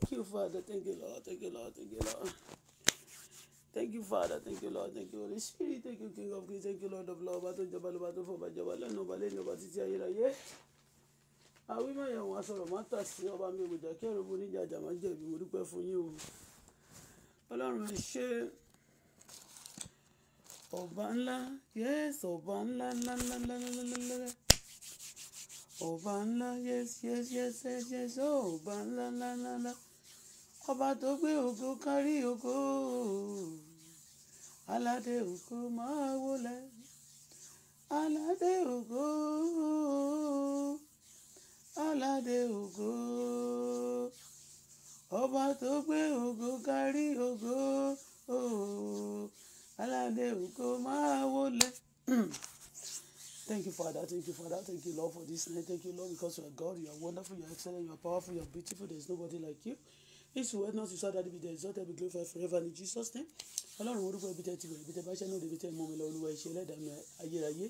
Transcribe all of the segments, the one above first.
Thank you, Father. Thank you, Lord. Thank you, Lord. Thank you, Lord. Thank you, Father. Thank you, Lord. Thank you, Holy Spirit. Thank you, King of Kings. Thank you, Lord of Lords. Bàtò ìjọba ló bàtò fọba ìjọba lẹ́nu ọba lẹ́nu ọba títí ayérayé. Àwọn ìmọ̀ ìyàwó asọ̀rọ̀ máa tà sí ọba mi ìwòjà kẹ́rù mo níjà àjàmá jẹ̀bi mo dúpẹ́ fún yín o. Ọlọ́run ẹ ṣé ọba ńlá yes ọba ńlá ńlá ńlá ńlá ńlá ńlá ńlá ọba ńlá yes yes yes yes yes ọba ńlá ńlá ńlá ńlá ọba tó gbé ògo kárí ògo aládé ògo máa wọlé aládé ògo aládé ògo ọba tó gbé ògo kárí ògo aládé ògo máa wọlé. Thank you, Father. Thank you, Father. Thank you, Lord, for this night. Thank you, Lord, because you are God. You are wonderful. You are excellent. You are powerful. You are beautiful. There is nobody like you his word not his father be the exalted be glorified forever in jesus name ọlọ́run orúkọ ibi tẹ́ ti wẹ̀ ibi tẹ́ bá ṣẹ́ náà débi tẹ́ mọ́ mi lọ olúwa iṣẹ́ ẹlẹ́dàá mi ayérayé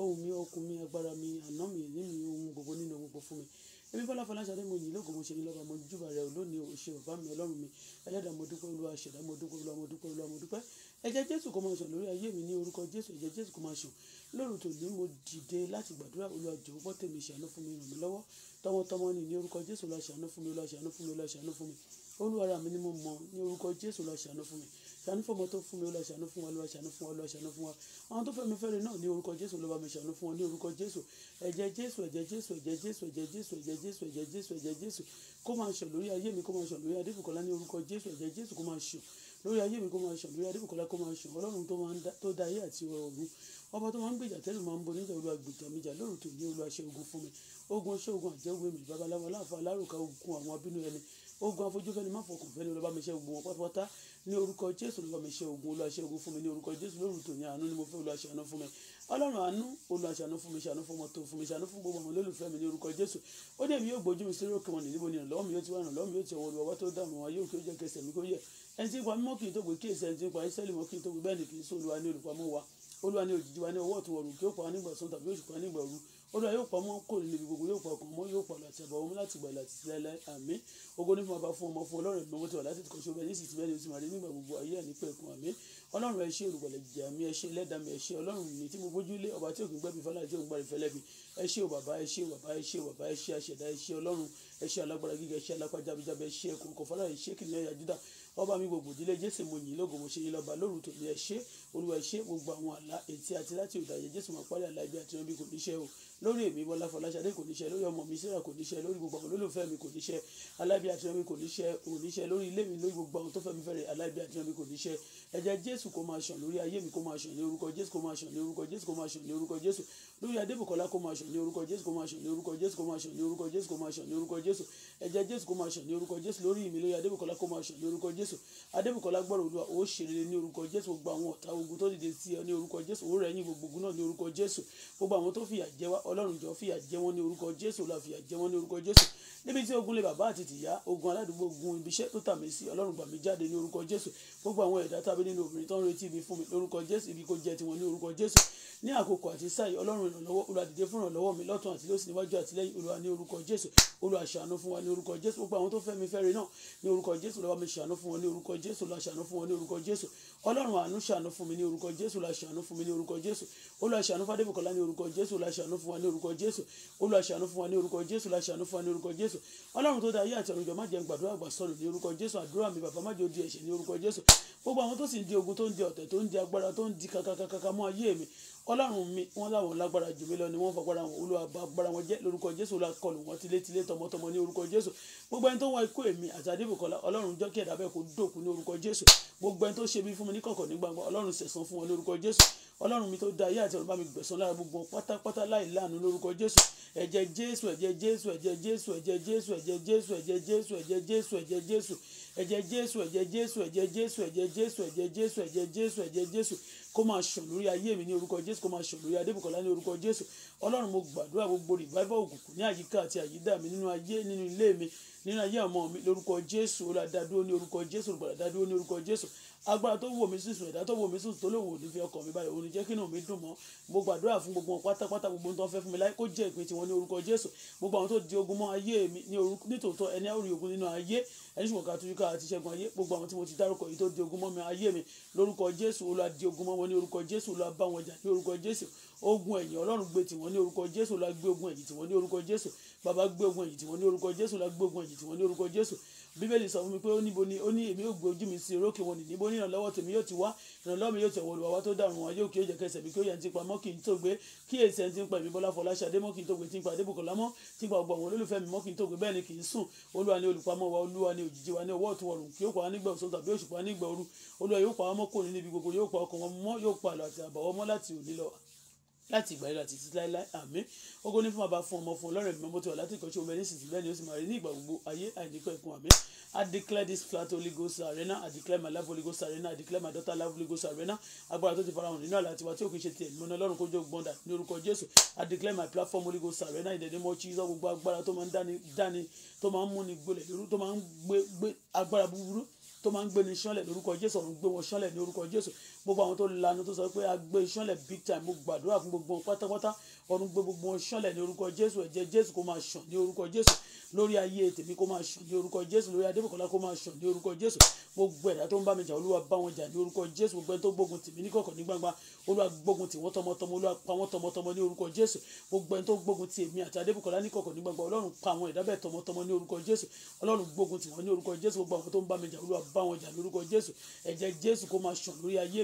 ohun mi okun mi agbára mi àná mi èyí mi ohun gbogbo nínú ohun gbogbo fún mi èmi bọ́lá fọláṣadé mo yìn lógo mo ṣe ní lọ́ba mo júbà rẹ olónìí òṣè bàbá mi ọlọ́run mi ẹlẹ́dàá mo dúpẹ́ olúwa ṣẹ̀dá mo dúpẹ́ olúwa mo dúpẹ́ olúwa mo dúpẹ́ ẹ̀jẹ̀ jésù kò máa sàn lórí ayé mi ní orúkọ jésù ẹ̀jẹ̀ jésù kò máa sàn lóru tòní mo dìde láti gbàdúrà olúwa jọ̀wọ́ gbọ́ tèmi ṣàánú fún mi ràn mí lọ́wọ́ tọmọtọmọ ni ní orúkọ jésù olúwa ṣàánú fún mi olúwa ṣàánú fún mi olúwa ṣàánú fún mi olúwa ara mi ni mo mọ̀ ní orúkọ jésù lọ ṣàánú fún mi ṣàánú fún ọmọ tó fún mi olúwa ṣàánú fún wa olúwa ṣàánú fún wa olúwa ṣàánú fún wa àwọn tó fẹ́ mi fẹ́rẹ̀ náà ní orúkọ jésù olúwa mi ṣàánú fún wa ní orúkọ jésù ẹ̀jẹ̀ jésù ẹ̀jẹ̀ jésù ẹ̀jẹ̀ jésù ẹ̀jẹ̀ jésù ẹ̀jẹ̀ jésù ẹ̀jẹ̀ jésù ẹ̀jẹ̀ jésù kó máa ṣàn lórí ayé mi kó máa ṣàn lórí adébùkọ́lá ní orúkọ jésù ẹ̀jẹ̀ jésù kó máa ṣàn lórí ayé mi kó máa ṣàn lórí adébùkọ́lá kó máa ṣàn ọlọ́run tó dá ayé àti ọ̀run ọba tó máa ń gbèjà tẹ́lẹ̀ máa ń bo níjà olúwa gbèjà mi jà lóru ní olúwa ṣe ogun fún mi ogun ṣe ogun àjẹwé mi babaláwo aláàfọ alárùkà ogun àwọn abínú ẹni ogun afojúfẹ́ni má fọkàn fẹ́ni olúwa mi ṣe ogun wọn pátápátá ní orúkọ jésù olúwa mi ṣe ogun olúwa ṣe ogun fún mi ní orúkọ jésù lóru tòní àánú ni mo fẹ́ olúwa ṣe àánú fún mi ọlọ́run àánú olúwa ṣe àánú fún mi ṣe àánú fún ọmọ tó fún mi ṣe àánú fún gbogbo ọmọ lólùfẹ́ mi ní orúkọ jésù ó dé mi yóò gbójú mi sórí òkè wọn ní níbo ni ìrànlọ́wọ́ mi yóò ti wá ìrànlọ́wọ́ mi yóò ti ọwọ́ olúwa tó tó gbé olúwa yóò pọ̀ mọ́ kò ní ibi gbogbo yóò pọ̀ ọkàn mọ́ yóò pọ̀ láti ẹ̀bọ̀ ọmọ láti gbà láti lẹ́lẹ́ àmì ogo ní fún ọba fún ọmọ fún ọlọ́run ìgbọ̀ngàn tí wà láti kọ́ ṣọ́bẹ̀ nísìsiyìí bẹ́ẹ̀ ni oṣù màrí nígbà gbogbo ayé àní pẹ̀kun àmì ọlọ́run ẹ ṣé olùgbàlẹ̀ jìjà mi ẹ ṣé ẹlẹ́dàá mi ẹ ṣé ọlọ́run mi tí mo bójú lé ọba tí òkè gbẹ́bí fọlá tí òkè fẹlẹ́bí ẹ ṣé o bàbá ẹ ṣé o bàbá ẹ ṣé o bàbá ẹ ṣé aṣẹ̀dá ẹ ṣé ọlọ́run ẹ ṣé alágbára gíga ẹ ṣé alápá jábẹ́jábẹ́ ẹ ṣé ẹkùn kọ̀fọ́lá ẹ ṣé ọba mi gbogbo ìdílé jésù mo yìn lógo mo ṣe yín lọ́ba lóru tòun ẹ olúwa ẹ gbogbo àwọn àlá ètí àti láti òdàyẹ jésù mo parí àlá ibi àti ọ̀nà bí kò níṣẹ́ o lórí èmi Bọ́lá Fọláṣadé kò ní ṣe lórí ọmọ mi Sarah kò ní ṣe lórí gbogbo àwọn olólùfẹ́ mi kò ní ṣe alábí àtúnyẹmí kò ní ṣe òní ṣe lórí ilé mi lórí gbogbo àwọn tó fẹ́ mi fẹ́rẹ̀ alábí àtúnyẹmí kò ní ṣe ẹ̀jẹ̀ Jésù kó máa ṣàn lórí ayé mi kó máa ṣàn ní orúkọ Jésù kó máa ṣàn ní orúkọ Jésù kó máa ṣàn ní orúkọ Jésù lórí adébùkọ́lá kó máa ṣàn ní orúkọ jésù kó máa ṣàn ní orúkọ jésù kó máa ṣàn ní orúkọ jésù kó máa ṣàn ní orúkọ jésù ẹ̀jẹ̀ jésù kó máa ṣàn ní orúkọ jésù lórí mi lórí adébùkọ́lá kó máa ṣàn ní orúkọ jésù adébùkọ́lá gbọ́dọ̀ olúwa ó ṣèrere ní orúkọ jésù gbogbo àwọn ọ̀tá ogun tó dìde sí ọ ní orúkọ jésù ó rẹ̀ yín gbogbo ogun náà ní orúkọ jésù gbogbo àwọn tó fìyà jẹ wá ọlọ́run jọ fìyà jẹ wọ́n ní orúkọ jésù la fìyà jẹ wọ́n ní orúkọ jésù níbi tí ogun lè bàbá àti tìyá ogun aládùúgbò ogun ibiṣẹ́ tó tà mí sí ọlọ́run gbà mí jáde ní orúkọ jésù gbogbo àwọn ẹ̀dá tàbí nínú obìnrin tó ń retí ibi fún mi ní orúkọ jésù ibi kò jẹ tiwọn ní orúkọ jésù ní àkókò àti sáyé ọlọ́run ìrànlọ́wọ́ olùwàdìde fún ìrànlọ́wọ́ mi lọ́tún àti lósì níwájú àtìlẹ́yìn olúwa ní orúkọ jésù olúwa ṣàánú fún wa ní orúkọ jésù gbogbo àwọn tó fẹ́ mi fẹ́re náà ní orúkọ jésù lọ́wọ́ mi ṣàánú fún wọn ní orúkọ jésù olúwa fún wọn ní orúkọ jésù ọlọ́run àánú ṣàánú fún mi ní orúkọ jésù olúwa fún mi ní orúkọ jésù olúwa fún wa ní orúkọ jésù olúwa ṣàánú fún wa ní orúkọ jésù olúwa ṣàánú fún wa ní orúkọ jésù ọlọ́run ọlọ́run mi wọ́n láwọn lágbára jù mí lọ ni wọ́n fagbára wọn olúwa bá agbára wọn jẹ́ lórúkọ jésù la kọlù wọn tilétilé tọmọtọmọ ní orúkọ jésù gbogbo ẹni tó ń wá ikú èmi àti adébùkọlá ọlọ́run jọ́ kí ẹ̀dá bẹ́ẹ̀ kó dòkú ní orúkọ jésù gbogbo ẹni tó ṣe bí fún mi ní kọ̀kọ̀ ní gbangba ọlọ́run ṣẹ̀san fún wọn lórúkọ jésù ọlọ́run mi tó da ayé àti ọ̀run bá mi gbẹ̀san lára gbogbo pátápátá láì láàánú lórúkọ jésù ẹ̀jẹ̀ jésù ẹ̀jẹ̀ jésù ẹ̀jẹ̀ jésù ẹ̀jẹ̀ jésù ẹ̀jẹ̀ jésù ẹ̀jẹ̀ jésù ẹ̀jẹ̀ jésù ẹ̀jẹ̀ jésù ẹ̀jẹ̀ jésù ẹ̀jẹ̀ jésù ẹ̀jẹ̀ jésù ẹ̀jẹ̀ jésù ẹ̀jẹ̀ jésù ẹ̀jẹ̀ jésù ẹ̀jẹ̀ jésù kó máa sùn lórí ayé mi ní orúkọ jésù kó máa sùn lórí adébùkọ́lá ní orúkọ jésù ọlọ́run mo gbàdúrà gbogbo revival òkùnkùn ní àyíká àti àyídà mi nínú ayé nínú ilé mi nínú ayé ọmọ mi lórúkọ jésù olùdádúró ní orúkọ jésù olùgbàdàdúró ní orúkọ jésù agbára tó wò mí sísun ẹ̀dá tó wò mí sísun tó lè wò ní fi ọkàn mi báyìí òun jẹ́ kí inú mi dùn mọ́ mo gbàdúrà fún gbogbo wọn pátápátá gbogbo tó ń fẹ́ fún mi láyé kó jẹ́ ìpín tiwọn ní orúkọ jésù gbogbo àwọn tó di ogun mọ́ ayé mi ní orúkọ nítòótọ́ ẹni àwòrán ogun nínú ayé ẹni ṣùgbọ́n ká túyú ká àti ṣẹ́gun ayé gbogbo àwọn tí mo ti dárúkọ yìí tó di ogun mọ́ mi ayé mi lórúkọ jésù olúwa di ogun mọ́ wọn ní orúkọ jésù olúwa bá wọn jà ní orúkọ jésù ogun ẹ̀yìn ọlọ́run gbé tiwọn ní orúkọ jésù la gbé ogun ẹ̀yìn tiwọn ní orúkọ jésù bàbá gbé ogun ẹ̀yìn tiwọn ní orúkọ jésù la gbé ogun ẹ̀yìn tiwọn ní orúkọ jésù bíbélì sọ fún mi pé ó níbo ni ó ní èmi yóò gbé ojú mi sí orókè wọn nìyí bó ní ìrànlọ́wọ́ tèmi yóò ti wá ìrànlọ́wọ́ mi yóò ti wọlé wàwá tó dàrú wọn yóò kí ó jẹ kẹsẹ̀ mi kí ó yẹn ti pamọ́ kí n tó gbé kí èsì ẹni ti ń pa èmi bọ́lá fọlá ṣadé mọ́ kí n tó gbé tí ń pa adébùkọ̀lá mọ́ tí ń pa ọgbà àwọn olólùfẹ́ mi mọ́ kí n tó gbé bẹ́ẹ̀ ni kì í sùn olúwa ni olùpamọ́ wa olúwa ni òjìji wa ni ọwọ́ ọ̀tún láti ìgbà ìlà títí láéláé àmín ògo ní fún bàbá fún ọmọ fún ọlọ́run ìgbìmọ̀ tó wà láti ìkọ́ṣẹ́ omi ẹlẹ́sìn sílẹ̀ ni ó sì máa rí ní ìgbà gbogbo ayé àìníkọ́ ẹ̀kún àmín I declare this flat Holy Ghost arena I declare my life Holy Ghost arena I declare my daughter life Holy Ghost arena agbára tó ti fara nínú àlá tiwa tí òkè ṣe tiẹ̀ nínú ọlọ́run kó jó gbọ́ndà ní orúkọ Jésù I declare my platform Holy Ghost arena ìdẹ̀dẹ̀ mọ́ chíṣọ́ gbogbo agbára tó máa ń dáni dáni tó máa ń múni gbolẹ̀ lóru tó máa ń gbé agbára búburú tó máa ń gbéni sánlẹ̀ lórúkọ jésù ọ̀run gbé wọn sánlẹ̀ ní orúkọ jésù gbogbo àwọn tó lanu tó sọ pé a gbé iṣanlẹ̀ big time mo gbàdúrà fún gbogbo wọn pátápátá ọdún gbé gbogbo wọn iṣanlẹ̀ ní orúkọ jésù ẹ̀jẹ̀ jésù kó máa ṣàn ní orúkọ jésù lórí ayé tèmi kó máa ṣàn ní orúkọ jésù lórí adébùkọ́lá kó máa ṣàn ní orúkọ jésù gbogbo ẹ̀dá tó ń bá mi jà olúwa bá wọn jà ní orúkọ jésù gbogbo ẹni tó gbógun tèmi ní kọ̀kọ̀ ní gbangba olúwa gbógun tì wọ́n tọmọtọmọ olúwa pa wọ́n tọmọtọmọ ní orúkọ jésù gbogbo ẹni tó gbógun tì èmi àti adébùkọ́lá ní kọ̀kọ̀ ní gbangba ọlọ́run pa àwọn ẹ̀dá bẹ́ẹ̀ tọmọtọmọ ní orúkọ jésù ọlọ́run gbógun tì wọ́n ní orúkọ jésù gbogbo àwọn tó ń bá mi jà olúwa bá wọn jà ní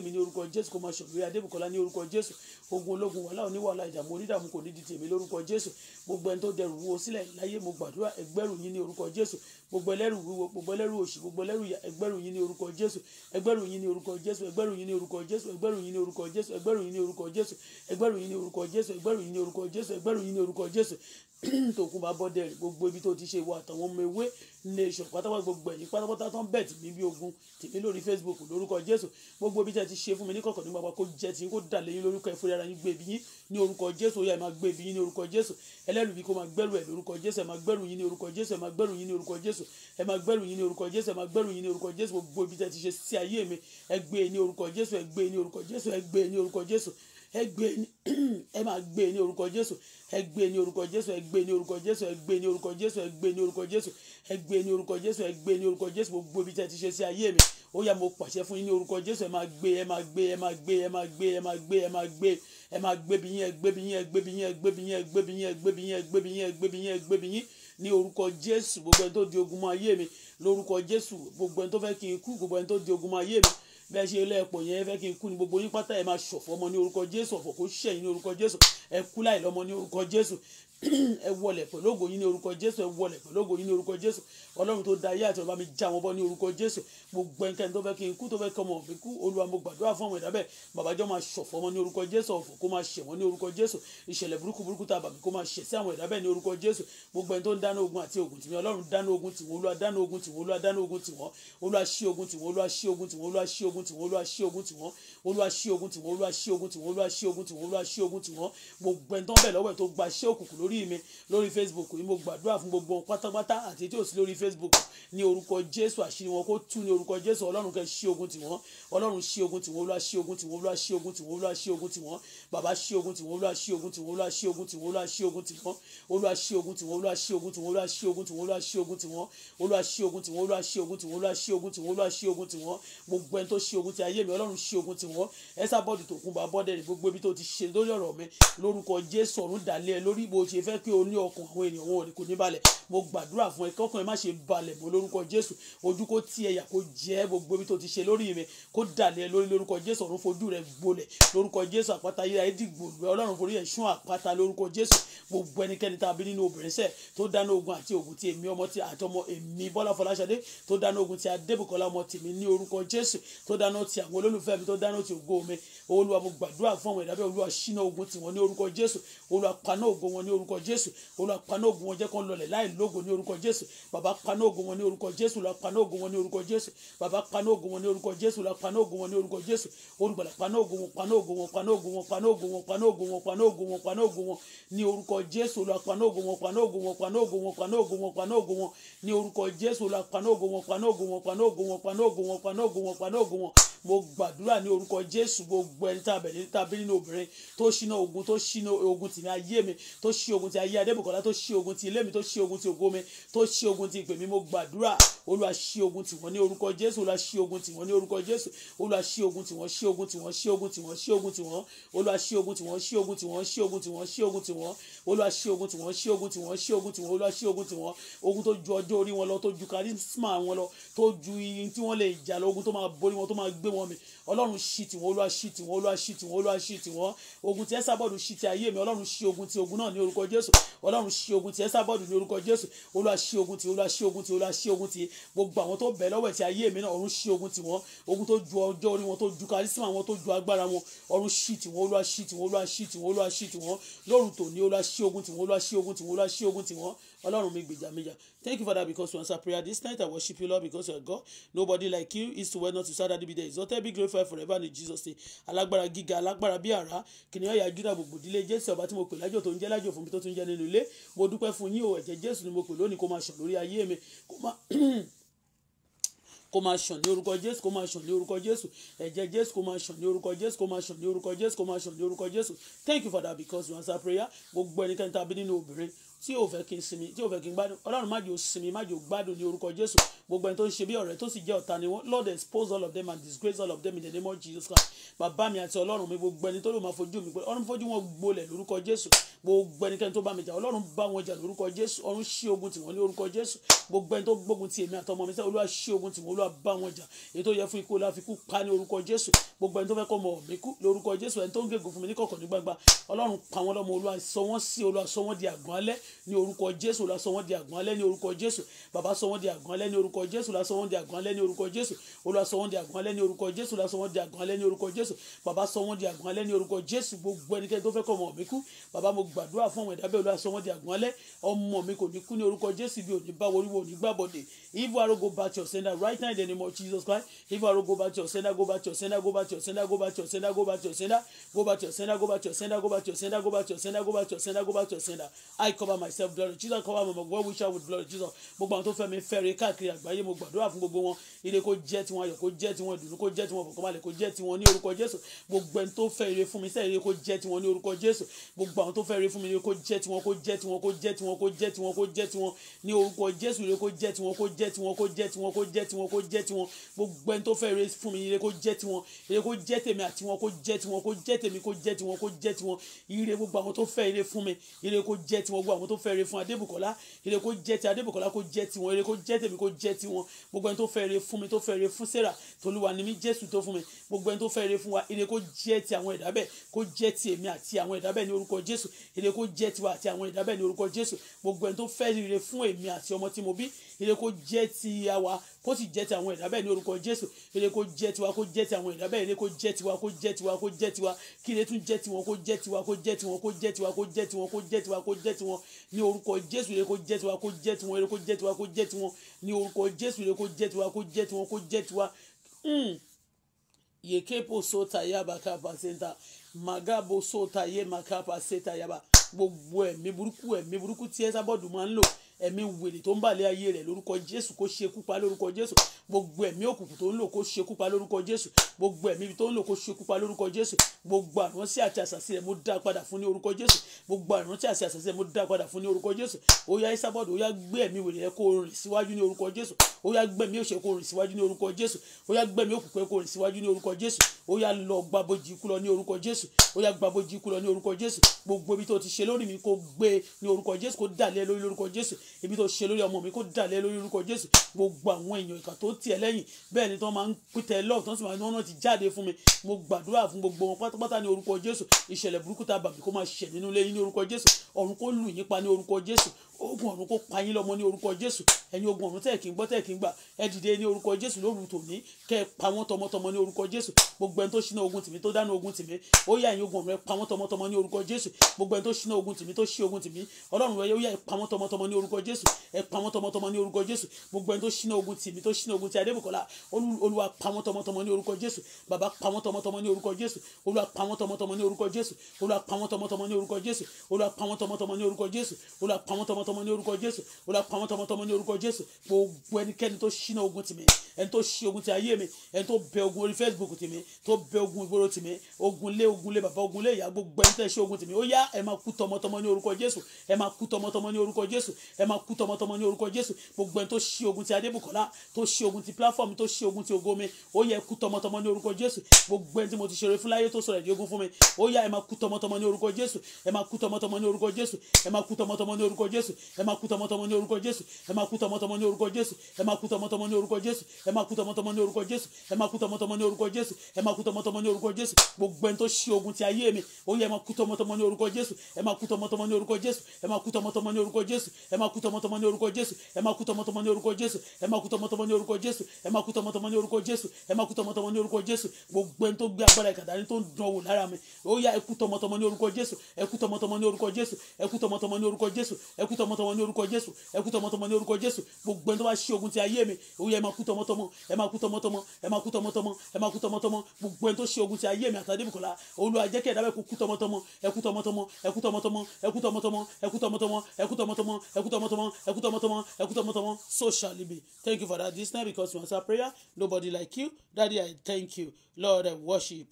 mi ní orúkọ jésù kó máa ṣòfò adébùkọ́lá ní orúkọ jésù ogun ológun wàhálà oníwàhálà ìdààmú onídààmú kò ní di tèmi lórúkọ jésù gbogbo ẹni tó dẹrù wúwo sílẹ̀ láyé mo gbàdúrà ẹgbẹ́rù yín ní orúkọ jésù gbogbo ẹlẹ́rù wíwo gbogbo ẹlẹ́rù òṣì gbogbo ẹlẹ́rù ìyà ẹgbẹ́rù yín ní orúkọ jésù ẹgbẹ́rù yín ní orúkọ jésù ẹgbẹ́rù yín ní orúkọ jésù ẹgbẹ́rù yín ní orúkọ jésù ẹgbẹ́rù yín ní orúkọ jésù ẹgbẹ́rù yín ní orúkọ jésù ẹgbẹ́rù yín ní orúkọ jésù ẹgbẹ́rù yín ní orúkọ jésù tó kún bá bọ́dẹ̀ rí gbogbo ibi tó ti ṣe wà àtàwọn ọmọ ewé nation pátápátá gbogbo ẹ̀yìn pátápátá tán bẹ̀ tì mí bí ogun tèmi lórí facebook lórúkọ jésù gbogbo ibi tẹ́ ti ṣe fún mi ní kọ̀kọ̀ nígbà kó jẹ́ tí kó dà lẹ́yìn lórúkọ ẹ̀fọ́ ara yín gbé ibi yín ní orúkọ jésù ó yá ẹ̀ máa gbé ibi yín ní orúkọ jésù ẹlẹ́rìí kó máa gbẹ́rù ẹ̀ lórúkọ jésù ẹ̀ máa gbẹ́rù yín ní orúkọ jésù ẹ̀ máa gbẹ́rù yín ní orúkọ jésù ẹ̀ máa gbẹ́rù yín ní orúkọ jésù ẹ̀ máa gbẹ́rù yín ní orúkọ jésù gbogbo ibi tẹ́ ti ṣe sí ayé mi ẹ gbé e ní orúkọ jésù ẹ gbé e ní orúkọ jésù ẹ gbé e ní orúkọ jésù ẹ gbé ní ẹ máa gbé ní orúkọ jésù ẹ gbé ní orúkọ jésù ẹ gbé ní orúkọ jésù ẹ gbé ní orúkọ jésù ẹ gbé ní orúkọ jésù ẹ gbé ní orúkọ jésù ẹ gbé ní orúkọ jésù gbogbo ibi tẹ́ ti ṣe sí ayé mi ó yá mo pàṣẹ fún yín ní orúkọ jésù ẹ máa gbé ẹ máa gbé ẹ máa gbé ẹ máa gbé ẹ máa gbé ẹ máa gbé ẹ máa gbé bí yín ẹ gbé bí yín ẹ gbé bí yín ẹ gbé bí yín ẹ gbé bí yín ẹ gbé bí yín ẹ gbé bí yín ẹ gbé bí yín ẹ gbé bí yín ní orúkọ jésù gbogbo ẹni tó di ogun mọ́ ayé mi lórúkọ jésù gbogbo ẹni tó fẹ́ kí n kú gbogbo ẹni tó di ogun mọ́ ayé mi bẹ́ẹ̀ ṣe lẹ́ẹ̀pọ̀ yẹn fẹ́ kí n kú ni gbogbo yín pátá ẹ̀ máa ṣọ̀fọ̀ ọmọ ní orúkọ jésù ọ̀fọ̀ kó ṣẹ̀yìn ní orúkọ jésù ẹ̀ kú láì lọ́mọ ní orúkọ jésù ẹ wọlẹ̀ pẹ̀lú ògo yín ní orúkọ jésù ẹ wọlẹ̀ pẹ̀lú ògo yín ní orúkọ jésù ọlọ́run tó da ayé àti ọba mi já wọn bọ́ ní orúkọ jésù mo gbẹ̀ǹkẹ́ tó fẹ́ kí n kú tó fẹ́ kí ọmọ mi kú olúwa mo gbàdúrà fún ọmọ ẹ̀dá bẹ́ẹ̀ babajọ́ máa ṣọ̀fọ̀ wọn ní orúkọ jésù ọ̀fọ̀ kó máa ṣẹ̀ wọn ní orúkọ jésù ìṣẹ̀lẹ̀ burúkú burúkú tá a bàbí kó máa ṣẹ̀ sí àwọn ẹ̀dá bẹ́ẹ̀ ní orúkọ jésù mo gbẹ̀ tó ń dáná ogun àti ogun tìmí ọlọ́run dáná orí mi lórí facebook yìí mo gbàdúrà fún gbogbo wọn pátápátá àti tí ò sí lórí facebook ni orúkọ jésù àṣírí wọn kó tú ní orúkọ jésù ọlọ́run kẹ́ ṣí ogun tiwọn ọlọ́run ṣí ogun tiwọn olúwa ṣí ogun tiwọn olúwa ṣí ogun tiwọn olúwa ṣí ogun tiwọn bàbá ṣí ogun tiwọn olúwa ṣí ogun tiwọn olúwa ṣí ogun tiwọn olúwa ṣí ogun tiwọn olúwa ṣí ogun tiwọn olúwa ṣí ogun tiwọn olúwa ṣí ogun tiwọn olúwa ṣí ogun tiwọn olúwa ṣí ogun tiwọn olúwa ṣí ogun tiwọn olúwa ṣí ogun tiwọn olúwa ṣí ogun tiwọn gbogbo ẹni tó ṣí ogun ti ayé mi ọlọ́run ṣí ogun tiwọn ẹsà bọ́ọ̀dù tó kún bá bọ́ọ̀dẹ̀ rẹ̀ gbogbo ibi tó ti ṣe lórí ọ̀rọ̀ mi lórúkọ jésù ọ̀run dàlẹ́ lórí ibo t ṣe fẹ́ kí o ní ọkàn àwọn ènìyàn wọn kò ní balẹ̀ mo gbàdúrà fún ẹ kọ́kàn ẹ má ṣe balẹ̀ mọ́ lórúkọ Jésù ojú kó tì ẹ́ yà kó jẹ́ gbogbo ibi tó ti ṣe lórí mi kó dàlẹ́ lórí lórúkọ Jésù ọ̀run fojú rẹ gbolẹ̀ lórúkọ Jésù àpáta yíra ẹ̀dìgbò lùwẹ́ Ọlọ́run forí ẹ̀ṣún àpáta lórúkọ Jésù gbogbo ẹnikẹ́ni tàbí nínú obìnrin sẹ́ẹ̀ tó dáná ogun àti ogun ti èmi ọmọ ti àtọmọ èmi Bọ́lá Fọláṣadé tó dáná ogun ti Adébùkọ́lá ọmọ tèmi ní orúkọ Jésù tó dáná ti àwọn olólùfẹ́ mi tó dáná ti ògo mi Olúwa mo gbàdúrà fún àwọn ìdábẹ́ Olúwa ṣínà ogun tiwọn ní orúkọ Jésù Olúwa paná ogun wọn ní orúkọ orúkọ jésù olúwa paná ogun wọn jẹ́ kó ń lọlẹ̀ láì lógo ní orúkọ jésù bàbá paná wọn ní orúkọ jésù olúwa paná wọn ní orúkọ jésù bàbá paná wọn ní orúkọ jésù olúwa paná wọn ní orúkọ jésù olùgbàlà paná wọn paná wọn paná wọn paná wọn paná wọn paná wọn paná wọn ní orúkọ jésù olúwa paná wọn paná wọn paná wọn paná wọn paná wọn ní orúkọ jésù olúwa paná wọn paná wọn paná wọn paná wọn paná wọn paná wọn mo gbàdúrà ní orúkọ jésù gbogbo ẹni tàbí ẹni tàbí nínú obìnrin tó ṣínà ogun tó ṣínà ogun tì ní ayé mi tó ṣí ogun ti ayé adébùkọ́lá tó ṣí ogun ti ilé mi tó ṣí ogun ti ògo mi tó ṣí ogun ti ìpè mi mo gbàdúrà olúwa ṣí ogun tì wọ́n ní orúkọ jésù olúwa ṣí ogun tì wọ́n ní orúkọ jésù olúwa ṣí ogun tì wọ́n ṣí ogun tì wọ́n ṣí ogun tì wọ́n ṣí ogun tì wọ́n olúwa ṣí ogun tì wọ́n ṣí ogun tì wọ́n ṣí ogun tì wọ́n ṣí ogun tì wọ́n olúwa ṣí ogun tì wọ́n ṣí ogun tì wọ́n ṣí ogun tì wọ́n olúwa ṣí ogun tì wọ́n ogun tó ju ọjọ́ orí wọn lọ tó ju karisma wọn lọ tó ju iyin tí wọ́n lè jà lọ ogun tó máa borí wọn tó máa gbé wọn mi ọlọ́run ṣí tiwọn olúwa ṣí tiwọn olúwa ṣí tiwọn olúwa ṣí tiwọn ogun tí ẹ sábọ̀dù ṣí ti ayé mi ọlọ́run ṣí ogun ti ogun náà ní orúkọ jésù ọlọ́run ṣí ogun tí ẹ sábọ̀dù ní orúkọ jésù olúwa ṣí ogun ti olúwa ṣí ogun ti olúwa ṣí ogun ti gbogbo àwọn tó bẹ̀ lọ́wọ́ ti ayé mi náà ọ̀run ṣí ogun ti wọn ogun tó ju ọjọ́ orí wọn tó ju kárísímà wọn tó ju agbára wọn ọ̀run ṣí tiwọn olúwa ṣí tiwọn olúwa ṣí tiwọn olúwa ṣí tiwọn lórun tòní olúwa ṣí ogun tiwọn olúwa ṣí ogun tiwọn olúwa ṣí ogun tiwọn ọlọ́run mi gbèjà mi jà thank you father because you answer prayer this night i worship you lord because you are god nobody like you is to well not to sad be there is not every glorified forever in jesus name alágbára gíga alágbára bí ara kìnìún ẹ̀yà juda gbogbo ìdílé jésù ọba tí mo pè lájò tó ń jẹ́ lájò fún mi tó tún jẹ́ nínú ilé mo dúpẹ́ fún yín o ẹ̀jẹ̀ jésù ni mo pè lónìí kó máa ṣàn lórí ayé mi kó máa kó máa ṣàn ní orúkọ jésù kó máa ṣàn ní orúkọ jésù ẹ̀jẹ̀ jésù kó máa ṣàn ní orúkọ jésù kó máa ṣàn ní orúkọ jésù kó máa ṣàn ní orúkọ jésù thank you father because you answer prayer gbogbo ẹnikẹ́ni tàbí nínú obìnrin tí ò fẹ́ kí n sinmi tí ò fẹ́ kí n gbádùn ọlọ́run má jò sinmi má jò gbádùn ní orúkọ jésù gbogbo ẹni tó ń ṣe bí ọ̀rẹ́ tó sì jẹ́ ọ̀tá ni wọ́n lord expose all of them and disgrace all of them in the name of jesus christ bàbá mi àti ọlọ́run mi gbogbo ẹni tó ló máa fojú mi pé ọlọ́run fojú wọn gbolẹ̀ lórúkọ jésù gbogbo ẹnikẹ́ni tó bá mi jà ọlọ́run bá wọn jà lórúkọ jésù ọ̀run ṣí ogun tì wọ́n ní orúkọ jésù gbogbo ẹni tó gbógun ti èmi àtọmọ mi sẹ́ olúwa ṣí ogun tì wọ́n olúwa bá wọn jà èyí tó yẹ fún ikú olúwa fi kú pa ní orúkọ jésù gbogbo ẹni tó fẹ́ kọ́ mọ̀ mí kú lórúkọ jésù ẹni tó ń gègùn fún mi ní kọ̀kọ̀ ní gbangba ọlọ́run pa wọn lọ́mọ olúwa sọ wọ́n sí olúwa sọ wọ́n di àgàn alẹ́ ní orúkọ jésù la sọ di àgbọ̀n alẹ́ ní orúkọ jésù bàbá sọ wọ́n di àgbọ̀n alẹ́ ní orúkọ jésù la sọ di àgbọ̀n alẹ́ ní orúkọ jésù olúwa sọ di àgbọ̀n alẹ́ ní orúkọ jésù la sọ di àgbọ̀n alẹ́ ní orúkọ jésù bàbá sọ wọ́n di àgbọ̀n alẹ́ ní orúkọ jésù gbogbo ẹnikẹ́ni tó fẹ́ kọ́ ọmọ mi kú bàbá mo gbàdúrà fún àwọn ìdábẹ́ olúwa sọ di àgbọ̀n alẹ́ ọmọ mi kò ní kú ní orúkọ jésù bí òní bá wọlé òní gbàbọ̀dé the name myself blood of Jesus cover my well wisher with blood of Jesus gbogbo àwọn tó fẹ́ mi fẹ́re káàkiri àgbáyé mo gbàdúrà fún gbogbo wọn ire kó jẹ́ tiwọn ayọ̀ kó jẹ́ tiwọn ìdùnnú kó jẹ́ tiwọn ìfọ̀kànbalẹ̀ kó jẹ́ tiwọn ní orúkọ Jésù gbogbo ẹni tó fẹ́ ire fún mi sẹ́ ire kó jẹ́ tiwọn ní orúkọ Jésù gbogbo àwọn tó fẹ́ ire fún mi ire kó jẹ́ tiwọn kó jẹ́ tiwọn kó jẹ́ tiwọn kó jẹ́ tiwọn kó jẹ́ tiwọn ní orúkọ Jésù ire kó jẹ́ tiwọn kó jẹ́ tiwọn kó jẹ́ tiwọn kó jẹ́ tiwọn kó jẹ́ tiwọn gbogbo ẹni tó fẹ́ ire fún mi ire kó jẹ́ tiwọn ire kó jẹ́ tèmi àtiwọn kó jẹ́ tiwọn kó jẹ́ tèmi kó jẹ́ tiwọn kó jẹ́ tiwọn ire gbogbo àwọn tó fẹ́ ire fún mi ire kó jẹ́ tiwọn gbogbo àwọn tó fẹ́ ere fún adébùkọ́lá ire kó jẹ́ ti adébùkọ́lá kó jẹ́ tiwọn ire kó jẹ́ tèmi kó jẹ́ tiwọn gbogbo ẹni tó fẹ́ ere fún mi tó fẹ́ ere fún sarah tolúwa ni mí jésù tó fún mi gbogbo ẹni tó fẹ́ fún wa ire kó jẹ́ ti àwọn ẹ̀dá bẹ́ẹ̀ kó jẹ́ ti èmi àti àwọn ẹ̀dá bẹ́ẹ̀ ní orúkọ jésù ire kó jẹ́ tiwa àti àwọn ẹ̀dá bẹ́ẹ̀ ní orúkọ jésù gbogbo ẹni tó fẹ́ ní orúkọ jésù rẹ kó jẹ́ tiwa kó jẹ́ tiwọn rẹ kó jẹ́ tiwa kó jẹ́ tiwọn ní orúkọ jésù rẹ kó jẹ́ tiwa kó jẹ́ tiwọn kó jẹ́ tiwa hmm. yekepo sota yaba kapa senta magabo sota ye makapa seta yaba gbogbo ẹ̀mí burúkú ẹ̀mí burúkú tí ẹ sábọ̀dù máa ẹ̀mí wèrè tó ń bàlẹ́ ayé rẹ̀ lórúkọ jésù kó ṣekú pa lórúkọ jésù gbogbo ẹ̀mí òkùnkùn tó ń lò kó ṣekú pa lórúkọ jésù gbogbo ẹ̀mí tó ń lò kó ṣekú pa lórúkọ jésù gbogbo àrántí àti àṣàṣì rẹ̀ mo dá padà fún ní orúkọ jésù gbogbo àrántí àti àṣàṣì rẹ̀ mo dá padà fún ní orúkọ jésù ó yá ìsábọ̀dù ó yá gbé ẹ̀mí wèrè rẹ̀ kó rìn síwájú ní orúkọ jésù ó yá gbẹ̀mí òṣè kó rìn síwájú ní orúkọ jésù ó yá gbẹ̀mí òkùnkùn kó rìn síwájú ní orúkọ jésù ó yá lọ gbàbọjì ikú lọ ní orúkọ jésù ó yá gbàbọjì ikú lọ ní orúkọ jésù gbogbo ibi tó ti ṣe lórí mi kó gbé ní orúkọ jésù kó dàlẹ́ lórí lórúkọ jésù ibi tó ṣe lórí ọmọ mi kó dà lé lórí orúkọ jésù gbogbo àwọn èèyàn ìkà tó tiẹ̀ lẹ́yìn bẹ́ẹ̀ ni tí wọ́n máa ń pété lọ́ọ̀ tí wọ́n sì máa ń wọ́n ti jáde fún mi mo gbàdúrà fún gbogbo wọn pátápátá ní orúkọ jésù ìṣẹ̀lẹ̀ burúkú tá a bàbí kó máa ṣẹ̀ nínú ilé yín ní orúkọ jésù ọ̀run kó lù yín pa ní orúkọ jésù ogun ọ̀run kó pa yín lọ́mọ ní orúkọ jésù ẹ̀yin ogun ọ̀run tẹ́ẹ̀kì ń gbọ́ tẹ́ẹ̀kì ń gbà ẹ dìde ní orúkọ jésù lóru tòní kẹ́ ẹ pa wọ́n tọmọtọmọ ní orúkọ jésù gbogbo ẹni tó ṣínà ogun tìmí tó dáná ogun tìmí ó yá ẹ̀yin ogun ọ̀run ẹ pa wọ́n tọmọtọmọ ní orúkọ jésù gbogbo ẹni tó ṣínà ogun tìmí tó ṣí ogun tìmí ọlọ́run ẹ ó yá ẹ pa wọ́n tọmọtọmọ ní orúkọ jésù ẹ pa wọ́n tó ṣínà ogun tì mí tó ṣínà ogun tì adébùkọ́lá olúwa pa wọ́n tọmọtọmọ ní orúkọ jésù bàbá pa wọ́n tọmọtọmọ ní orúkọ jésù olúwa pa wọ́n tọmọtọmọ ní orúkọ jésù olúwa pa wọ́n tọmọtọmọ ní orúkọ jésù olúwa pa wọ́n tọmọtọmọ ní orúkọ jésù olúwa pa wọ́n tọmọtọmọ ní orúkọ jésù olúwa pa wọ́n tọmọtọmọ ní orúkọ jésù gbogbo ẹnikẹ́ni tó ṣínà ogun tì mí ẹni tó ṣí ogun ti ayé mi ẹni tó bẹ ogun orí facebook tì mí tó bẹ ogun ìgboro tì mí ogun lé ogun lé bàbá ogun lé ìyá gbogbo ẹni tẹ́ ṣe ogun tì mí ó yá ẹ máa kú tọmọtọmọ ní orúkọ jésù ẹ máa kú tọmọtọmọ ní orúkọ jésù ẹ máa kú tọmọtọmọ ní orúkọ jésù gbogbo ẹni tó ṣí ogun ti adébùkọ́lá tó ṣe ogun ti platform tó ṣe ogun ti ògo mi ó yẹ kú tọmọtọmọ ní orúkọ jésù gbogbo ẹni tí mo ti ṣeré fún láyé tó sọ̀rọ̀ ẹ̀dí ogun fún mi ó yá ẹ máa kú tọmọtọmọ ní orúkọ jésù ẹ máa kú tọmọtọmọ ní orúkọ jésù ẹ máa kú tọmọtọmọ ní orúkọ jésù ẹ máa kú tọmọtọmọ ní orúkọ jésù ẹ máa kú tọmọtọmọ ní orúkọ jésù ẹ máa kú tọmọtọmọ ní orúkọ jésù ẹ máa kú tọmọtọmọ ní orúkọ jésù ẹ máa kú tọmọtọmọ ní orúkọ jésù ẹ máa kú tọmọtọmọ ní orúkọ jésù gbogbo ẹni tó ṣe ogun ti ayé mi ó yá ẹ máa kú tọmọtọmọ ní orúkọ jésù ẹ máa kú tọmọtọmọ ní orúkọ jésù ẹ máa kú tọmọtọmọ ní orúkọ jésù ẹ máa kú tọmọtọmọ ní orúkọ jésù ẹ máa kú tọmọtọmọ ní orúkọ jésù ẹ máa kú tọmọtọmọ ní orúkọ jésù ẹ máa kú tọmọtọmọ ní orúkọ jésù ẹ máa kú tọmọtọmọ ní orúkọ jésù gbogbo ẹni tó gbé agbára ìkàdání tó ń dán wò lára mi ó yá ẹ kú tọmọtọmọ ní orúkọ jésù ẹ kú tọmọtọmọ ní orúkọ jésù ẹ kú tọmọtọmọ ní orúkọ jésù ẹ kú tọmọtọmọ ní orúkọ jésù ẹ kú tọmọtọmọ ní orúkọ jésù gbogbo ẹni tó bá ṣí ogun ti ayé mi ó yá ẹ máa kú tọmọtọmọ ẹ máa kú tọmọtọmọ ẹ máa kú tọmọtọmọ gbogbo ẹni tó ṣí ogun ti ayé mi me. Thank you for that this night because you answer prayer. Nobody like you. Daddy, I thank you. Lord, I worship.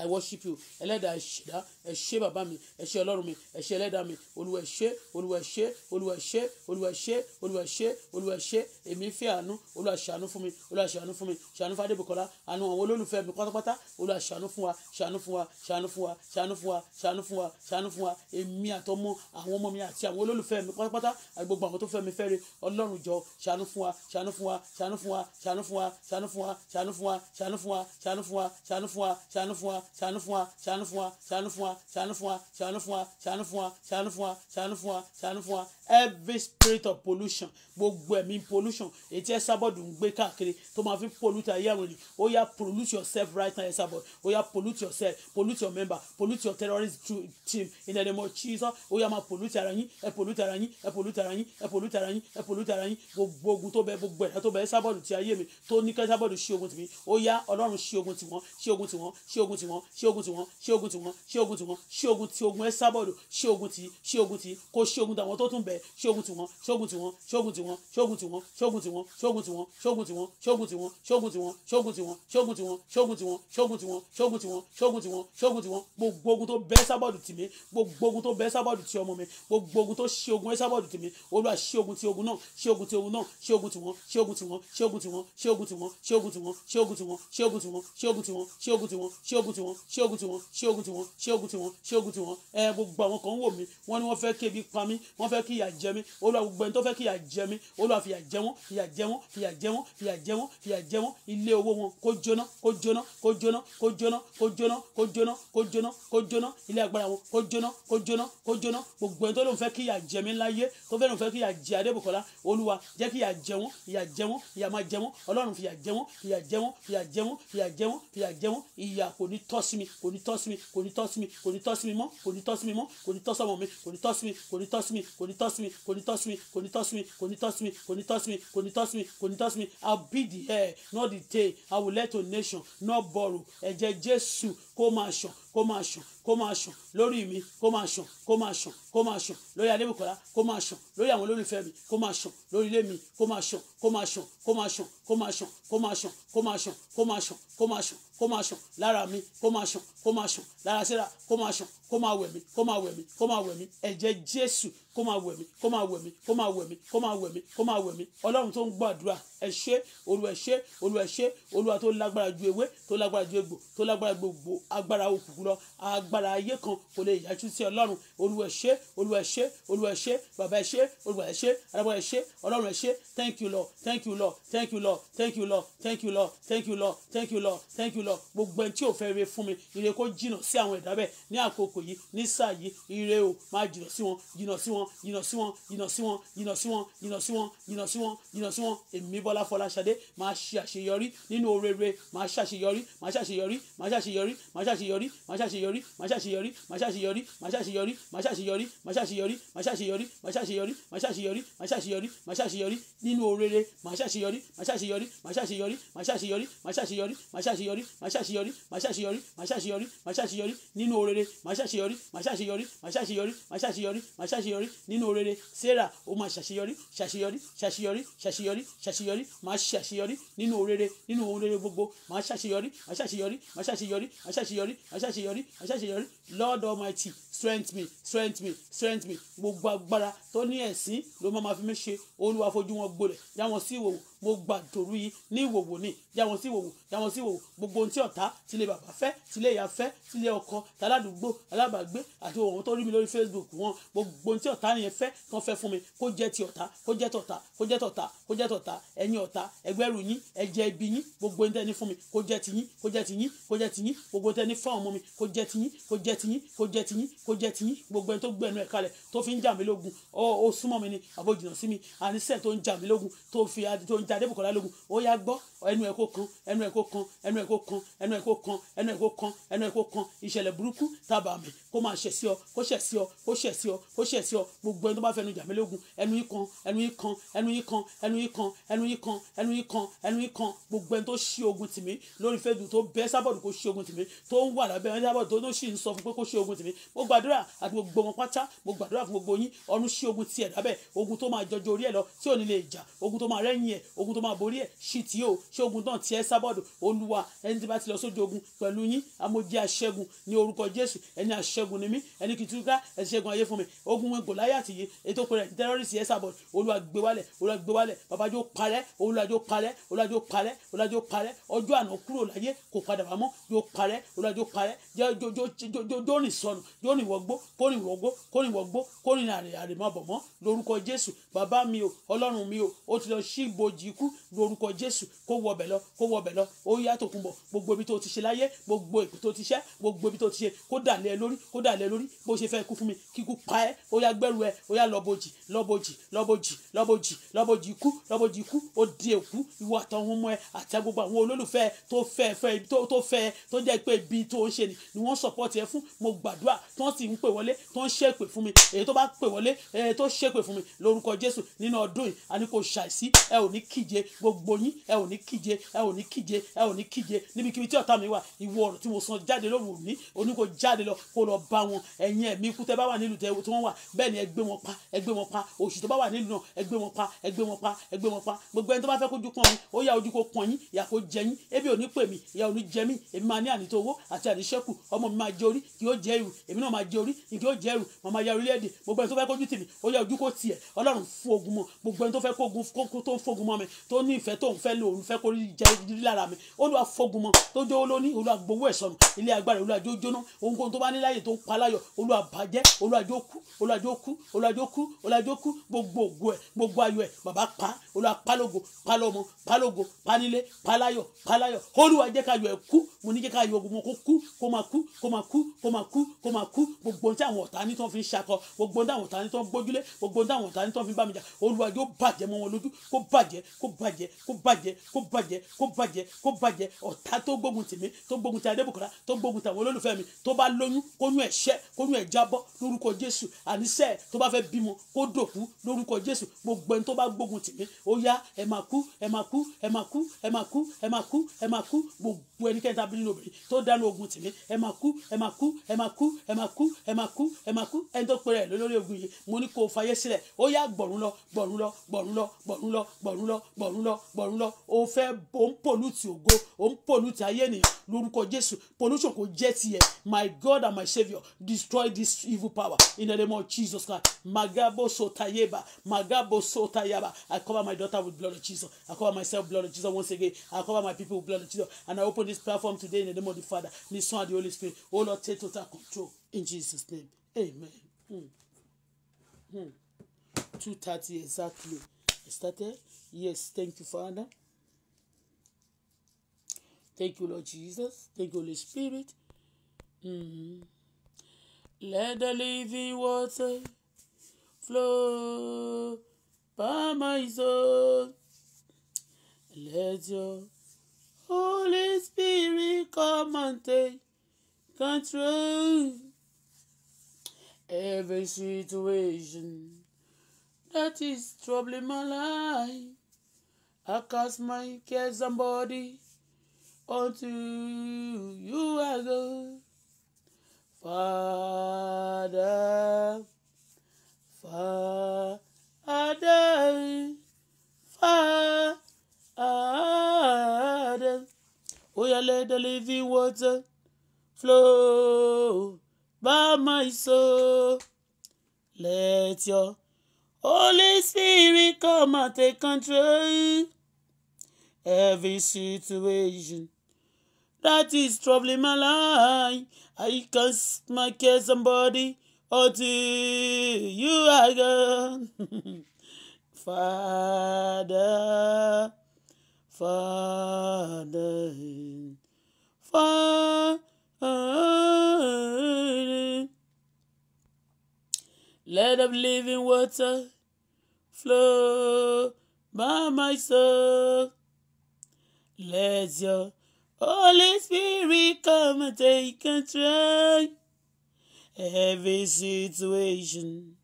I worship you ẹlẹ́dàá ẹ̀ṣẹ̀dá ẹ ṣé bàbá mi ẹ ṣé ọlọ́run mi ẹ ṣé ẹlẹ́dàá mi olúwa ẹ ṣé olúwa ẹ ṣé olúwa ẹ ṣé olúwa ẹ ṣé olúwa ẹ ṣé olúwa ẹ ṣé èmi fẹ́ àánú olúwa ṣàánú fún mi olúwa ṣàánú fún mi ṣàánú fún adébùkọ́lá àánú àwọn olólùfẹ́ mi pátápátá olúwa ṣàánú fún wa ṣàánú fún wa ṣàánú fún wa ṣàánú fún wa ṣàánú fún wa ṣàánú fún wa èmi àtọmọ àwọn ọmọ mi àti àwọn olólùfẹ́ mi pátápátá gbogbo àwọn tó fẹ́ mi fẹ́re ọlọ́run jọ ṣàánú fún wa ṣàánú fún wa ṣàánú fún wa ṣàánú fún wa ṣàánú fún wa ṣàánú fún wa ṣàánú fún wa ṣàánú fún wa ṣàánú fún wa ṣàánú fún wa ṣàánú fún wa ṣàánú fún wa ṣàánú fún wa ṣàánú fún wa ṣàánú fún wa ṣàánú fún wa ṣàánú fún wa ṣàánú fún wa ṣàánú fún wa every spirit of pollution gbogbo ẹ̀mí pollution èyí tí ẹ sábọ̀dù ń gbé káàkiri tó máa fi pollute ayé àwọn ènìyàn ó yá pollute yourself right now ẹ sábọ̀dù ó yá pollute yourself pollute your member pollute your terrorist team in the name of Jesus ó yá máa pollute ara yín ẹ pollute ara yín ẹ pollute ara yín ẹ pollute ara yín ẹ pollute ara yín gbogbo ogun tó bẹ gbogbo ẹ̀dá tó bẹ sábọ̀dù ti ayé mi tó ní kẹ́ sábọ̀dù ṣí ogun tì mí ó yá ọlọ́run ṣí ogun tì wọ́n ṣí ogun tì wọ́n ṣí ogun tì wọ́n tiwọn ṣé ogun tiwọn ṣé ogun tiwọn ṣé ogun tiwọn ṣé ogun ti ogun ẹ sábọ̀dọ̀ ṣé ogun ti ṣé ogun ti kó ṣé ogun tàwọn tó tún bẹ̀ ṣé ogun tiwọn ṣé ogun tiwọn ṣé ogun tiwọn ṣé ogun tiwọn ṣé ogun tiwọn ṣé ogun tiwọn ṣé ogun tiwọn ṣé ogun tiwọn ṣé ogun tiwọn ṣé ogun tiwọn ṣé ogun tiwọn ṣé ogun tiwọn ṣé ogun tiwọn ṣé ogun tiwọn ṣé ogun tiwọn ṣé ogun tiwọn gbogbo ogun tó bẹ́ sábọ̀dọ̀ tì mí gbogbo ogun tó bẹ́ sábọ̀dọ̀ tì ọmọ mi gbogbo ogun tó ṣe ogun ẹ sábọ̀dọ̀ tì mí olúwa ṣe ogun ti ogun náà ṣe ogun ti ogun náà ṣe ogun tiwọn ṣe ogun tiwọn ṣe ogun tiwọn ṣe ogun tiwọn ṣe ogun tiwọn ṣe ogun tiwọn ṣe ogun tiwọn ṣe ogun tiwọn ṣe ogun tiwọn ṣe ogun tiwọn tiwọn ṣé ogun tiwọn ṣé ogun tiwọn ṣé ogun tiwọn ṣé ogun tiwọn ẹ gbogbo àwọn kan wò mí wọ́n ní wọ́n fẹ́ kí ebi pa mí wọ́n fẹ́ kí ìyà jẹ mí olúwa gbogbo ẹni tó fẹ́ kí ìyà jẹ mí olúwa fìyà jẹ wọ́n fìyà jẹ wọ́n fìyà jẹ wọ́n fìyà jẹ wọ́n fìyà jẹ wọ́n ilé owó wọn kó jóná kó jóná kó jóná kó jóná kó jóná kó jóná kó jóná kó jóná ilé agbára wọn kó jóná kó jóná kó jóná gbogbo ẹni tó lóun fẹ́ kí ìyà jẹ mí láyé tó fẹ́ lóun fẹ́ kí ìyà jẹ adébùkọ́lá olúwa jẹ́ kí ìyà jẹ wọ́n ìyà jẹ wọ́n ìyà máa jẹ ìyà kò ní tọ́ sí mi kò ní tọ́ sí mi kò ní tọ́ sí mi kò ní tọ́ sí mi mọ́ kò ní tọ́ sí mi mọ́ kò ní tọ́ sọ́mọ mi kò ní tọ́ sí mi kò ní tọ́ sí mi kò ní tọ́ sí mi kò ní tọ́ mi kò ní tọ́ mi kò ní tọ́ mi kò ní tọ́ mi kò ní tọ́ mi kò ní tọ́ mi I be the heir not the tail I will let a nation not borrow ẹ̀jẹ̀ Jésù kó máa ṣàn kó máa ṣàn kó máa ṣàn lórí mi kó máa ṣàn kó máa ṣàn kó máa ṣàn lórí adébùkọ́lá kó máa ṣàn lórí àwọn olólùfẹ́ mi kó máa ṣàn lórí ilé mi kó máa ṣàn kó máa ṣàn kó máa ṣàn kó máa ṣàn kó máa ṣàn kó máa ṣàn kó máa ṣàn kó máa ṣàn kó máa ṣàn lára mi kó máa ṣàn kó máa ṣàn lára síra kó máa ṣàn kó máa wẹ̀ mí kó máa wẹ̀ mí kó máa wẹ̀ mí ẹ̀jẹ̀ jésù kó máa wẹ̀ mí kó máa wẹ̀ mí kó máa wẹ̀ mí kó máa wẹ̀ mí kó máa wẹ̀ mí ọlọ́run tó ń gbàdúrà ẹ ṣé olúwa ẹ ṣé olúwa ẹ ṣé olúwa tó lágbára ju ewé tó lágbára ju egbò tó lágbára gbogbo agbára òkùnkùn lọ agbára ayé kan kò lè yájú sí ọlọ́run olúwa ẹ ṣé olúwa ẹ ṣé olúwa ẹ bàbá ẹ ṣé arábọ̀ ẹ ọlọ́run ẹ thank you lord thank you lord thank you lord thank you lord thank you lord thank you lord thank you lord thank you lord gbogbo ẹni tí ò fẹ́ re fún mi ire kó jìnnà sí àwọn ẹ̀dá bẹ́ẹ̀ ní àkókò yìí ní sáà yìí ire o máa jìnnà sí wọn jìnnà sí wọn jìnnà sí wọn jìnnà sí wọn jìnnà sí wọn jìnnà sí wọn jìnnà sí wọn jìnnà sí wọn èmi bọ́lá fọláṣadé máa ṣe àṣeyọrí nínú orere máa ṣàṣeyọrí máa ṣàṣeyọrí máa ṣàṣeyọrí máa ṣàṣeyọrí máa ṣàṣeyọrí máa ṣàṣeyọrí máa ṣàṣeyọrí máa ṣàṣeyọrí máa ṣàṣeyọrí máa ṣàṣeyọrí máa ṣàṣeyọrí máa ṣàṣeyọrí máa ṣàṣeyọrí máa ṣàṣeyọrí máa ṣàṣeyọrí nínú orere máa ṣàṣeyọrí máa ṣàṣeyọrí máa ṣàṣeyọrí máa ṣàṣeyọrí máa ṣàṣeyọrí máa ṣàṣeyọrí máa ṣàṣeyọrí máa ṣàṣeyọrí máa ṣàṣeyọrí máa ṣàṣeyọrí nínú orere máa ṣàṣeyọrí máa ṣàṣeyọrí máa ṣàṣeyọrí máa ṣàṣeyọrí máa ṣàṣeyọrí ṣàṣeyọrí nínú rere sarah ó máa ṣàṣeyọrí ṣàṣeyọrí ṣàṣeyọrí ṣàṣeyọrí ṣàṣeyọrí máa ṣàṣeyọrí nínú rere nínú ohun rere gbogbo máa ṣàṣeyọrí máa ṣàṣeyọrí máa ṣàṣeyọrí máa ṣàṣeyọrí máa ṣàṣeyọrí máa ṣàṣeyọrí lord almighty strength me strength me strength me gbogbo agbára tó ní ẹ̀sín ló máa fi mí ṣe olúwa fojú wọn gbolẹ̀ já sí ìwòwò mo gbàdòrú yìí ní ìwòwò ni jáwọn sí ìwòwò jáwọn sí ìwòwò gbogbo ohun tí ọ̀tá tilé bàbá fẹ́ tilé ìyá fẹ́ tilé ọkọ taládùúgbò alábàgbé àti òun tó rí mi lórí Facebook wọn gbogbo ohun tí ọ̀tá yẹn fẹ́ kan fẹ́ fún mi kó jẹ́ ti ọ̀tá kó jẹ́ tọ̀tá kó jẹ́ tọ̀tá kó jẹ́ tọ̀tá ẹ̀yin ọ̀tá ẹgbẹ́rù yín ẹ̀jẹ̀ ibi yín gbogbo ohun tẹ́ni fún mi kó jẹ́ ti yín kó jẹ́ ti yín kó jẹ́ ti yín gbogbo tẹ́ni fún ọmọ mi kó jẹ́ ti yín kó dr adébùkọ́lá lógun ó yá gbọ́ ẹnu ẹ̀ kó kan ẹnu ẹ̀ kó kan ẹnu ẹ̀ kó kan ẹnu ẹ̀ kó kan ẹnu ẹ̀ kó kan ẹnu ẹ̀ kó kan ìṣẹ̀lẹ̀ burúkú tábà mi kó máa ṣẹ̀ sí ọ kó ṣẹ̀ sí ọ kó ṣẹ̀ sí ọ kó ṣẹ̀ sí ọ gbogbo ẹni tó bá fẹnu jàmí lógun ẹnu yìí kan ẹnu yìí kan ẹnu yìí kan ẹnu yìí kan ẹnu yìí kan ẹnu yìí kan ẹnu yìí kan gbogbo ẹni tó ṣí ogun tì mí lórí fẹ́ẹ́ dùn tó bẹ́ sábọ̀dù kó ṣí ogun tì mí tó ń wà lábẹ́ ẹni sábọ̀dù tó ṣì ń sọ fún pé kó ṣí ogun tì mí mo gbàdúrà àti gbogbo wọn pátá mo gbàdúrà fún gbogbo yín ọ̀run ṣí ogun tiẹ̀ dábẹ́ ogun tó máa jọjọ orí ẹ̀ lọ tí ò ní lè jà ogun tó máa rẹ́yìn ẹ̀ ogun tó máa borí ẹ̀ ṣì tí o ṣé ogun náà tiẹ̀ sábọ̀dù olúwa ẹni tí bá ti lọ sójú ogun pẹ̀lú yín amójẹ́ aṣẹ́gun ní orúkọ jésù ẹni aṣẹ́gun ni mí ẹni kìtúkà ẹṣẹ́gun ayé fún mi ogun wọn gòláyàtì yìí ètò pẹ̀lẹ́ tẹ́rọ́rìsì ẹ̀ sábọ̀dù olúwa gbé wálẹ̀ olúwa gbé wálẹ̀ babajó parẹ́ olúwajó parẹ́ olúwajó parẹ́ olúwajó parẹ́ ọjọ́ àná kúrò láyé kò padà wá mọ́ yóò parẹ́ olúwajó parẹ́ jóni sọnù jóni wọgbó kóni wọgbó kóni wọgbó kóni àrèmabọ̀ mọ́ lórúkọ jésù bàbá mi o ọlọ́run mi o ó ti lọ sí ibojì ikú lórúkọ jésù kó wọ ọbẹ̀ lọ kó wọ ọbẹ̀ lọ ó yá Tòkunbọ̀ gbogbo ibi tó ti ṣe láyé gbogbo ìpè tó ti ṣe gbogbo ibi tó ti ṣe kó dà lé lórí kó dà lé lórí bó ṣe fẹ́ kú fún mi kíkú pa ẹ́ ó yá gbẹ́rù ẹ ó yá lọ́bojì lọ́bojì lọ́bojì lọ́bojì lọ́bojì ikú lọ́bojì ikú ó di èkú ìwọ àtàwọn ọmọ ẹ àti gbogbo àwọn olólùfẹ́ tó fẹ́ fẹ́ tó fẹ́ tó jẹ́ pé ibi tó ń ṣe ni ni wọ́n support ẹ fún mo gbàdúrà tó ń sì ń pè wọlé tó ń ṣèpè fún mi èyí tó bá pè wọlé tó ṣèpè fún mi lórúkọ jésù nínú ọdún yìí àní kò ṣàìsí ẹ ò ní k kíje gbogbo yín ẹ ò ní kíje ẹ ò ní kíje ẹ ò ní kíje níbikíbi tí ọ̀tá mi wà ìwọ ọ̀rọ̀ tí mo sọ jáde lóru òní òní jáde lọ kó lọ bá wọn ẹ̀yin ẹ̀mí ikú tẹ́ bá wà nílùú tẹ́ tí wọ́n wà bẹ́ẹ̀ ni ẹ gbé wọn pa ẹ gbé wọn pa òṣì tó bá wà nílùú náà ẹ gbé wọn pa ẹ gbé wọn pa ẹ gbé wọn pa gbogbo ẹni tó bá fẹ́ kójú pọ́n ó yá ojú kó pọ́n yín ìyà kó jẹ yín ebi ò ní pè mí ìyà ò ní jẹ mí èmi máa ní ànító àti àníṣẹ́kù ọmọ mi máa jẹ orí kì yóò jẹ ìrù èmi náà máa jẹ orí kì yóò jẹ ìrù màmá ya orílẹ̀-èdè gbogbo ẹni tó fẹ́ kójú tì mí ó yá ojú kó tiẹ̀ ọlọ́run fún ogun mọ́ gbogbo ẹni tó fẹ́ kógun tó ń fógun mọ́ mi tó ní ìfẹ́ tó ń fẹ́ lò ń fẹ́ kó jẹ́ rí lára mi olúwa fógun mọ́ tó jẹ́ olóní olúwa gbowó ẹ̀ sọnù ilé agbára olúwa jó jóná ohunkóhun tó bá ní láyè tó ń pa láyọ̀ olúwa bàjẹ́ olúwa jó kú olúwa jó kú olúwa jó kú olúwa jó kú gbogbo ògo ẹ̀ gbogbo ayọ̀ ẹ̀ bàbá pa olúwa pálógo pálọ́mọ pálógo panílé paláyọ̀ paláyọ̀ olúwa jẹ́ ká yọ̀ ẹ̀ kú mo ní jẹ́ ká yọ̀ gbogbo kó kú kó máa kú kó máa kú kó máa kú kó máa kú gbogbo tí àwọn ọ̀tá ní tí wọ́n fi ń ṣakọ gbogbo tí àwọn ọ̀tá ní tí wọ́n gbójúlé gbogbo tí àwọn ọ̀tá ní tí wọ́n fi ń bá mi jà olúwa bàjẹ́ mọ́ wọn lójú kó bàjẹ́ kó bàjẹ́ kó bàjẹ́ kó bàjẹ́ kó bàjẹ́ kó bàjẹ́ ọ̀tá tó gbógun tèmi tó gbógun ti adébùkọ́lá tó gbógun tàwọn olólùfẹ́ mi tó bá lóyún kóyún ẹ̀ ṣẹ́ kóyún ẹ̀ jábọ́ lórúkọ jésù àníṣe tó bá fẹ́ bímọ kó dòkú lórúkọ jésù gbogbo ẹni tó bá gbógun tèmi ó yá ẹ máa kú ẹ máa kú ẹ máa kú ẹ máa kú ẹ máa kú ẹ máa kú gbogbo ẹnikẹ́ni tàbí nínú obìnrin tó dánú ogun tèmi ẹ máa kú ẹ máa kú ẹ máa kú ẹ máa kú ẹ máa kú ẹni tó pèrè lórí ogun yìí mo ní kó o fayé sílẹ̀ ó yá gbọ̀rún lọ gbọ̀rún lọ gbọ̀rún lọ gbọ̀rún lọ gbọ̀rún lọ lọ gbọ̀rún lọ gbọ̀rún lọ o fẹ́ o ń pòlùtì ògo o ń pòlùtì ayé ènìyàn lórúkọ Jésù pollution kò jẹ́ tiẹ̀ my God and my saviour destroy this evil power in the name of Jesus Christ magabo sotayeba magabo sotayaba I cover my daughter with blood of Jesus I cover myself with blood of Jesus once again I cover my people with blood of Jesus and I open this platform today in the name of the Father the Son and the Holy Spirit oh Lord take total control in Jesus name amen. Mm. Mm. 2.30 exactly. I started Yes, thank you, Father. Thank you, Lord Jesus. Thank you, Holy Spirit. Mm-hmm. Let the living water flow by my soul. Let your Holy Spirit come and take control. Every situation that is troubling my life. I cast my cares and body unto you I go. Father, Father, Father. Oh, yeah, let the living water flow by my soul. Let your Holy Spirit come and take control. every situation that is troubling my life. I cast my care somebody or to you again, Father, Father, Father, let up living water flow by myself. Let your Holy Spirit come and take control. Every situation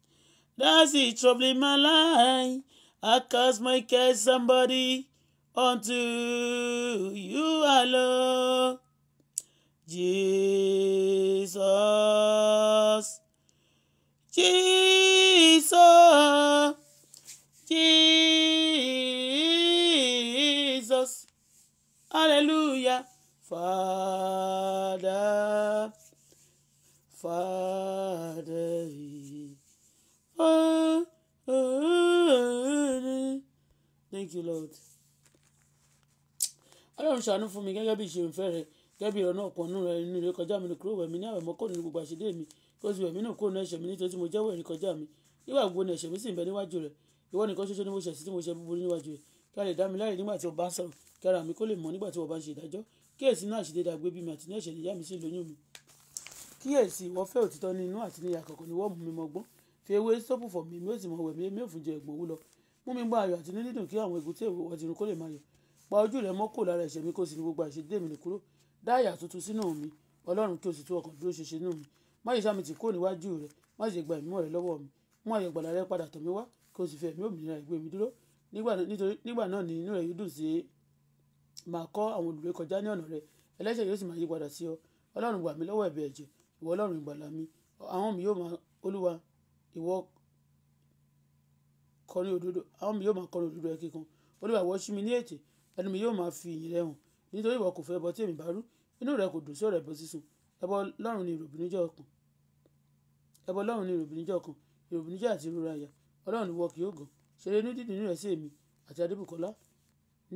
that's it troubling my life, I cast my care somebody unto you alone. Jesus, Jesus. Father, Father, Father. Thank you, Lord. Ọlọ́run ṣàánú fún mi gẹ́gẹ́ bí ìṣeun fẹ́ rẹ̀ gẹ́gẹ́ bí ìrọ̀nà ọ̀pọ̀ nù rẹ̀ nínú ìrékọjá mi ní kúrò wẹ̀mí ní àwẹ̀mọ́ kò ní gbogbo àṣedé mi kó sì wẹ̀mí náà kúrò ní ẹ̀ṣẹ̀ mi nítorí tí mo jẹ́wọ́ ìrékọjá mi nígbà gbogbo ní ẹ̀ṣẹ̀ mi sì ń bẹ níwájú rẹ̀ ìwọ nìkan ṣoṣo ni mo ṣẹ̀ sí tí mo ṣe búburú níwájú rẹ̀ kí a lè dá mi láre nígbà tí o sọ̀rọ̀ kí ara mi kó lè mọ́ nígbà tí o ń ṣe ìdájọ́ kíyèsí náà ṣìdédé àgbébí mi àti ní ẹ̀ṣẹ̀ níyà mi sí lóyún mi kíyèsí wọ́n fẹ́ òtítọ́ ní inú àti ní àkọ́kọ́ ni wọ́n mú mi mọ́ gbọ́n fi ewé sọ́pù fọ̀ mi mi ó sì mọ̀ wẹ̀ mi èmi ò fún jẹ ẹ̀gbọ́n owó lọ mú mi gbọ́ ayọ̀ àti ní dídùn kí àwọn ègúté ọ̀tìrún kó lè máa yọ̀ pa ojú rẹ̀ mọ́ kò lára ẹ̀ṣẹ̀ mi kó sì ní gbogbo àṣedé mi lè kúrò dá mi ọlọ́run kí o sì tú ọkàn dúró ṣinṣin nínú mi má ṣe sáà mi ti kúrò níwájú rẹ má ṣe gba ìmúmọ́ ni inú rẹ máa kọ́ àwọn olùgbé kọjá ní ọ̀nà rẹ ẹlẹ́ṣẹ̀ yóò sì máa yí padà sí ọ ọlọ́run gbà mí lọ́wọ́ ẹ̀bẹ̀ ẹ̀jẹ̀ ìwọ ọlọ́run ìgbàlà mi àwọn mi yóò máa olúwa ìwọ kọrin òdodo àwọn mi yóò máa kọrin òdodo ẹ kíkan olúwa ìwọ ṣí mi ní ètè ẹnu mi yóò máa fi ìyìn rẹ hàn nítorí ìwọ kò fẹ́ ẹbọ tí èmi bá rú inú rẹ kò dùn sí ọ̀rọ̀ ẹbọ sísun ẹbọ ọlọ́run ni ìròbìnújẹ́ ọkàn ẹbọ ọlọ́run ni ìròbìnújẹ́ ọkàn ìròbìnújẹ́ àti ìrora àyà ọlọ́run ni wọ kì yóò gàn ṣeré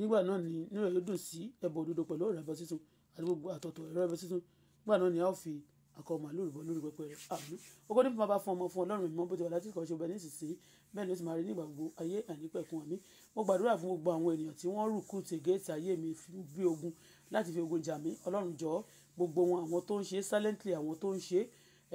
nígbà náà ni inú rẹ̀ yóò dùn sí ẹbọ òdodo pẹ̀lú ọ̀rọ̀ ẹbọ sísun àti gbogbo àtọ̀tọ̀ ẹ̀rọ sísun nígbà náà ni a ó fi akọ màálù rìbọ lórí pẹpẹ rẹ àmì ogo nípa bá fún ọmọ fún Ọlọ́run ìmọ bó ti wà láti kọ ṣe bẹ́ẹ̀ nísinsìnyí bẹ́ẹ̀ ni ó sì máa rí nígbà gbogbo ayé àìnípẹ̀kun àmì mo gbàdúrà fún gbogbo àwọn ènìyàn tí wọ́n rù kù tègéètì ayé mi bí ogun láti fi ogun jà Ọlọ́run jọ gbogbo wọn àwọn tó ń ṣe silently àwọn tó ń ṣe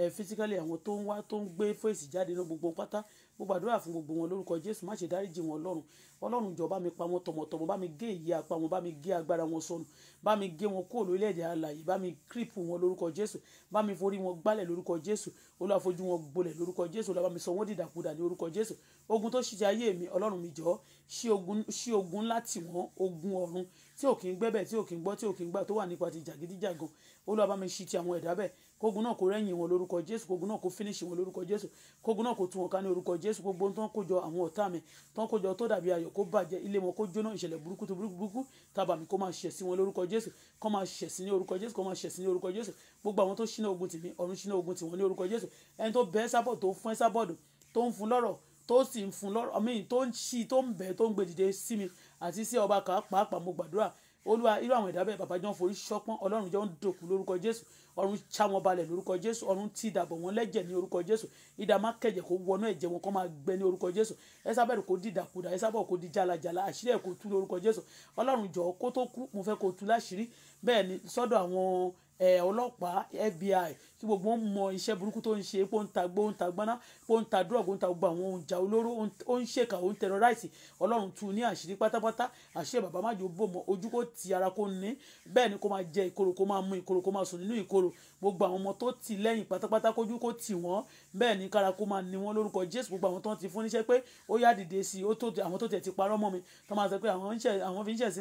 eh, physically àwọn tó ń wá tó ń gbé fèsì jáde náà gbogbo pátá mo gbàdúrà fún gbogbo wọn lórúkọ jésù má ṣe dáríjì wọn ọlọ́run ọlọ́run jọ bá mi pa wọn tọmọtọmọ bá mi gé ìyí apá wọn bá mi gé agbára wọn sọnù bá mi gé wọn kúrò lórílẹ̀‐èdè alàyè bá mi kírípù wọn lórúkọ jésù bá mi forí wọn gbálẹ̀ lórúkọ jésù olúwa fojú wọn gbolẹ̀ lórúkọ jésù olúwa mi sọ wọn dìdàkudà ní orúkọ jésù ogun tó ṣì ayé mi ọlọ́run mi jọ ṣí ogun ńlá tì ogun ọ̀run tí ò kí ń gbẹ́bẹ̀ tí ò kí ń gbọ́ tí ò kí ń gbà tó wà nípa ti jàgídíjàgan olúwa bá ti àwọn ẹ̀dá bẹ́ẹ̀ kógun náà kó rẹ́yìn wọn lórúkọ jésù kógun náà kó finish wọn lórúkọ jésù kógun náà kó tún wọn ká ní orúkọ jésù gbogbo tó ń kójọ àwọn ọ̀tá mi tó ń kójọ tó dàbí ayọ̀ kó bàjẹ́ ilé wọn kó jóná ìṣẹ̀lẹ̀ burúkú tó burúkú burúkú tábà mi kó máa ṣẹ̀ sí wọn lórúkọ jésù kó máa ṣẹ̀ sí ní orúkọ jésù kó máa ṣẹ̀ sí ní orúkọ jésù gbogbo àwọn tó ṣínà ogun tìmí ọ̀run ṣínà ogun tìwọn ní orúkọ jésù tó sì ń fún lọ́rọ̀ mi tó ń ṣí tó ń bẹ́ẹ̀ tó ń gbèdìde sí mi àti sí ọba kàá pàápàá mo gbàdúrà olúwa irú àwọn ẹ̀dá bẹ́ẹ̀ bàbá jọ ń forí ṣọpọ́n ọlọ́run jọ ń dòkú lórúkọ jésù ọ̀run ṣá wọn balẹ̀ lórúkọ jésù ọ̀run ti dàbọ̀ wọn lẹ́jẹ̀ ní orúkọ jésù ìdá má kẹ̀jẹ̀ kó wọnú ẹ̀jẹ̀ wọn kó máa gbẹ ní orúkọ jésù ẹsábẹ́rù kó dìdàkudà ẹsábẹ́rù kó di jalajala àṣírí ẹ̀ kó tú lórúkọ jésù ọlọ́run jọ kó tó kú mo fẹ́ kó tú láṣírí bẹ́ẹ̀ ni sọ́dọ̀ àwọn ọlọ́pàá FBI tí gbogbo wọn mọ iṣẹ́ burúkú tó ń ṣe pé ó ń ta gbó ó ń ta gbaná pé ó ń ta drug ó ń ta gbogbo àwọn ohun ìjà olóró ó ń ṣèkà ó ń tẹrọráìsì ọlọ́run tú ní àṣírí pátápátá àṣẹ bàbá má jò bò mọ́ ojú kò ti ara kò ní bẹ́ẹ̀ ni kò máa jẹ ìkorò kò máa mu ìkorò kò máa sùn nínú ìkorò gbogbo àwọn ọmọ tó ti lẹ́yìn pátápátá kójú kò tì wọ́n bẹ́ẹ̀ ni kára kó máa ní wọn lórúkọ jésù gbogbo àwọn tó ń ti fún níṣẹ́ pé ó yá dìde sí i ó tó àwọn tó tẹ̀ ti parọ́ mọ́ mi tó máa sọ pé àwọn fi ń ṣẹ̀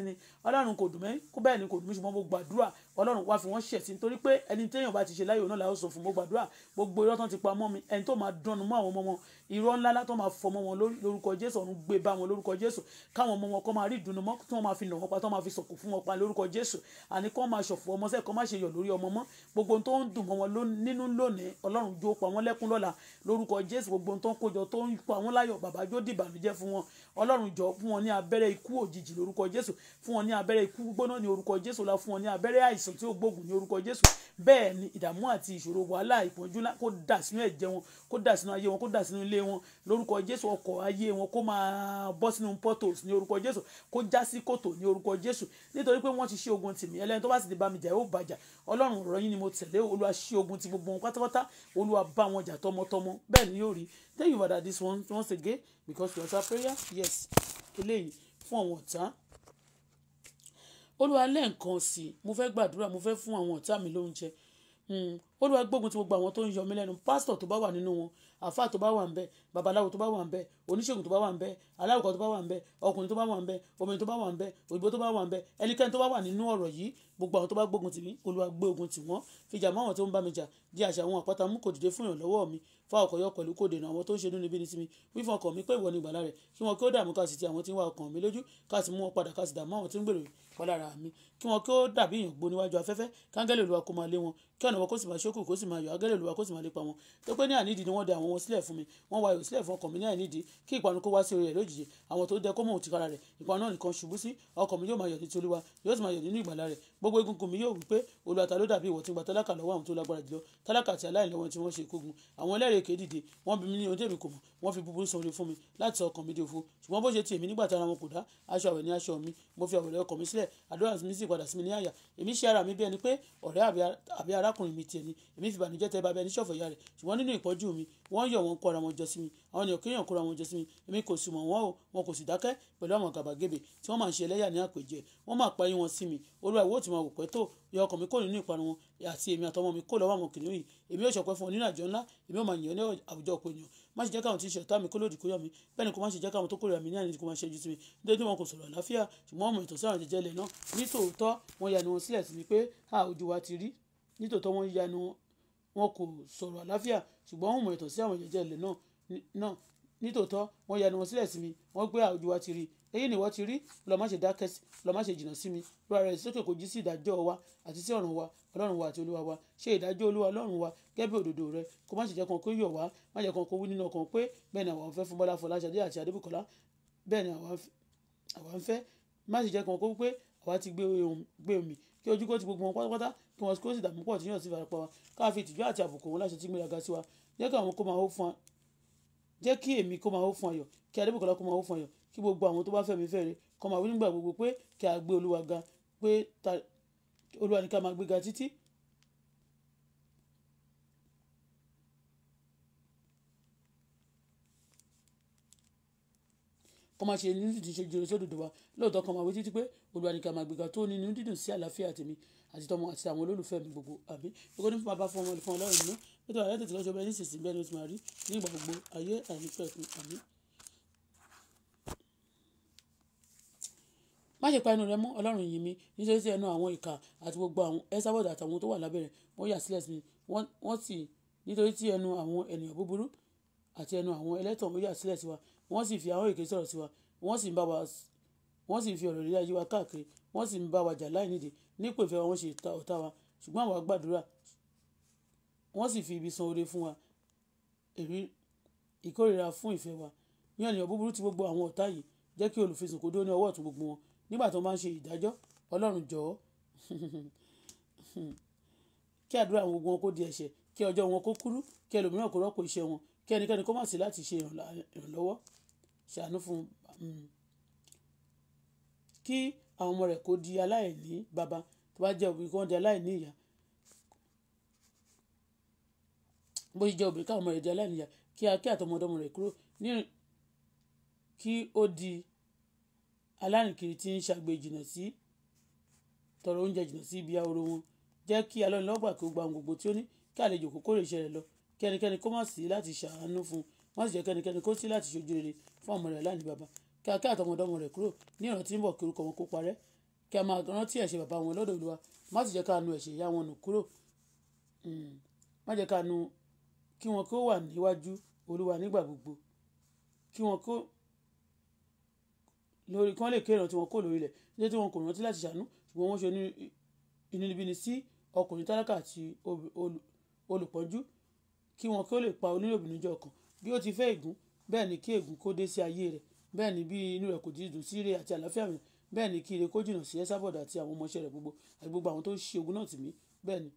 sí thousand fún mo gbàdúrà gbogbo irọ́ tán ti pa mọ́ mi ẹni tó máa dánnu mọ́ àwọn ọmọ wọn irọ́ ńlá látọ́ máa fọmọ wọn lórúkọ jésù ọ̀run gbé bá wọn lórúkọ jésù káwọn ọmọ wọn kọ́ máa rí ìdùnnú mọ́ tí wọ́n máa fi nà wọ́n pa tí wọ́n máa fi sọ̀kò fún wọn pa lórúkọ jésù àní kọ́ máa ṣọ̀fọ̀ ọmọ sẹ́ẹ̀ kọ́ máa ṣe yọ̀ lórí ọmọ mọ́ gbogbo tó ń dùn mọ́ wọn nínú lónìí ọlọ́run jó pa wọn lẹ́kún lọ́la lórúkọ jésù gbogbo tó ń kójọ tó ń pa wọn láyọ̀ bàbá jó dìbànújẹ́ fún wọn ọlọ́run jọ fún wọn ní abẹ́rẹ́ ikú òjijì lórúkọ jésù fún wọn ní abẹ́rẹ́ ikú gbóná ní orúkọ jésù la fún wọn ní abẹ́rẹ́ àìsàn tí ó gbógun ní orúkọ jésù bẹ́ẹ̀ ni ilé wọn lórúkọ jésù ọkọ̀ ayé wọn kó máa bọ́ sínú portals ní orúkọ jésù kó já sí kòtò ní orúkọ jésù nítorí pé wọ́n ti ṣe ogun tì mí tó bá sì ti bá mi jà yóò bàjà ọlọ́run ọ̀rọ̀ yín ni mo tẹ̀lé olúwa ṣe ogun ti gbogbo wọn pátápátá olúwa bá wọn jà tọmọtọmọ bẹ́ẹ̀ ni yóò rí thank you father this one once again because you answer prayer yes eléyìí fún àwọn ọ̀tá olúwa lẹ́ẹ̀kan sí mo fẹ́ gbàdúrà mo fẹ́ fún àwọn ọ̀tá mi lóúnjẹ hmm, olúwa gbógun ti gbogbo àwọn tó ń yọ mí lẹ́nu pásítọ̀ tó bá wà nínú wọn àfáà tó bá wà níbẹ̀ babaláwo tó bá wà ń bẹ oníṣègùn tó bá wà ń bẹ aláwùkọ tó bá wà ń bẹ ọkùnrin tó bá wà ń obìnrin tó bá wà ń òyìnbó tó bá wà ń ẹnikẹ́ni tó bá wà nínú ọ̀rọ̀ yìí gbogbo àwọn tó bá gbógun tì mí gbé ogun tì fìjà mọ́ àwọn tó ń bá mi jà di àṣà àwọn àpáta mú kò dìde fún ìràn lọ́wọ́ mi fa ọkọ̀yọ pẹ̀lú kò dènà àwọn tó ń ṣe nínú ibi ní tìmí wífọ̀ ọkàn mi pé ìwọ ni ìgbàlà rẹ̀ kí wọn kí ó dààmú ká sì ti àwọn tí ń wá ọkàn mi lójú ká sì mú wọn padà ká sì dààmú àwọn tí ń gbèrò ìpalára mi kí wọn kí ó dàbí ìyàngbò níwájú afẹ́fẹ́ kángẹ́lì olúwa kó máa lé wọn kí ọ̀nà wọn kó sì máa ṣókù kó sì máa yọ ni wọ́n da àwọn wọn sílẹ̀ ìsọ̀rọ̀ sílẹ̀ fún ọkàn mi ní àìnídìí kí ìpanu kó wá sí orí rẹ̀ lójijì àwọn tó dẹ kó mọ̀ òtí kára rẹ̀ ìpanu náà nìkan ṣubú sí ọkàn mi yóò máa yọ̀ títí olúwa yóò sì máa yọ̀ nínú ìgbàlà rẹ̀ gbogbo egungun mi yóò wí pé olúwa ló dàbí ìwọ tí ń gba tálákà lọ́wọ́ àwọn tó lágbára jùlọ tálákà àti aláìlọ́wọ́ tí wọ́n ṣe kógun àwọn ẹlẹ́rìí èké wọ́n bí mi ní ohun tèmi kò mọ̀ wọ́n fi búburú sọre fún mi láti sọ ọkàn mi di òfo ṣùgbọ́n bó ṣe ti èmi nígbà tí ara wọn kò dá aṣọ àwẹ̀ ní aṣọ mi mo fi àwẹ̀rẹ̀ ọkàn mi sílẹ̀ àdúrà mi sì padà sí mi ní àyà èmi ṣe ara mi bí ẹni pé ọ̀rẹ́ àbí arákùnrin mi tiẹ̀ ni èmi fi bànújẹ́ tẹ bàbá ẹni ṣọ̀fọ̀ ìyá rẹ̀ ṣùgbọ́n nínú ìpọ́jú mi wọ́n yọ̀ wọ́n kó ara wọn jọ sí mi àwọn ènìyàn kéèyàn kó ara wọn jọ sí mi èmi kò sì mọ̀ wọ́n o wọn kò sì dákẹ́ pẹ̀lú àwọn gàbàgebè tí wọ́n máa ń ṣe ẹlẹ́yà ní àpèjẹ wọ́n máa pa yín wọn sí mi olúwa ìwọ tí máa wò pẹ́ tó yọ ọkàn mi kò nínú ìparun wọn àti èmi àtọmọ mi kò lọ́wọ́ àwọn kìnìún yìí èmi yóò ṣọpẹ́ fún ọ nínú àjọ ńlá èmi yóò máa yìn ọ́ ní àwùjọ òpin má ṣe jẹ́ káwọn tí ń ṣe ọ̀tá mi kó lòdì kó yọ̀ mí bẹ́ẹ̀ ni kò má ṣe jẹ́ káwọn tó kórìíra mi ní àlejò kó má ṣe ojú sí mi nítorí wọn kò sọ̀rọ̀ àlàáfíà ṣùgbọ́n ọmọ ìtọ̀sí àwọn jẹjẹrẹ náà nítòótọ́ wọn yanu wọn sílẹ̀ sí ni pé a ojú wa ti rí nítòótọ́ wọn yanu wọn kò sọ̀rọ̀ àlàáfíà ṣùgbọ́n ọmọ ìtọ̀sí àwọn jẹjẹrẹ náà nítòótọ́ wọn yanu wọn sílẹ̀ sí mi wọ́n gbé àwùjọ wa ti rí èyí ni ìwọ ti rí lọ má ṣe dákẹ́ sí lọ má ṣe jìnnà sí mi lọ ara rẹ̀ sókè kò jí sí ìdájọ́ wa àti sí ọ̀run wa ọlọ́run wa àti olúwa wa ṣe ìdájọ́ olúwa ọlọ́run wa gẹ́bí òdodo rẹ kó má ṣe jẹ́ kan kó yọ̀ wá má jẹ́ kan kó wí nínú ọkàn pé bẹ́ẹ̀ ni àwọn fẹ́ fún bọ́lá fọláṣadé àti adébùkọ́lá bẹ́ẹ̀ ni àwọn fẹ́ má ṣe jẹ́ kan kó pé àwa ti gbé omi kí ojú kó ti gbogbo wọn pátápátá kí wọn kó sì dààmú pọ̀ tí yóò sì fara wa káà fi ìtìjú àti àbùkù wọn láṣẹ tí gbéraga sí wa jẹ́ kí àwọn kó máa hó fún jẹ́ kí èmi kó máa hó fún ayọ̀ kí adébùkọ́lá kó máa hó fún ayọ̀ kí gbogbo àwọn tó bá fẹ̀mí fẹ̀re kọ́ máa wí nígbà gbogbo pé kí a gbé olúwa ga pé olúwa ni ká máa gbé ga títí. kọ́ máa ṣe inú dídùn ṣe jèrè sódòdò wa lóòótọ́ kọ́ máa wí títí pé olúwa ni ká máa gbé ga tó ní inú dídùn sí àlàáfíà tèmi àti tọmọ àti àwọn olólùfẹ́ mi gbogbo àmì gbogbo ní fún bàbá fún ọmọ ìfọ̀n ọlọ́run náà nítorí àyẹ̀tẹ̀ lọ́jọ́ bẹ́ẹ̀ ní ìsinsìnyí bẹ́ẹ̀ ni ó ti máa rí ní gbogbo ayé àìnípẹ̀kun àmì. má ṣe pa ẹnu rẹ mọ́ ọlọ́run yìn mí nítorí tí ẹnu àwọn ìkà àti gbogbo àwọn ẹsàbọ̀dà àtàwọn tó wà lábẹ́rẹ̀ wọ́n yà sílẹ̀ sí wọ́n sì nítorí tí ẹnu àwọn ènìyàn búburú àti ẹnu àwọn ẹlẹ́tàn ó yà sílẹ̀ sí wa wọ́n sì fi àwọn èké sọ̀rọ̀ sí wa wọ́n sì ń bá wa wọ́n sì ń fi ọ̀rọ̀ líla yí wa káàkiri wọ́n sì ń bá wa jà láì nídìí nípò ìfẹ́ wọn ṣe ọ̀tá wa ṣùgbọ́n àwa gbàdúrà wọ́n sì fi ibi san oore fún wa èrí ìkórìíra fún ìfẹ́ wa ní ènìyàn búburú ti gbogbo àwọn ọ̀tá yìí jẹ́ kí olùfisùn kò dé ní ọwọ́ ọ̀tún gbogbo wọn nígbà tó máa ń ṣe ìdájọ́ ọlọ́run jọ̀ọ́ kí àdúrà àwọn ogun wọn kó di ẹ̀ṣẹ̀ kí ọjọ́ wọn kó kúrú kí ẹlòmíràn kó rọ́pò iṣẹ́ wọn kí ẹnikẹ́ni kó má sí láti ṣe ìrànlọ́wọ́ ṣàánú fún mm, kí àwọn ọmọ rẹ̀ kó di aláìní bàbá tó bá jẹ́ òbí kó wọ́n di aláìní ìyá bó ṣe jẹ́ òbí káwọn ọmọ rẹ̀ di aláìní ìyá kí a rẹ̀ kúrò ní kí ó di alárìnkiri tí ń ṣàgbé jìnnà sí tọrọ oúnjẹ jìnnà sí ibi ahoro wọn jẹ́ kí alọ́nilọ́gbà kí ó gba ohun gbogbo tí ó ní kí àlejò kó kórè iṣẹ́ rẹ̀ lọ kí ẹnikẹ́ni kó má sí láti ṣàánú fún un má sì jẹ́ kí ẹnikẹ́ni kó sí láti ṣojú rere fún ọmọ rẹ̀ láàní bàbá kí a kí àtọmọdọ́mọ rẹ̀ kúrò ní ọ̀rọ̀ tí ń bọ̀ kí orúkọ wọn kó parẹ́ kí a máa rántí ẹ̀ṣẹ̀ bàbá wọn lọ́dọ̀ Olúwa má sì jẹ́ ká nu ẹ̀ṣẹ̀ ìyá wọn nù kúrò hmm, má jẹ́ ká nu kí wọn kó wà níwájú Olúwa nígbà gbogbo kí wọn kó lórí kí wọ́n lè kéràn tí wọ́n kó lórí ilẹ̀ nítorí tí wọ́n kò rántí láti ṣàánú ṣùgbọ́n wọ́n ṣe inúnibíni sí ọkùnrin tálákà àti olùpọ́njú kí wọn kí ó lè pa onílòbìnújẹ́ ọkàn bí ó ti fẹ́ ègún bẹ́ẹ̀ ni kí ègún kó dé sí ayé rẹ̀ bẹ́ẹ̀ ni bí inú rẹ̀ kò ti dùn sí ire àti àlàáfíà mi bẹ́ẹ̀ ni kí ire kó jìnnà sí ẹ́sàbọ̀dà àti àwọn ọmọọṣẹ́ rẹ̀ gbogbo àti gbogbo àwọn tó ń ṣe ogun náà tì mí bẹ́ẹ̀ ni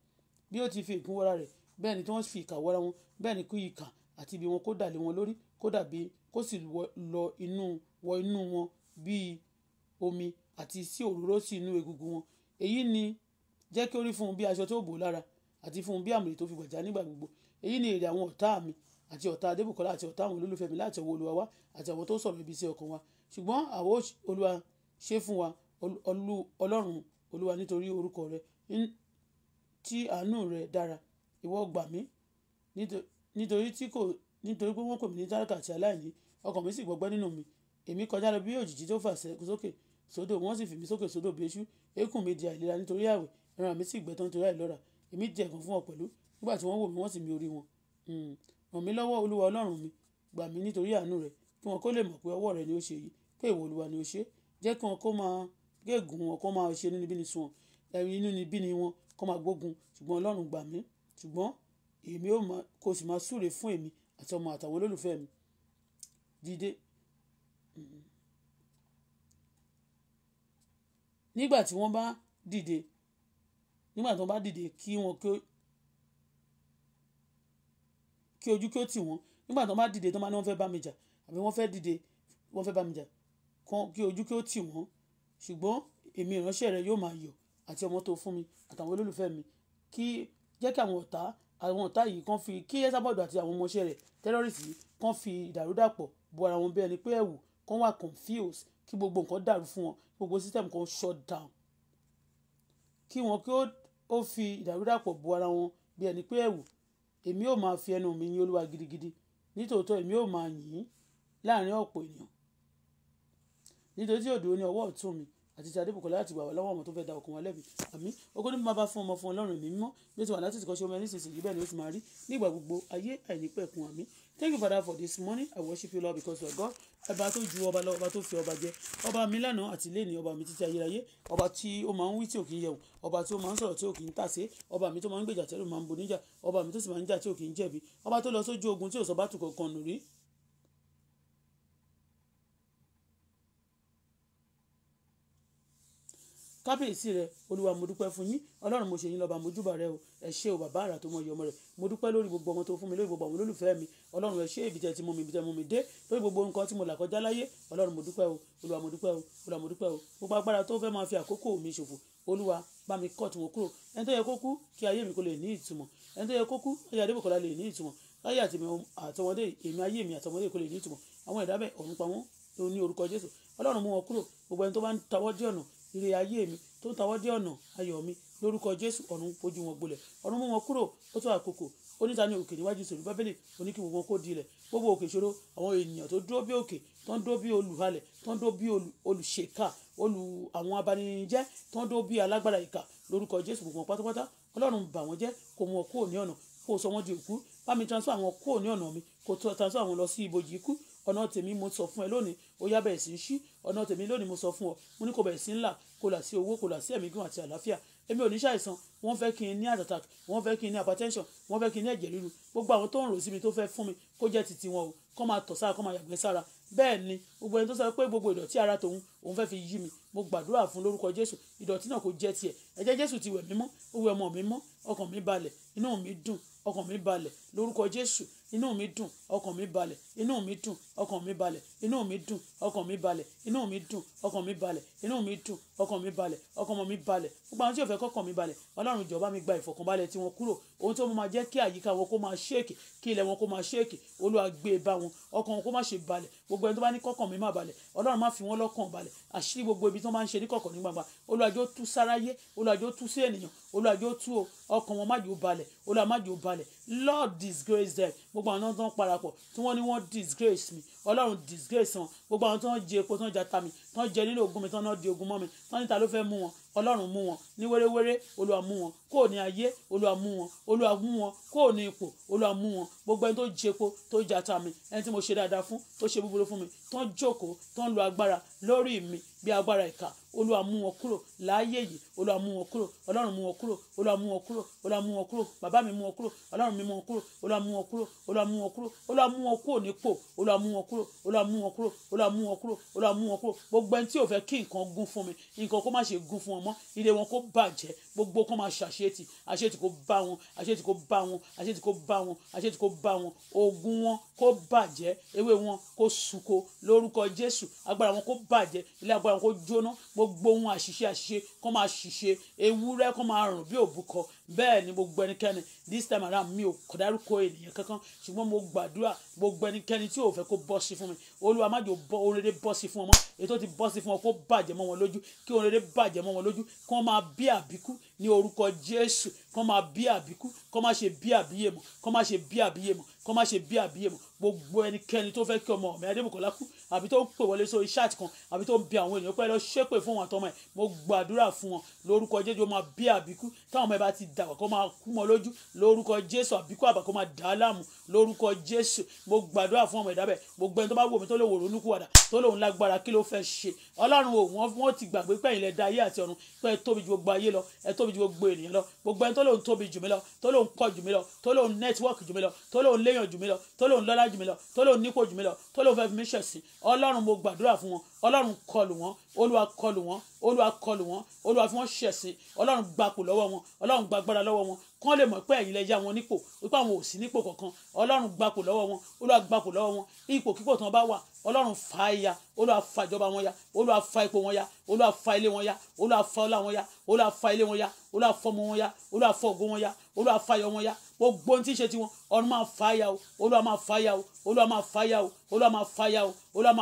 bí ó ti fi ègún wọra rẹ̀ bẹ́ẹ̀ ni tí wọ́n fi ìkà wọra wọn bẹ́ẹ̀ ni kí ìkà àti ibi wọn kó dà wọn lórí kó dàbí kó sì lọ inú wọ inú wọn bíi omi àti sí òróró sí inú egungun wọn èyí ni jẹ́ kí ó rí fún un bí aṣọ tó bò lára àti fún un bí àmùrè tó fi gbàjà nígbà gbogbo èyí ni èrè àwọn ọ̀tá mi àti ọ̀tá adébùkọ́lá àti ọ̀tá àwọn olólùfẹ́ mi láti ọwọ́ olúwa wa àti àwọn tó sọ̀rọ̀ ibi sí ọkàn wa ṣùgbọ́n àwọ̀ olúwa ṣe fún wa ọlọ́run olúwa nítorí orúkọ rẹ tí àánú rẹ dára ìwọ gbà mí nítorí tí kò nítorí pé wọ́n kò mí ní tálákà àti aláìní ọkàn mi sì gbọgbẹ́ nínú mi èmi kọjá lọ bí òjìji tó fà sókè sódò wọ́n sì fi mi sókè sódò bí eṣú eékún mi di àìlera nítorí àwẹ̀ ẹran mi sì gbẹ̀tán nítorí àìlọ́ra èmi jẹ ẹ̀kan fún wọn pẹ̀lú nígbà tí wọ́n wò mí wọ́n sì mi orí wọn hmm. ràn mí lọ́wọ́ olúwa ọlọ́run mi gbà mí nítorí àánú rẹ kí wọn kó lè mọ̀ pé ọwọ́ rẹ ni ó ṣe yìí pé ìwọ olúwa ni ó ṣe jẹ́ kí wọn kó máa gégùn wọn kó máa ṣe inúnibíni sun wọn ẹ̀rí inúnibíni wọn kó máa gbógun ṣùgbọ́n ọlọ́run gbà mí ṣùgbọ́n èmi ò kò sì máa súre fún èmi àti ọmọ àtàwọn olólùfẹ́ mi dìde nígbà tí wọ́n bá dìde nígbà tí wọ́n bá dìde kí wọn kí ó kí ojú kí ó tì wọ́n nígbà tí wọ́n bá dìde tí wọ́n bá ní wọ́n fẹ́ bá mi jà àbí wọ́n fẹ́ dìde wọ́n fẹ́ bá mi jà kí ojú kí ó tì wọ́n ṣùgbọ́n èmi ìránṣẹ́ rẹ yóò máa yọ̀ àti ọmọ tó fún mi àtàwọn olólùfẹ́ mi kí jẹ́ kí àwọn ọ̀tá àwọn ọ̀tá yìí kàn fi kí ẹ́sàbọ̀dọ̀ àti àwọn ọmọọṣẹ́ rẹ̀ tẹ́rọ́rìsì kàn fi ìdàrúdàpọ̀ bo ara wọn bẹ́ẹ̀ ni pé ẹ̀wù kán wà confused kí gbogbo nǹkan dàrú fún wọn gbogbo system kan shut down kí wọn kí ó fi ìdàrúdàpọ̀ bo ara wọn bí ẹni pé ẹ̀wù èmi ò máa fi ẹnu mi yìn olúwa gidigidi nítòótọ́ èmi ò máa yìn láàrin ọ̀pọ̀ ènìyàn nítorí tí òdòdó ní ọwọ́ ọ̀tún mi àti ti adébùkọ́lá àti ìgbàwọ̀ lọ́wọ́ ọmọ tó fẹ́ da ọkàn wa lẹ́bi àmì ogo ní bàbá fún ọmọ fún ọlọ́run mi mímọ́ bí ó ti wà láti ìkọ́ṣe ọmọ ẹni sísè yìí bẹ́ẹ̀ ni ó ti máa rí nígbà gbogbo ayé àìnípẹ̀kun àmì Thank you, Father, for this morning. I worship you, Lord, because you are God ọba tó ju ọba lọ ọba tó fi ọba jẹ ọba mi lánàá àti lẹ́ni ọba mi títí ayérayé ọba tí ó máa ń wí tí ò kì í yẹ̀wò ọba tí ó máa ń sọ̀rọ̀ tí ò kì í tàsé ọba mi tó máa ń gbèjà tẹ́lẹ̀ máa ń bo níjà ọba mi tó sì máa ń jà tí ò kì í jẹ̀bi ọba tó lọ sójú ogun tí ò sọ bá tù kankan nù rí kábíyèsí rẹ olúwa mo dúpẹ́ fún yín ọlọ́run mo ṣe yín lọ́ba mojúbà rẹ o ẹ ṣé o bàbá àrà tó mọ ìyọmọ rẹ mo dúpẹ́ lórí gbogbo ọmọ tó fún mi lórí gbogbo àwọn olólùfẹ́ mi ọlọ́run ẹ ṣé ibi tẹ́ ti mú mi ibi tẹ́ mú mi dé lórí gbogbo nǹkan tí mo là kọjá láyé ọlọ́run mo dúpẹ́ o olúwa mo dúpẹ́ o olúwa mo dúpẹ́ o gbogbo agbára tó fẹ́ máa fi àkókò mi ṣòfò olúwa bá mi kọ́ tí mo kúrò ẹni tó yẹ kó kú kí ayé ire ayé mi tó ń tawọ́ dé ọ̀nà ayọ̀ mi lórúkọ jésù ọ̀run fojú wọn gbolẹ̀ ọ̀run mú wọn kúrò ó tó àkókò oníta ní òkè níwájú ìṣòro bábélì oníkì wọn kó di ilẹ̀ gbogbo òkè ìṣòro àwọn ènìyàn tó dúró bí òkè tó ń dúró bí olùhalẹ̀ tó ń dúró bí olùṣèkà olù àwọn abanijẹ́ tó ń dúró bí alágbára ìkà lórúkọ jésù gbogbo wọn pátápátá ọlọ́run bà wọ́n jẹ́ kó mú wọn kúrò ní ọ̀nà kó sọ wọ́n di òkú bá mi transfer àwọn kúrò ní ọ̀nà mi kó transfer àwọn lọ sí ibojì ikú ọ̀nà tèmi mo sọ fún ẹ lónìí ó yá bẹ̀rẹ̀ sí í ṣí ọ̀nà tèmi lónìí mo sọ fún ọ mo ní kò bẹ̀rẹ̀ sí ńlá kò là sí owó kò là sí ẹ̀mí gùn àti àlàáfíà èmi ò ní ṣàìsàn wọ́n fẹ́ kí n ní àtàtà wọ́n fẹ́ kí n ní hypertension wọ́n fẹ́ kí n ní ẹ̀jẹ̀ ríru gbogbo àwọn tó ń rò sí mi tó fẹ́ fún mi kó jẹ́ titi wọn o kó máa tọ̀ sára kó máa yàgbẹ́ sára bẹ́ẹ̀ ni gbogbo ẹni tó sọ pé gbogbo ìdọ̀tí ara tòun òun fẹ́ fi yí mi mo gbàdúrà fún lórúkọ jésù ìdọ̀tí náà kò jẹ́ tiẹ̀ ẹ̀jẹ̀ jésù ti wẹ̀ mí mọ́ ó wẹ̀ ọmọ mi mọ́ ọkàn mi balẹ̀ inú mi dùn ọkàn mi balẹ̀ lórúkọ jésù inú mi dùn ọkàn mi balẹ̀ inú mi dùn ọkàn mi balẹ̀ inú mi dùn ọkàn mi balẹ̀ inú mi dùn ọkàn mi balẹ̀ inú mi dùn ọkàn mi balẹ̀ ọkàn mi balẹ̀ gbogbo àwọn tí yóò fẹ́ kọ́kàn mi balẹ̀ ọlọ́run ìjọba mi gba ìfọ̀kànbalẹ̀ tí wọ́n kúrò ohun tó máa jẹ́ kí àyíká wọn kó máa ṣéèkì kí ilẹ̀ wọn kó máa ṣéèkì olúwa gbé e bá wọn ọkàn wọn kó má ṣe balẹ̀ gbogbo ẹni tó bá ní kọ́kàn mi má balẹ̀ ọlọ́run má fi wọn lọ́kàn balẹ̀ àṣírí gbogbo ibi tó máa ń ṣe ní kọ̀kọ̀ ní gbangba olúwa jọ̀ọ́ tú sáráyé olúwa jọ̀ọ́ tú sí ènìyàn olúwa jọ̀ọ́ tú o ọkàn wọn má jò balẹ̀ olúwa balẹ̀ Lord disgrace them gbogbo àwọn náà tó ń parapọ̀ tí wọ́n ní wọ́n disgrace mi ọlọ́run disgrace wọn gbogbo àwọn tó ń jẹ epo tó ń jata mi tó ń jẹ nínú ogun mi tó ń di ogun mọ́ mi tó ń níta ló fẹ́ mú wọn ọlọ́run mú wọn ní wéréwéré olúwa mú wọn kò ní ayé olúwa mú wọn olúwa mú wọn kò ní ipò olúwa mú wọn gbogbo ẹni tó jẹ epo tó jata mi ẹni tí mo ṣe dáadáa fún tó ṣe búburú fún mi tó ń jókòó tó ń lo agbára lórí mi bí agbára ìkà olúwa mú wọn kúrò láàyè yìí olúwa mú wọn kúrò ọlọ́run mú wọn kúrò olúwa mú wọn kúrò olúwa mú wọn kúrò bàbá mi mú wọn kúrò ọlọ́run mi mú wọn kúrò olúwa mú wọn kúrò olúwa mú wọn kúrò olúwa mú wọn kúrò nípò olúwa mú wọn kúrò olúwa mú wọn kúrò olúwa mú wọn kúrò olúwa mú wọn kúrò gbogbo ẹni tí ò fẹ́ kí nǹkan gún fún mi nǹkan kó má ṣe gún fún wọn mọ́ ilé wọn kó bàjẹ́ gbogbo kó má ṣàṣetì àṣetì kó bá wọn àṣetì kó bá wọn àṣetì kó bá wọn àṣetì kó bá wọn ogun wọn kó bàjẹ́ ewé wọn kó ṣùkò lórúkọ Jésù agbára wọn kó bàjẹ́ ilé agbára wọn kó jóná gbogbo ohun àṣìṣe àṣ ṣe kó máa ṣìṣe ewúrẹ́ kó máa rùn bí òbúkọ bẹ́ẹ̀ ni gbogbo ẹnikẹ́ni this time around mi ò kọ̀dárúkọ ènìyàn kankan ṣùgbọ́n mo gbàdúrà gbogbo ẹnikẹ́ni tí ò fẹ́ kó bọ́ sí fún mi olúwa má jò bọ́ orere bọ́ sí fún ọmọ èyí tó ti bọ́ sí fún ọ kó bàjẹ́ mọ́ wọn lójú kí orere bàjẹ́ mọ́ wọn lójú kí wọ́n máa bí àbíkú ní orúkọ jésù kí wọ́n máa bí àbíkú kí wọ́n má ṣe bí àbíyè mọ́ kí wọ́n má ṣe bí àbíyè mọ́ kí wọ́n má ṣe bí àbíyè mọ́ gbogbo ẹnikẹ́ni tó fẹ́ kí ọmọ mi adébùkọ́lá kú àbí tó ń pè wọlé sórí chat kan àbí tó ń bi àwọn ènìyàn pẹ́ lọ ṣépè fún wọn àtọmọ ẹ̀ mo gbàdúrà fún wọn lórúkọ jésù máa bí àbíkú táwọn ọmọ ẹ bá ti dàgbà kó máa kú mọ́ lójú lórúkọ jésù àbíkú àbá kó máa dà á láàmú lórúkọ jésù mo gbàdúrà fún ọmọ ẹ̀dá bẹ́ẹ̀ mo gbẹ́ni tó bá wò mí tó lè wò ronúkúwàdà tó lòun lágbára kí ló fẹ́ ṣe ọlọ́run o wọ́n wọ́n ti gbàgbé pé ẹ̀yin lẹ dá ayé àti ọ̀run pé ẹ tóbi ju gbogbo ayé lọ ẹ tóbi ju gbogbo ènìyàn lọ gbogbo ẹni tó lòun tóbi jù mí lọ tó lòun kọ jù mí lọ tó lòun nẹ́tíwọ́ọ̀kì jù mí lọ tó lòun léèyàn jù mí lọ tó lòun lọ́lá jù mí lọ tó lòun nípò jù mí lọ tó lòun fẹ́ fi mí ṣẹ̀sín ọlọ́run mo gbàdúrà fún wọn ọlọ́run kọlù wọn olúwa kọlù wọn olúwa kọlù wọn olúwa fi wọn ṣẹ̀sín ọlọ́run gbapò lọ́wọ́ wọn ọlọ́run gbagbára lọ́wọ́ wọn kán lè mọ̀ pé ẹ̀yin lẹ yá wọn nípò wípé àwọn ò sí nípò kankan ọlọ́run gbapò lọ́wọ́ wọn olúwa gbapò lọ́wọ́ wọn ipò kípò tí wọ́n bá wà ọlọ́run fa ìyà olúwa fa ìjọba wọn ya olúwa fa ipò wọn ya olúwa fa ilé wọn ya olúwa fa ọlá wọn ya olúwa fa ilé wọn ya olúwa fọmọ wọn ya olúwa fọ ògo wọn ya olúwa fa ayọ̀ wọn ya gbogbo ohun tí ń ṣe tiwọn ọ̀run máa fàyà o olúwa máa fàyà o olúwa máa fàyà o olúwa máa fàyà o olúwa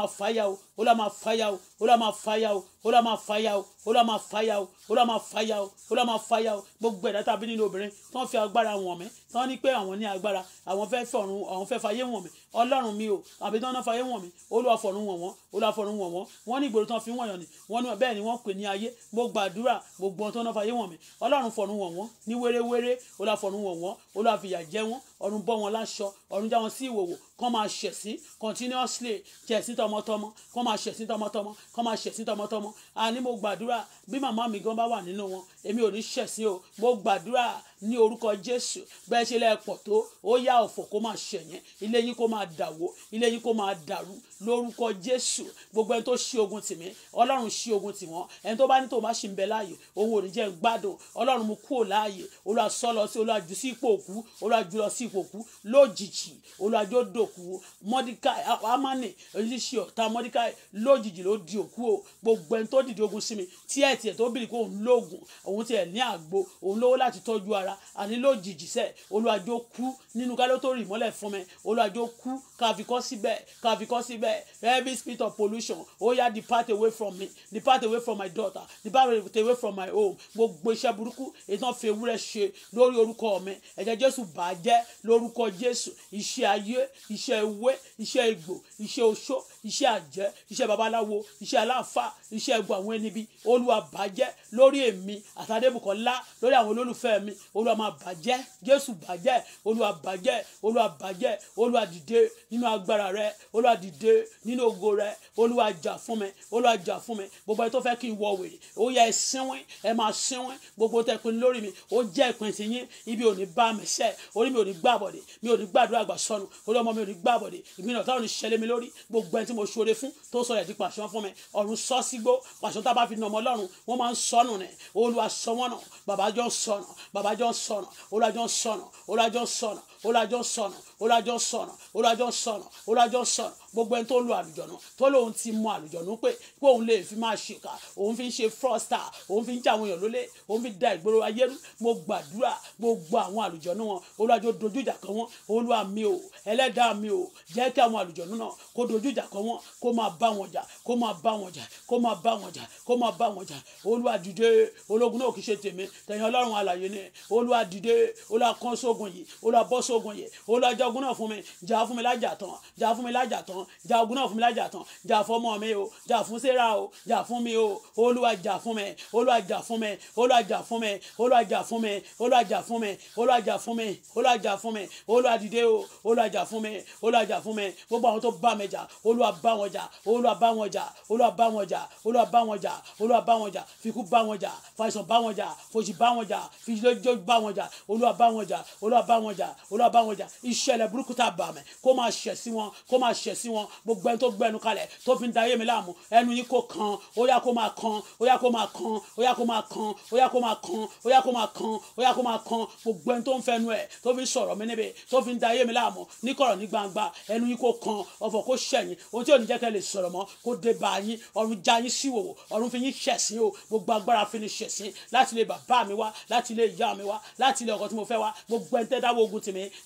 máa fàyà o olúwa máa fàyà o olúwa máa fàyà o olúwa máa fàyà o olúwa máa fàyà o olúwa máa fàyà o olúwa máa fàyà o gbogbo ẹ̀dá tàbí nínú obìnrin tí wọ́n fi agbára wọ̀n mí tí wọ́n ní pé àwọn ní agbára àwọn fẹ́ fọ̀run àwọn fẹ́ fàyè wọ̀n mí ọlọ́run mi o àbí tí wọ́n náà fàyè wọ̀n mí olúwa fọ̀run wọ̀n wọ́n olúwa fọ̀run wọ̀n wọ́n wọ́n ní ìgboro tí wọ́n fi wọ̀n yàn ni wọ́n ní bẹ́ẹ̀ ni wọ́n pè ní ayé mo gbàdúrà gbogbo ohun tí wọ́n náà fàyè wọ̀n mí ọlọ́run fọ̀run wọ̀n wọ́n ní wérewére olúwa fọ̀run wọ̀n wọ́n olúwa fìyà jẹ wọ́n ọ̀run ọ̀run bọ́ wọn láṣọ ọ̀run já wọn sí ìwòwò kán máa ṣẹ̀sín continuously ṣẹ̀sín tọmọtọmọ kán máa ṣẹ̀sín tọmọtọmọ kán máa ṣẹ̀sín tọmọtọmọ àní mo gbàdúrà bí màmá mi gan bá wà nínú wọn èmi ò ní ṣẹ̀sín o mo gbàdúrà ní orúkọ jésù bẹ́ẹ̀ ṣe lẹ́ẹ̀pọ̀ tó ó yá ọ̀fọ̀ kó máa ṣẹ̀yìn ilé yín kó máa dàwó ilé yín kó máa dàrú lórúkọ jésù gbogbo ẹni tó ṣí ogun tì mí ọlọ́run ṣí ogun tì wọ́n ẹni tó bá ní tó bá ṣì ń bẹ láàyè òun ò ní jẹ́ ń gbádùn ọlọ́run mú kúrò láàyè olúwa lọ sí olúwa sí ipò òkú olúwa lọ sí ipò òkú lójijì lójijì olùwàjò dòkú mọ́díkàì amani oríṣiríṣi ọ̀tá mọ́díkàì lójijì ló di òkú o gbogbo ẹni tó dìde ogun sí mi tiẹ̀ tiẹ̀ tó bìrì kó òun lóògùn òun tiẹ̀ ní àgbo òun lówó láti tọ́jú ara àní lójijì sẹ́ olùwàjò kú nínú kálọ́ tó rì mọ́lẹ̀ fún mi olùwàjò kú kàfikọ́ síbẹ̀ kàfikọ́ síbẹ̀ every spirit of pollution ó yá depart away from me depart away from my daughter depart away from my home gbogbo iṣẹ́ burúkú ètò ìfẹ́ ewúrẹ́ ṣe lórí orúkọ mi ẹ̀jẹ̀ jésù bàjẹ́ lórúkọ jésù iṣẹ́ ayé iṣẹ́ ewé iṣẹ́ egbò iṣẹ́ oṣó iṣẹ́ àjẹ́ iṣẹ́ babaláwo iṣẹ́ aláfa iṣẹ́ ẹgbẹ́ àwọn ẹni bí olúwa bàjẹ́ lórí èmi àtàdébùkọ́lá lórí àwọn olólùfẹ́ mi olúwa máa bàjẹ́ jésù bàjẹ́ olúwa bàjẹ́ olúwa bàjẹ́ olúwa dìde nínú agbára rẹ olúwa dìde nínú ògo rẹ olúwa jà fún mi olúwa jà fún mi gbogbo ẹni tó fẹ́ kí n wọ wèrè ó yẹ ẹ sínwín ẹ máa sínwín gbogbo tẹ pinnu lórí mi ó jẹ́ ìpín ti yín ibi ò ní bá mi sẹ́ orí mi ò ní gbàbọ̀dé mi ò ní gbàdúrà àgbà sọnù orí ọmọ mi ò ní gbàbọ̀dé ìgbìnà táwọn ò ní ṣẹlẹ̀ mi lórí gbogbo ẹni tí mo ṣoore fún tó sọ rẹ̀ di pàṣán fún mi ọ̀run sọ sígbó pàṣán tá a bá fi nà ọmọ ọlọ́run wọ́n máa ń sọnù ni olùwàsọwọ́nà bàbá jọ sọnù bàbá jọ sọnù olùwàjọ sọnù olùwàjọ sọnù olájọ́ sọnù olájọ́ sọnù olájọ́ sọnù olájọ́ sọnù gbogbo ẹni tó lu àlùjọ̀nù tó lóun ti mọ àlùjọ̀nù pé pé òun lè fi máa ṣèkà òun fi ń ṣe frosta òun fi ń jẹ àwọn èèyàn lólè òun fi da ìgboro ayé rú mo gbàdúrà gbogbo àwọn àlùjọ̀nù wọn olájọ́ dojú ìjà kan wọn olúwa mi o ẹlẹ́dàá mi o jẹ́ kí àwọn àlùjọ̀nù náà kó dojú ìjà kan wọn kó máa bá wọn jà kó máa bá wọn jà kó máa bá wọn jà kó máa bá wọn jà olúwa dìde ológun náà kì í ṣe tèmi tẹ̀yìn ọlọ́run alàyè ni olúwa dìde olúwa kán sógun yìí olúwa bọ́ sógun yìí olùdájọ́ ogun náà fún mi jà fún mi lájà tán jà fún mi lájà tán jà ogun náà fún mi lájà tán jà fọmọ mi o jà fún sẹ́ra o jà fún mi o olúwa jà fún mi olúwa jà fún mi olúwa jà fún mi olúwa jà fún mi olúwa jà fún mi olúwa jà fún mi olúwa jà fún mi olúwa dìde o olúwa jà fún mi olúwa jà fún mi gbogbo àwọn tó bá mi jà olúwa bá wọn jà olúwa bá wọn jà olúwa bá wọn jà olúwa bá wọn jà olúwa bá wọn jà fikú bá wọn jà fàìsàn bá wọn jà fòṣì bá wọn jà fìdílójó bá wọn jà olúwa bá wọn jà olúwa bá wọn jà olúwa àdúrà bá wọn jà ìṣẹ̀lẹ̀ burúkú tá a bà mẹ́ kó máa ṣẹ̀ sí wọn kó máa ṣẹ̀ sí wọn gbogbo ẹni tó gbẹnu kalẹ̀ tó fi ń da ayé mi láàmú ẹnu yìí kò kan ó yá kó máa kan ó yá kó máa kan ó yá kó máa kan ó yá kó máa kan ó yá kó máa kan ó yá kó máa kan gbogbo ẹni tó ń fẹnu ẹ̀ tó fi ń sọ̀rọ̀ mi níbi tó fi ń da ayé mi láàmú níkọ̀rọ̀ ní gbangba ẹnu yìí kò kan ọ̀fọ̀ kó ṣẹ̀yìn ohun tí ò ní jẹ́ kẹ́ lè sọ̀rọ̀ mọ́ kó dé bá yín já yín síwò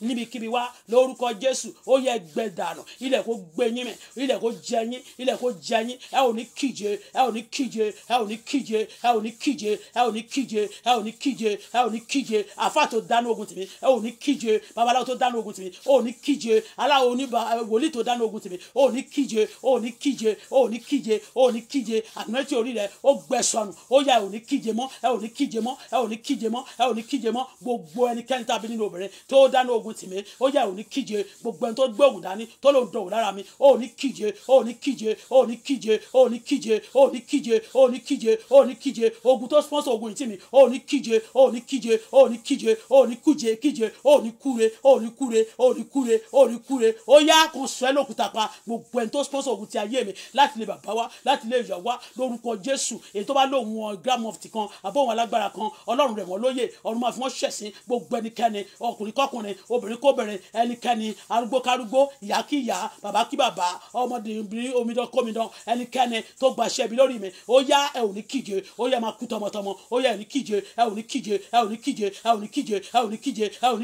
mi níbikíbi wá lórúkọ jésù ó yẹ gbẹ dànù ilẹ̀ kó gbé yín mẹ́ ilẹ̀ kó jẹ yín ilẹ̀ kó jẹ yín ẹ ò ní kíje ẹ ò ní kíje ẹ ò ní kíje ẹ ò ní kíje ẹ ò ní kíje ẹ ò ní kíje ẹ ò ní kíje àfa tó dánú ogun tìmí ẹ ò ní kíje babaláwo tó dánú ogun tìmí ó ní kíje aláwo ní wòlíì tó dánú ogun tìmí ó ní kíje ó ní kíje ó ní kíje ó ní kíje àtúntí orí rẹ ó gbẹ sọnù ó yà ẹ ò ní kíje mọ́ ẹ ò ní kíje mọ́ ẹ ò ní kíje mọ́ ẹ ò ní kíje mọ́ gbogbo ẹnikẹ́ni tàbí nínú obìnrin tó dánú dáná ogun tì mí ó yà ò ní kíje gbogbo ẹni tó gbé ògùn dání tó lòun dọ̀wọ̀ lára mi ó ní kíje ó ní kíje ó ní kíje ó ní kíje ó ní kíje ó ní kíje ó ní kíje ogun tó sponsor ogun ìtì mi ó ní kíje ó ní kíje ó ní kíje ó ní kúje kíje ó ní kúre ó ní kúre ó ní kúre ó ní kúre ó yá kó sọ ẹ́ lókùtà pa gbogbo ẹni tó sponsor ogun ti ayé mi láti lè bàbá wa láti lè yà wá lórúkọ jésù èyí tó bá lóun wọn gram of ti kan àbọ̀ wọn alágbára kan ọlọ́run rẹ̀ wọ́n lóye ọ̀run máa fi wọ́n ṣẹ̀sín gbogbo ẹnikẹ́ni ọkùnrin kọkùnrin obìnrin kóbìnrin ẹnikẹ́ni arúgbó kárúgbó ìyá kí ìyá bàbá kí bàbá ọmọdébìnrin omidan kómidan ẹnikẹ́ni tó gbàṣẹ́ ibi lórí mi ó yá ẹ ò ní kíje ó yá máa kú tọmọtọmọ ó yá ẹ ní kíje ẹ ò ní kíje ẹ ò ní kíje ẹ ò ní kíje ẹ ò ní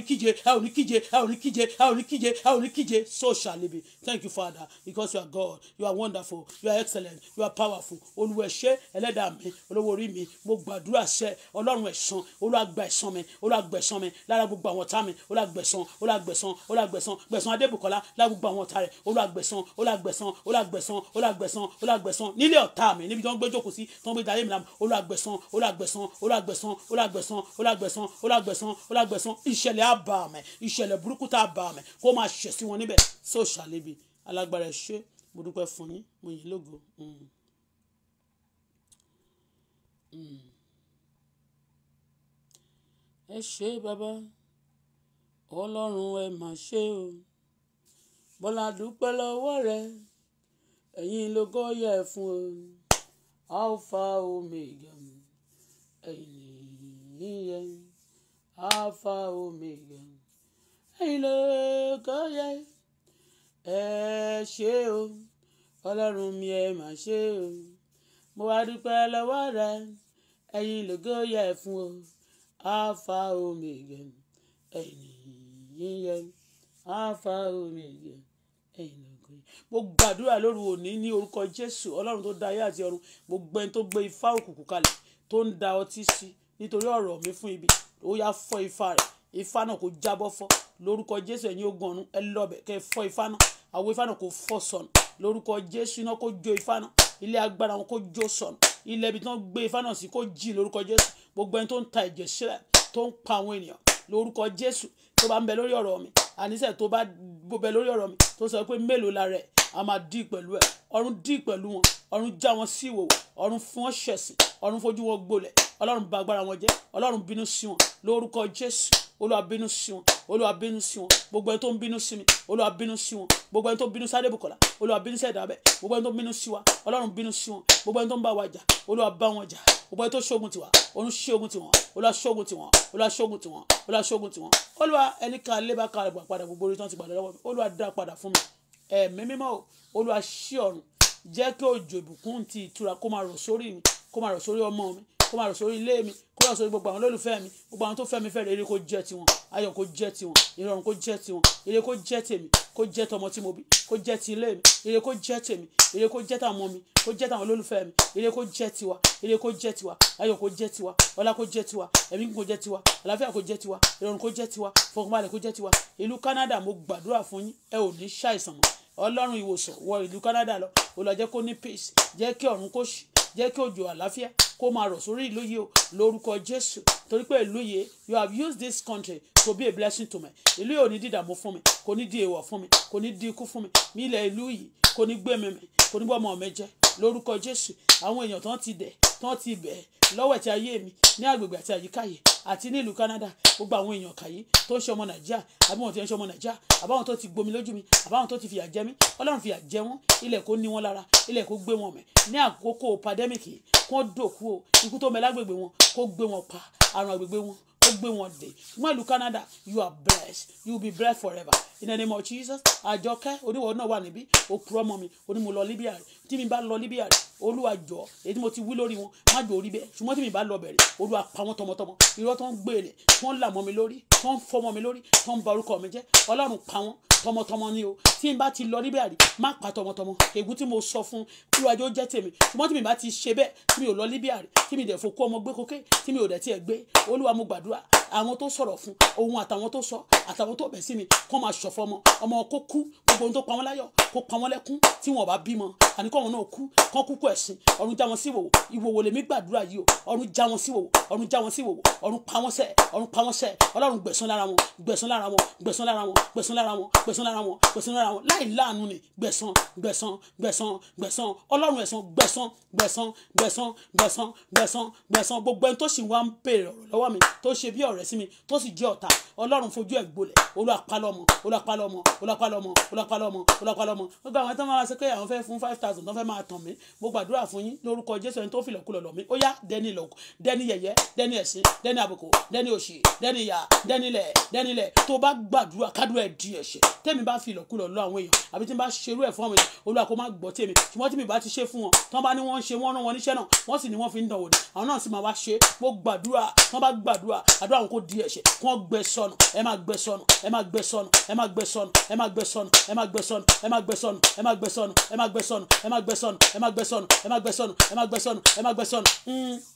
kíje ẹ ò ní kíje ẹ ò ní kíje ẹ ò ní kíje ẹ ò ní kíje ẹ ò ní kíje so shall it be thank you father because you are god you are wonderful you are excellent you are powerful olúwa ẹ̀ṣẹ́ ẹlẹ́dàá mi olówó orí mi mo gbàdúrà ṣẹ ọlọ́run ẹ̀san olúwa gba ẹ̀san mi olúwa gba ẹ̀san mi lára gbogbo àwọn ọ̀tá mi olúwa gba gbẹ̀san olúwa gbẹ̀san olúwa gbẹ̀san gbẹ̀san adébùkọ́lá lágbègbè àwọn ọ̀tá rẹ̀ olúwa gbẹ̀san olúwa gbẹ̀san olúwa gbẹ̀san olúwa gbẹ̀san olúwa gbẹ̀san nílé ọ̀tá mi níbi tí wọ́n gbé jókòó sí tí wọ́n gbé dalé mi làm olúwa gbẹ̀san olúwa gbẹ̀san olúwa gbẹ̀san olúwa gbẹ̀san olúwa gbẹ̀san olúwa gbẹ̀san olúwa gbẹ̀san ìṣẹ̀lẹ̀ àbàmì ìṣẹ̀lẹ̀ burúkú tá àbàmì kó máa ṣẹ̀ sí wọn níbẹ̀ so alágbára ṣe mo fún yín mo yìn lógo. ẹ ṣe bàbá ọlọ́run ẹ mà ṣe o bọ́lá dúpẹ́ lọ́wọ́ rẹ ẹ̀yin lógo yẹ fún o alpha omega ẹ̀yin yẹ alpha omega ẹ̀yin lógo yẹ ẹ ṣe o ọlọ́run mi ẹ mà ṣe o mo wá dúpẹ́ lọ́wọ́ rẹ ẹ̀yin lógo yẹ fún o alpha omega ẹ̀yin yíyẹn afa omi yẹ ẹyin lọgùn mo gbàdúrà lóru òní ní orúkọ jésù ọlọ́run tó da ayé àti ọ̀run mo gbẹni tó gbé ifá òkùnkùn kalẹ̀ tó ń da ọtí sí nítorí ọ̀rọ̀ mi fún ibi ó yá fọ́ ifá rẹ̀ ifá náà kò jábọ́ fọ́ lórúkọ jésù ẹ̀yin ogun ọ̀run ẹ lọ́bẹ̀ kẹ́ ẹ fọ́ ifá náà àwọn ifá náà kò fọ́ sọnù lórúkọ jésù náà kò jó ifá náà ilé agbára wọn kò jó sọnù ilé ibi tí wọ́n gbé ifá náà sí kò jí lórúkọ jésù gbogbo ẹni tó ń ta ẹ̀jẹ̀ sílẹ̀ tó ń pa àwọn ènìyàn lórúkọ jésù tó bá ń bẹ lórí ọ̀rọ̀ mi àníṣe tó bá bẹ lórí ọ̀rọ̀ mi tó sọ pé mélòó la rẹ̀ a máa dí pẹ̀lú ẹ̀ ọ̀run dí pẹ̀lú wọn ọ̀run já wọn sí ìwòwò ọ̀run fún wọn ṣẹ̀sìn ọ̀run fojú wọn gbolẹ̀ ọlọ́run bà agbára wọn jẹ́ ọlọ́run bínú sí wọn lórúkọ jésù olúwa bínú sí wọn olúwa bínú sí wọn gbogbo ẹni tó ń bínú sí mi olúwa bínú sí wọn gbogbo ẹni tó bínú sí adébùkọ́lá olúwa bínú sí ẹ̀dá bẹ́ẹ̀ gbogbo ẹni tó bínú sí wa ọlọ́run bínú sí wọn gbogbo ẹni tó ń bá wa jà olúwa bá wọn jà gbogbo tó ṣógun tiwa òun ṣógun tiwọn olúwa ṣógun tiwọn olúwa ṣógun tiwọn olúwa ṣógun tiwọn olúwa ẹni ká lébà ká àgbà padà gbogbo orí tán ti gbàdúrà wọn olúwa dá padà fún mi ẹ̀mí mímọ́ o olúwa ṣí ọ̀run jẹ́ kí òjò ìbùkún ti ìtura kó máa rọ̀ sórí mi kó máa rọ̀ sórí ọmọ mi kó máa rọ̀ sórí ilé mi kó rọ̀ sórí gbogbo àwọn olólùfẹ́ mi gbogbo àwọn tó fẹ́ mi fẹ́ rere kó jẹ́ tiwọn ayọ̀ kó jẹ́ tiwọn ìrọ̀rùn kó jẹ́ tiwọn ire kó jẹ́ tèmi kó jẹ́ tọmọ tí mo bí kó jẹ́ ti ilé mi ire kó jẹ́ tèmi ire kó jẹ́ tàwọn ọmọ mi kó jẹ́ tàwọn olólùfẹ́ mi ire kó jẹ́ tiwa ire kó jẹ́ tiwa ayọ̀ kó jẹ́ tiwa ọlá kó jẹ́ tiwa ẹ̀mí kó jẹ́ tiwa àlàáfíà kó jẹ́ tiwa ìrọ̀rùn kó jẹ́ tiwa fọkànbalẹ̀ kó jẹ́ tiwa ìlú Canada mo gbàdúrà fún yín ẹ ò ní ṣàìsàn mọ́ ọlọ́run ìwòsàn wọ Canada lọ ó lọ jẹ́ kó ní peace kí òjò àlàáfíà kó máa rọ̀ sórí ìlú yìí o lórúkọ jésù torí pé ìlú you have used this country to be a blessing to me ìlú yìí ò ní di ìdààmú fún mi kò ní di èèwọ̀ fún mi kò ní di ikú fún mi mi ilẹ̀ ìlú yìí kò ní gbé mi mi kò ní bọ́ ọmọ mi jẹ lórúkọ jésù àwọn èèyàn tán ti dẹ̀ tán ti bẹ̀ lọ́wọ́ ti ayé mi ní agbègbè àti àyíká yìí àti ní ìlú Canada gbogbo àwọn èèyàn kàyí tó ń ṣe ọmọ Nàìjíríà àbáwọn tó ń ṣe ọmọ Nàìjíríà àbáwọn tó ti gbomi lójú mi àbáwọn tó ti fìyà jẹ mí Ọlọ́run fìyà jẹ wọ́n ilẹ̀ kó ní wọn lára ilẹ̀ kó gbé wọn mì ní àkókò pandemic kó dòkú o ikú tó mẹ lágbègbè wọn kó gbé wọn pa àrùn àgbègbè wọn ó gbé wọn dé ṣùgbọ́n ìlú Canada you are blessed you will be blessed forever in the name of Jesus àjọkẹ́ oníwọ̀ náà wà níbí òkúrọ́ mọ́ mi ó ní mo lọ Libya rẹ̀ tí mi bá lọ Libya rẹ̀ olúwa jọ èyí tí mo ti wí lórí wọn má jò rí bẹ́ẹ̀ ṣùgbọ́n tí mi bá lọ bẹ̀rẹ̀ olúwa pa wọ́n tọmọtọmọ irọ́ tó ń gbé rẹ̀ tó ń là mọ́ mi lórí tó ń fọ́ mọ́ mi lórí tó ń ba orúkọ mi jẹ́ ọlọ́run pa wọ́n tọmọtọmọ ni o tí n bá ti lọ níbẹ̀ àrí má pa tọmọtọmọ ègún tí mo sọ fún kúrúwájú ó jẹ́ tèmi ṣùgbọ́n tí mi bá ti ṣe bẹ́ẹ̀ tí mi ò lọ níbẹ̀ àrí tí mi dẹ̀ fò kó ọmọ gbé kókè tí mi ò dẹ̀ tiẹ̀ gbé olúwa mo gbàdúrà àwọn tó sọ̀rọ̀ fún òun àtàwọn tó sọ àtàwọn tó bẹ̀ sí mi kọ́ máa ṣọ̀fọ̀ ọmọ ọmọ kó kú gbogbo ohun tó pa wọ́n láyọ̀ kó pa wọ́n lẹ́kún tí wọn bá bímọ àní kọ́ wọn náà kú kọ́ kúkú ẹ̀sìn ọ̀run já wọn sí ìwòwò ìwòwò lèmi gbàdúrà yìí o ọ̀run já wọn sí ìwòwò ọ̀run já wọn sí ìwòwò ọ̀run pa ọ̀run pa ọlọ́run gbẹ̀sán lára wọn gbẹ̀sán lára wọn gbẹ̀sán gbẹ̀san lára wọn gbẹ̀san lára wọn láì láàánú ni gbẹ̀san gbẹ̀san gbẹ̀san gbẹ̀san ọlọ́run ẹ̀san gbẹ̀san gbẹ̀san gbẹ̀san gbẹ̀san gbẹ̀san gbẹ̀san gbogbo ẹni tó sì wá ń bèrè ọ̀rọ̀ lọ́wọ́ mi tó ṣe bí ọ̀rẹ́ sí mi tó sì jẹ́ ọ̀tá ọlọ́run fojú ẹ̀ gbolẹ̀ olùapalọ́mọ olùapalọ́mọ olùapalọ́mọ olùapalọ́mọ olùapalọ́mọ gbogbo àwọn tó máa ṣe pé àwọn fẹ́ fún five thousand tó fẹ́ máa tàn mí mo gbàdúrà fún yín lórúkọ jésù ẹni tó fi lọ́kùlọ̀ lọ mí ó yá dẹ́ni lọ́kù dẹ́ni yẹ̀yẹ́ dẹ́ni ẹ̀sìn dẹ́ni àbùkù dẹ́ni òṣì dẹ́ni ìyà dẹ́ni ilẹ̀ dẹ́ni ilẹ̀ tó bá gbàdúrà kádùn ẹ̀ di ẹ̀ṣẹ̀ tẹ́mi bá fi ìlọ̀kulọ̀ lọ àwọn èèyàn àbí tí n bá ṣerú ẹ̀ fún àwọn èèyàn olúwa kó má gbọ́ tèmi ṣùgbọ́n tí mi bá ti ṣe fún wọn tí wọ́n bá ní wọ́n ń ṣe wọ́n rán wọn níṣẹ́ náà wọ́n sì ní wọ́n fi ń dánwò ní àwọn náà sì máa wá ṣe mo gbàdúrà wọ́n bá gbàdúrà àdúrà wọn kò di ẹ̀ṣẹ̀ kí wọ́n gbẹ sọnù ẹ máa gbẹ sọnù ẹ máa gbẹ sọnù ẹ máa gbẹ sọnù ẹ máa gbẹ sọnù ẹ máa gbẹ sọnù ẹ máa gbẹ sọnù ẹ máa gbẹ sọnù ẹ máa gbẹ sọnù ẹ máa gbẹ sọnù ẹ máa gbẹ sọnù ẹ máa gbẹ sọnù ẹ máa gbẹ sọnù ẹ máa gbẹ sọnù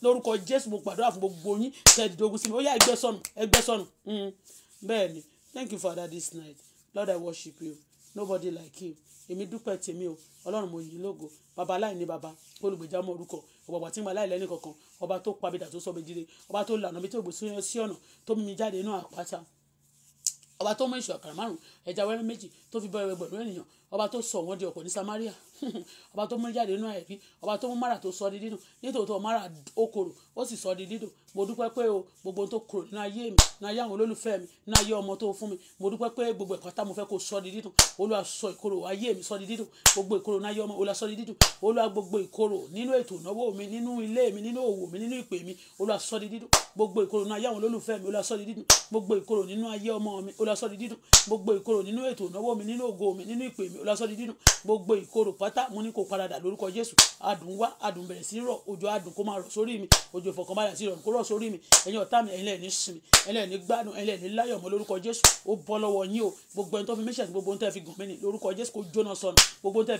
lórúkọ Jésù mo gbàdúrà fún gbogbo yín kẹ́ẹ̀dógún sí mi ó yá ẹ gbẹ sọnù ẹ gbẹ sọnù bẹ́ẹ̀ ni thank you father this night. Lord I worship you nobody like you èmi dúpẹ́ tèmi o ọlọ́run mo yìn lógo baba aláìní baba olùgbèjà mọ orúkọ ọ̀bàbà tí ń gba aláìlẹ́ni kankan ọba tó pa bídà tó sọ mi jíire ọba tó lànà mi tó gbèsè sí ọ̀nà tó mímí jáde inú àpáta ọba tó mọ ìṣù àkàrà márùn ẹja wẹrẹ méjì tó fi bọ ẹgbẹ̀rún ènìyàn ọba tó sọ wọn di ọkọ ní Samaria ọba tó mú jáde nínú àyẹ̀bí ọba tó mú mara tó sọ di dídùn nítòótọ́ mara okòrò ó sì sọ di dídùn mo dúpẹ́ pé o gbogbo tó kúrò nínú ayé mi nínú ayé àwọn olólùfẹ́ mi nínú ayé ọmọ tó fún mi mo dúpẹ́ pé gbogbo ẹ̀kọ́ tá mo fẹ́ kó sọ di dídùn olúwa sọ ìkorò ayé mi sọ di dídùn gbogbo ìkorò nínú ayé ọmọ olúwa sọ di dídùn olúwa gbogbo ìkorò nínú ètò ìnáwó mi nínú ilé mi nínú òwò mi nínú ìpè mi olúwa sọ di dídùn gbogbo ìkorò nínú ayé àwọn olólùfẹ́ mi olúwa sọ di dídùn gbogbo ìkorò nínú ayé ọmọ mi olúwa sọ di dídùn gbogbo ìkorò nínú ètò ìnáwó mi nínú ògo mi nínú ìpè mi lọ́sọ̀dí dínú gbogbo ìkorò pátá mo ní kó paradà lórúkọ jésù adùn wá adùn bẹ̀rẹ̀ sí rọ̀ òjò adùn kó máa rọ̀ sórí mi òjò ìfọ̀kànbalẹ̀ sí ìrọ̀rùn kó rọ̀ sórí mi ẹ̀yin ọ̀tá mi ẹ̀yin lẹ̀ sinmi ẹ̀yin lẹ̀ gbádùn ẹ̀yin lẹ̀ láyọ̀ mọ́ lórúkọ jésù ó bọ́ lọ́wọ́ yín o gbogbo ẹni tó fi méṣẹ̀ gbogbo ohun tẹ́ fi gàn mí ni lórúkọ jésù kó jóná sọnù gbogbo ohun tẹ́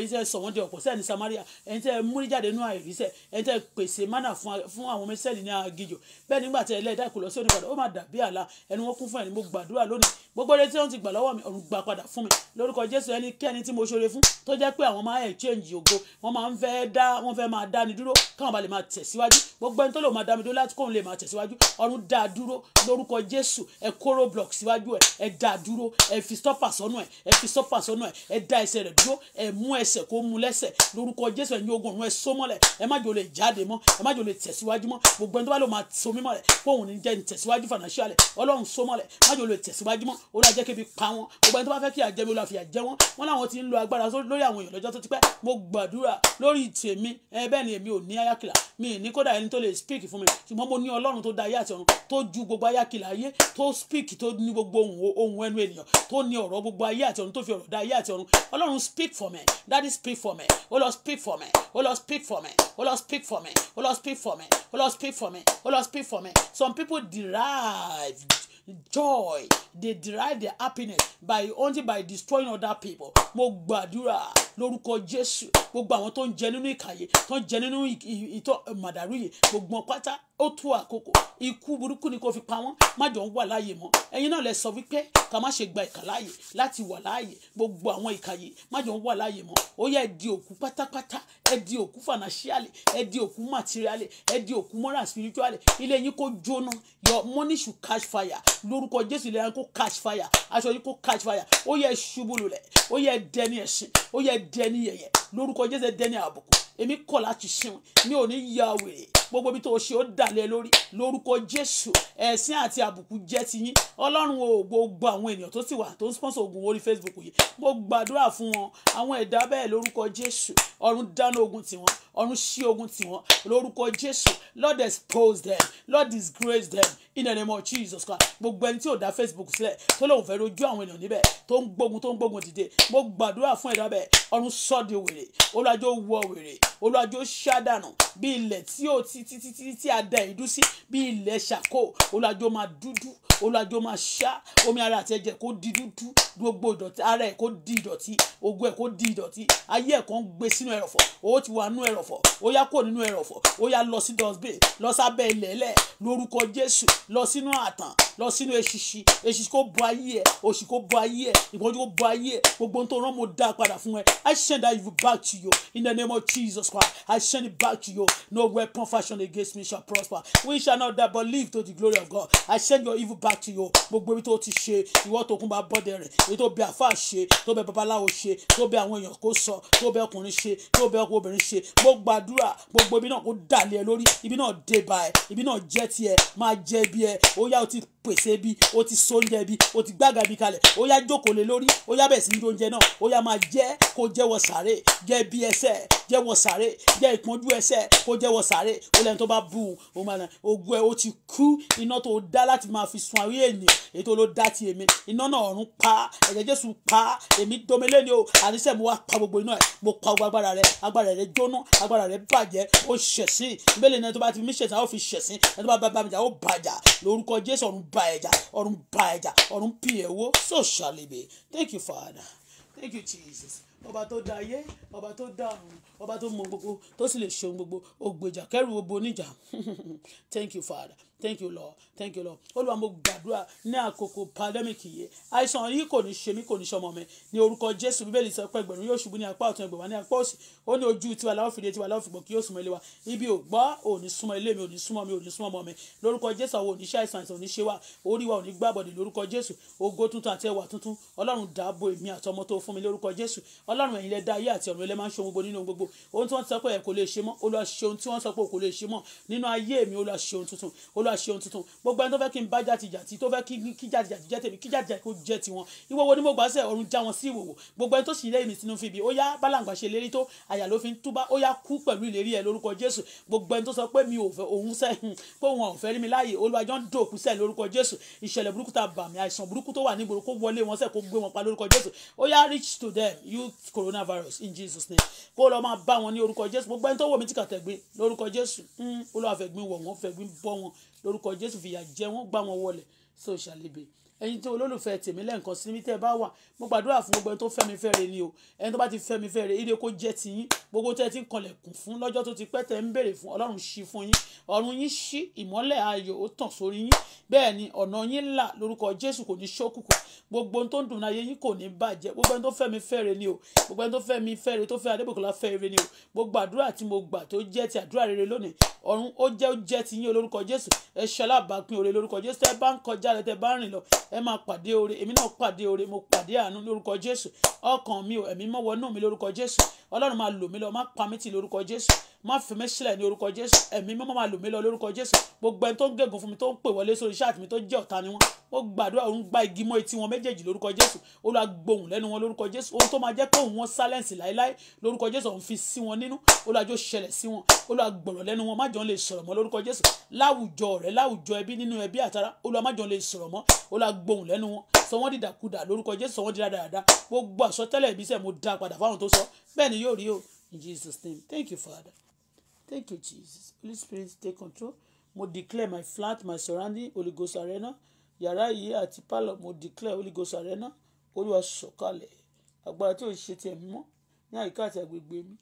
ẹ̀yin tẹ́ sọ wọ́n di ọ̀pọ̀ sẹ́ni Samaria ẹ̀yin tẹ́ múrí jáde nínú àìríṣẹ́ ẹ̀yin tẹ́ pèsè mánà fún àwọn mẹ́sẹ̀lì ní agijò bẹ́ẹ̀ nígbà tẹ́ ẹlẹ́dá ìkùlọ sí onígbàdàn ó máa dàbí àlá ẹni wọ́n kún fún ẹni mo gbàdúrà lónìí gbogbo ẹni tí wọ́n ti gbà lọ́wọ́ mi ọ̀run gbà padà fún mi lórúkọ Jésù ẹnikẹ́ni tí mo ṣoore fún tó jẹ́ pé àwọn máa exchange ògo wọ́n máa ń fẹ́ dá wọ́n fẹ́ máa dá ni dúró káwọn bá lè máa tẹ̀síwájú gbogbo ẹni tó lè máa dá mi dúró láti kóun lè máa tẹ̀síwájú ọ̀run dá dúró lórúkọ Jésù ẹ kóró block síwájú ẹ ẹ dá dúró ẹ fi stopper sọ́nù ẹ ẹ fi stopper sọ́nù ẹ ẹ dá ẹsẹ̀ rẹ̀ dúró ẹ mú ẹs ẹsẹ̀ kó mú lẹ́sẹ̀ lórúkọ jésù ẹ̀yin ogun ọ̀run ẹ mọ́lẹ̀ ẹ má jò lè jáde mọ́ ẹ má jò lè tẹ̀síwájú mọ́ gbogbo ẹni tó bá lò máa so mímọ́ rẹ̀ fóun ní jẹ́ tẹ̀síwájú financial ọlọ́run so mọ́lẹ̀ má jò lè tẹ̀síwájú mọ́ ó lọ jẹ́ kébi pa wọn gbogbo ẹni tó bá fẹ́ kí àjẹmí olùwàfi àjẹ wọn wọn làwọn ti ń lo agbára lórí àwọn èèyàn lọ́jọ́ tó ti pẹ́ mo gbàdúrà lórí tèmi ẹ èmi ò ní ayákìlá mi ì ní kódà ẹni tó lè speak fún mi ṣùgbọ́n mo ní ọlọ́run tó da ayé àti ọ̀run tó ju gbogbo ayákìlá ayé tó speak tó ní gbogbo ohun ẹnu ènìyàn tó ní ọ̀rọ̀ gbogbo ayé àti ọ̀run tó fi ọ̀rọ̀ da Daddy, speak for me. Oh Lord, speak for me. Oh Lord, speak for me. Oh Lord, speak for me. Oh Lord, speak for me. Oh Lord, speak for me. Oh Lord, speak for me. Some people derive joy they derive their happiness by only by destroying other people mo gbàdúrà lórúkọ jésù gbogbo àwọn tó ń jẹ nínú ìkàyè tó ń jẹ nínú ìtọ́ màdàrú yìí gbogbo pátá ó tó àkókò ikú burúkú ni kò fi pa wọ́n má jọ ń wà láàyè mọ́ ẹ̀yin náà lẹ sọ wípé ká má ṣe gba ìkà láàyè láti wà láàyè gbogbo àwọn ìkà yìí má jọ ń wà láàyè mọ́ ó yẹ ẹ òkú pátápátá ẹ òkú fanasiali ẹ òkú materiali ẹ òkú moral spiritual ilé yín kó jóná your money should catch fire lórúkọ jésù ilé yín kó catch fire aṣọ yín kó catch fire ó yẹ ṣubú lulẹ̀ ó yẹ dẹni ẹ̀sìn ó yẹ dẹni yẹ̀yẹ́ lórúkọ jésù dẹni àbùkù èmi kọ̀ láti ṣe mi ò ní ya wèrè gbogbo ibi tó ṣe ó dàlẹ́ lórí lórúkọ jésù ẹ̀sìn àti àbùkù jẹ́ ti yín ọlọ́run o gbogbo àwọn ènìyàn tó sì wà tó ń sponsor ogun orí facebook yìí mo gbàdúrà fún wọn àwọn ẹ̀dá bẹ́ẹ̀ lórúkọ jésù ọ̀run dáná ogun tiwọn ọ̀run ṣí ogun tiwọn lórúkọ jésù lord expose them lord disgrace them in the name of Jesus Christ gbogbo ẹni tí ò dá Facebook sílẹ̀ tó lóun fẹ́ rojú àwọn èèyàn níbẹ̀ tó ń gbógun tó ń gbógun dìde mo gbàdúrà fún ẹ̀dá bẹ́ẹ̀ ọ̀run sọ́ọ̀dì wèrè olùwàjò wọ wèrè olùwàjò ṣàdànù bí ilẹ̀ tí ò ti ti ti ti ti adá ìdú sí bí ilẹ̀ ṣàkó olùwàjò máa dúdú olùwàjò máa ṣá omi ara àti ẹ̀jẹ̀ kó di dúdú gbogbo ìdọ̀tí ara ẹ̀ kó di ìdọ̀tí ogun ẹ̀ kó di ìdọ̀tí ayé ẹ̀ kan gbé sínú ẹ̀rọ̀fọ̀ owó ti wà nú ẹ̀rọ̀fọ̀ ó yá kó nínú ẹ̀rọ̀fọ̀ ó yá lọ sí dustbin lọ sábẹ́ ilẹ̀ẹ́lẹ̀ lórúkọ jésù lọ sínú àtàn lọ sínú eṣiṣi eṣiṣi kó bọ ayé ẹ òṣì kó bọ ayé ẹ ìpọ́njú kó bọ ayé ẹ gbogbo ohun tó rán mo dá padà fún ẹ I send that evil back to you in the name of Jesus Christ I send it back to you no weapon fashioned against me shall prosper we shall not die but live to the glory of God I send your evil back back to you gbogbo ibi tó ti ṣe ìwọ tó kún bá bọ́dẹ rẹ̀ èyí tó bẹ àfa ṣe tó bẹ babaláwo ṣe tó bẹ àwọn èèyàn kó sọ tó bẹ ọkùnrin ṣe tó bẹ obìnrin ṣe mo gbàdúrà gbogbo ibi náà kó dàlẹ́ ẹ lórí ibi náà dé bá ẹ ibi náà jẹ́ tiẹ̀ máa jẹ́ bí ẹ ó yá o ti pèsè bí o ti so oúnjẹ bí o ti gbága bí kalẹ̀ ó yá jókòó lé lórí ó yá bẹ̀rẹ̀ sí ní oúnjẹ náà ó yá máa jẹ́ kó jẹ́wọ́ sàré jẹ́ bí ẹsẹ̀ jẹ́wọ́ sàré jẹ́ ìpọ́njú ẹsẹ̀ kó jẹ́wọ́ sàré ó lẹ́nu tó bá bù ú ó ó ti kú iná tó dá láti máa fi sun okùn ayé ètò ló dá ti èmi iná náà ọ̀run pa ẹ̀jẹ̀ jésù pa èmi domele ni o àníṣe mo wá pa gbogbo iná ẹ̀ mo pa gbogbo agbára rẹ̀ agbára rẹ̀ jóná agbára rẹ̀ bàjẹ́ ó ṣẹ̀sìn ìbéèrè náà tó bá ti fi mí ṣẹ̀sìn àwọn fi ṣẹ̀sìn ẹni tó bá bá mi jà ó bàjà lórúkọ jésù ọ̀run ba ẹ̀jà ọ̀run ba ẹ̀jà ọ̀run pì ẹ̀wọ́ so shall thank you father thank you jesus ọba tó dá ayé ọba tó dá ọ̀run ọba tó mọ gbogbo tó sì lè ṣeun gbogbo ògbèjà kẹrù gbogbo oníjà thank you father thank you lord thank you lord olúwa mo gbàdúrà ní àkókò pandemic yìí àìsàn yìí kò ní ṣe mí kò ní ṣọmọ mi ní orúkọ jésù bíbélì sọ pé ẹgbẹ̀rún yóò ṣubú ní apá ọ̀tún ẹgbẹ̀wá ní apá òsì ó ní ojú tiwa láwọn fìdí tiwa láwọn fìgbọn kí yóò súnmọ́ ilé wa ibi ò gbọ́ ò ní súnmọ́ ilé mi ò ní súnmọ́ mi ò ní súnmọ́ ọmọ mi lórúkọ jésù àwọn oníṣẹ́ àìsàn àìsàn oníṣẹ́ wa orí wa ò ní gbàbọ̀dì lórúkọ jésù ògo tuntun àti ẹwà tuntun ọlọ́run dáàbò èmi àtọmọ tó fún mi lórúkọ jésù ọlọ́run ẹ̀yin lẹ dá ayé àti ọ̀run ẹlẹ́ máa ń ṣe ohun gbogbo nínú gbogbo ohun tí wọ́n ti sọ pé ẹ̀ kò lè ṣe mọ́ olúwa ohun tí wọ́n sọ pé kò lè ṣe mọ́ nínú ayé mi olúwa ṣe ohun tuntun olúwa olúwa ṣe ohun tuntun gbogbo ẹni tó fẹ́ kí n bá jàtijàti tó fẹ́ kí jàtijàti jẹ́ tèmi kí jàtijàti kò jẹ́ tiwọn ìwọ́wọ́ ni mo gbà sẹ́ já wọn sí ìwòwò gbogbo ẹni tó sì lẹ́yìn mi fi ibi ó yá bálàǹgbà ṣe lérí tó àyà ló fi ń túbá ó yá kú pẹ̀lú ìlérí ẹ̀ lórúkọ jésù gbogbo ẹni tó sọ pé mi ò fẹ́ òun sẹ́ hmm, pé òun ò fẹ́ rí mi láàyè olúwa jọ ń dòkú sẹ́ lórúkọ jésù ìṣẹ̀lẹ̀ burúkú ta bàmí àìsàn burúkú tó wà nígboro kó wọlé wọn sẹ́ kó gbé wọn pa lórúkọ jésù ó yá reach to them you coronavirus in jesus name kó lọ máa bá wọn ní orúkọ jésù gbogbo ẹni tó wò mí tí kàtẹ́gbin lórúkọ jésù hmm, olúwa fẹ̀gbin wọ̀ wọ́n fẹ̀gbin bọ́ wọn lórúkọ Jésù fìyà jẹ wọ́n gbá wọn wọlẹ̀ so shall it ẹ̀yin tí olólùfẹ́ tèmi lẹ́ǹkan sí mi tẹ́ ẹ bá wà mo gbàdúrà fún gbogbo ẹni tó fẹ́ mi fẹ́ re ni o ẹni tó bá ti fẹ́ mi fẹ́ re ire kó jẹ́ tiyín gbogbo tẹ́ ẹ ti ń kanlẹ̀kùn fún lọ́jọ́ tó ti pẹ́ tẹ́ ń béèrè fún ọlọ́run ṣí fún yín ọ̀run yín ṣí ìmọ́lẹ̀ ayọ̀ ó tàn sórí yín bẹ́ẹ̀ ni ọ̀nà yín là lórúkọ jésù kò ní ṣókùnkùn gbogbo tó ń dùn ayé yín kò ní bàjẹ́ gbogbo ẹni tó fẹ́ mi fẹ́ ni o gbogbo ẹni tó fẹ́ mi fẹ́ re tó fẹ́ adébòkọ́lá fẹ́ re ni o gbogbo àdúrà tí mo gbà tó jẹ́ ti àdúrà rere lónìí ọ̀run ó jẹ́ ti yín olórúkọ jésù ẹ ṣọlá bá pín òre lórúkọ jésù tẹ́ bá ń kọjá rẹ tẹ́ bá ń rìn ẹ máa pàdé oore èmi náà pàdé oore mo pàdé àánú lórúkọ jésù ọkàn mi ò ẹ̀mí mọ́ wọnú mi lórúkọ jésù ọlọ́run máa lò mí lọ má pa mí tì lórúkọ jésù má fi mí sílẹ̀ ní orúkọ jésù ẹ̀mí mímọ́ máa lò mí lọ lórúkọ jésù gbogbo ẹni tó ń gégùn fún mi tó ń pè wọlé sórí iṣẹ́ àtìmí tó jẹ́ ọ̀tá ni wọ́n ó gbàdúrà òun gba igi mọ́ etí wọn méjèèjì lórúkọ jésù olúwa gbóhùn lẹ́nu wọn lórúkọ jésù ohun tó máa jẹ́ kóhùn wọn silence láéláé lórúkọ jésù òun fi sí wọn nínú olúwa jọ̀ọ́ ṣẹlẹ̀ sí wọn olúwa gbọ̀rọ̀ lẹ́nu wọn má jọ̀ọ́ lè sọ̀rọ̀ mọ́ lórúkọ jésù láwùjọ rẹ̀ láwùjọ ẹbí nínú ẹbí àtara olúwa má jọ̀ọ́ lè sọ̀rọ̀ mọ́ olúwa gbóhùn lẹ́nu wọn sọ wọ́n dìdàkudà lórúkọ jésù sọ wọ́n dìdàdàdà gbogbo àsọtẹ́lẹ̀ ìbísẹ̀ mo dá padà fáwọn tó sọ bẹ́ẹ̀ ni yóò rí o in Jesus name thank you Father thank you Jesus Holy Spirit take control mo declare my flat my surrounding Holy Ghost arena yàrá yìí àti pálọ̀ mo declare Holy Ghost arena Olúwa sọ̀kalẹ̀ agbára tí o ṣe tiẹ̀ mímọ́ ní àyíká àti agbègbè mi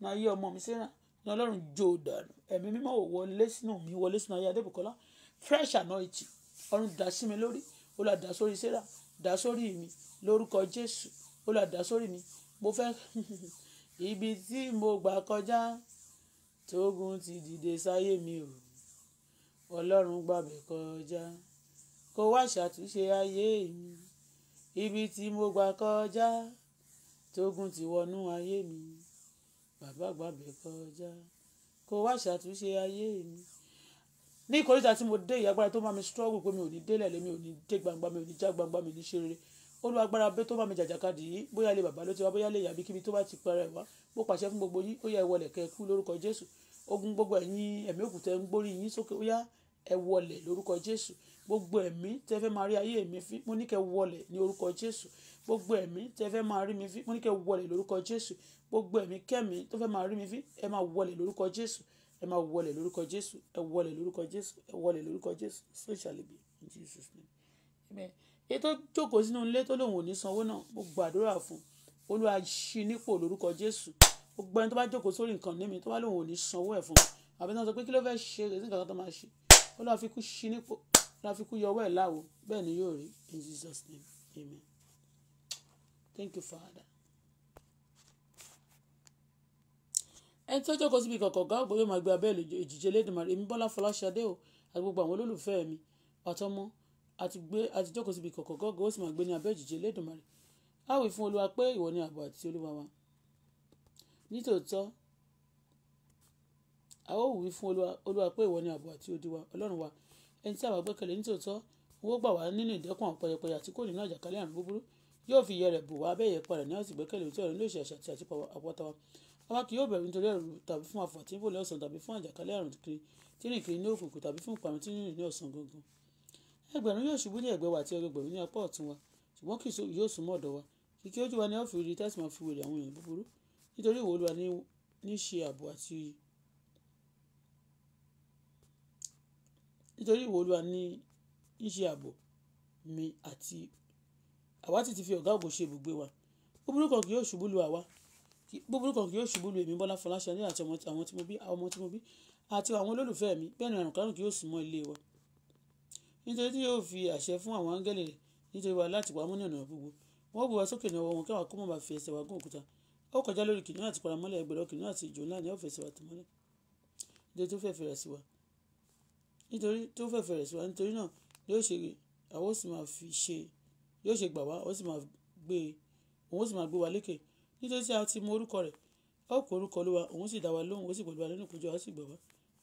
ní ayé ọmọ mi Sarah ní Ọlọ́run jó dànù ẹ̀mí mímọ́ ò wọlé sínú mi wọlé sínú ayé Adébùkọ́lá fresh anointing ọ̀run dà sí mi lórí Olúwa dà sórí Sarah dà sórí mi lórúkọ Jésù Olúwa dà sórí mi mo fẹ́ ibi tí mo gbà kọjá tógun ti dìde sáyé mi o ọlọ́run gbàbẹ̀ kọjá kó wá ṣàtúnṣe ayé mi ibi tí mo gbà kọjá tógun ti wọnú ayé mi bàbá gbàbẹ̀ kọjá kó wá ṣàtúnṣe ayé mi ní ìkórìtà tí mo dé ìyàgbára tó máa mi struggle pé mi ò ní délẹ̀ lé mi ò ní dé gbangba mi ò ní já gbangba mi ò ní ṣe rere olùwàgbára bẹ tó bá mi jàjàkadì yìí bóyá ilé bàbá ló ti wá bóyá ilé ìyàbí kíbi tó bá ti para ẹ̀ wá mo pàṣẹ fún gbogbo yín ó yá ẹ wọlẹ̀ lórúkọ jésù ogun gbogbo ẹ̀yin ẹ̀mí òkú tẹ́ ń gbórí yín sókè ó yá ẹ wọlẹ̀ lórúkọ jésù gbogbo ẹ̀mí tẹ́ fẹ́ máa rí ayé mi fín mo ní kẹ́ wọlẹ̀ ní orúkọ jésù gbogbo ẹ̀mí tẹ́ fẹ́ máa rí mi fín mo ní kẹ́ wọlẹ̀ lórúkọ jésù gbogbo ẹ̀mí kẹ́mi tó fẹ́ máa rí mi fín ẹ máa wọlẹ̀ lórúkọ jésù ẹ máa wọlẹ̀ lórúkọ jésù ẹ wọlẹ̀ lórúkọ jésù ẹ wọlẹ̀ lórúkọ jésù so shall be in Jesus name amen èyí tó jókòó sínú ilé tó lòun ò ní sanwó náà mo gbàdúrà fún olúwa ṣí nípò lórúkọ jésù gbogbo ẹni tó bá jókòó sórí nǹkan ní mi tó bá lòun ò ní sanwó ẹ̀ fún àbí tó ń sọ pé kí ló fẹ́ẹ́ ṣe kì nǹkan tó máa ṣe olúwa fi kú nípò olúwa fi kú yọwọ́ ẹ̀ láwo bẹ́ẹ̀ ni yóò rí in Jesus name amen thank you father. ẹni tó jókòó síbi kọ̀kọ̀ gá ògbó yóò máa gbé abẹ́ ìjìjẹ́ lẹ́dùnmọ́ èmi bọ́lá fọláṣadé o àti àwọn olólùfẹ́ mi ọ̀tọ́mọ́ àti gbé àti jókòó síbi kọ̀kọ̀ gọ́gọ́ ó sì máa gbé ní abẹ́ òjìji Elédùmarè a wí fún olúwa pé ìwọ ni ààbò àti olúwa wa nítòótọ́ a ó wí fún olúwa pé ìwọ ni ààbò àti odi wa ọlọ́run wa ẹni tí a bá gbẹ́kẹ̀lé nítòótọ́ owó gbà wá nínú ìdẹ́kùn àwọn pẹyẹpẹyẹ àti kò nínú àjàkálẹ̀ àrùn búburú yóò fi iyẹ rẹ̀ bù wá abẹ́yẹ padà ní àti gbẹ́kẹ̀lé òtí ọ̀run lóṣù àṣà àti àpótá ẹgbẹ̀rún yóò ṣubú ní ẹ̀gbẹ́ wa àti ẹgbẹ̀rún ní apá ọ̀tún wa ṣùgbọ́n kì yóò súnmọ́ ọ̀dọ̀ wa kìkì ojú wa ni wọ́n fi rí tẹ́sí máa fi wèrè àwọn èèyàn búburú nítorí ìwọ wa ní ṣe ààbò àti nítorí ìwọ Olúwa ní í ṣe ààbò mi àti àwa ti ti fi ọ̀gá ògo ṣe ibùgbé wa búburú kan kì yóò ṣubú lu àwa búburú kan kì yóò ṣubú lu èmi Bọ́lá Fọláṣadé àti àwọn tí mo bí àwọn tí mo bí àti àwọn olólùfẹ́ mi bẹ́ẹ̀ ni àrùn kan kì yóò sún ilé wa nítorí tí yóò fi àṣẹ fún àwọn áńgẹ́lì rẹ̀ nítorí wa láti wá mú ní ọ̀nà gbogbo wọn ó bu wa sókè ní ọwọ́ wọn káwa kó mọ̀ bá fi ẹsẹ̀ wa gún òkúta ó kọjá lórí kìnìún àti paramọ́lẹ̀ ẹgbẹ̀rún kìnìún àti ìjò ńlá ní ọ̀fẹ́ sí wa tó mọ́lẹ̀ nítorí tó fẹ́ fẹ́rẹ̀ sí wa nítorí tó fẹ́ fẹ́rẹ̀ sí wa nítorí náà yóò ṣe gbà wá òun sì máa gbé wa lékè nítorí tí a ti mọ orúkọ rẹ̀ ó kọ orúkọ Olúwa òun sì dá wa lóhùn ó sì pẹ̀lú wa lónìí kójọ á sì gbà wá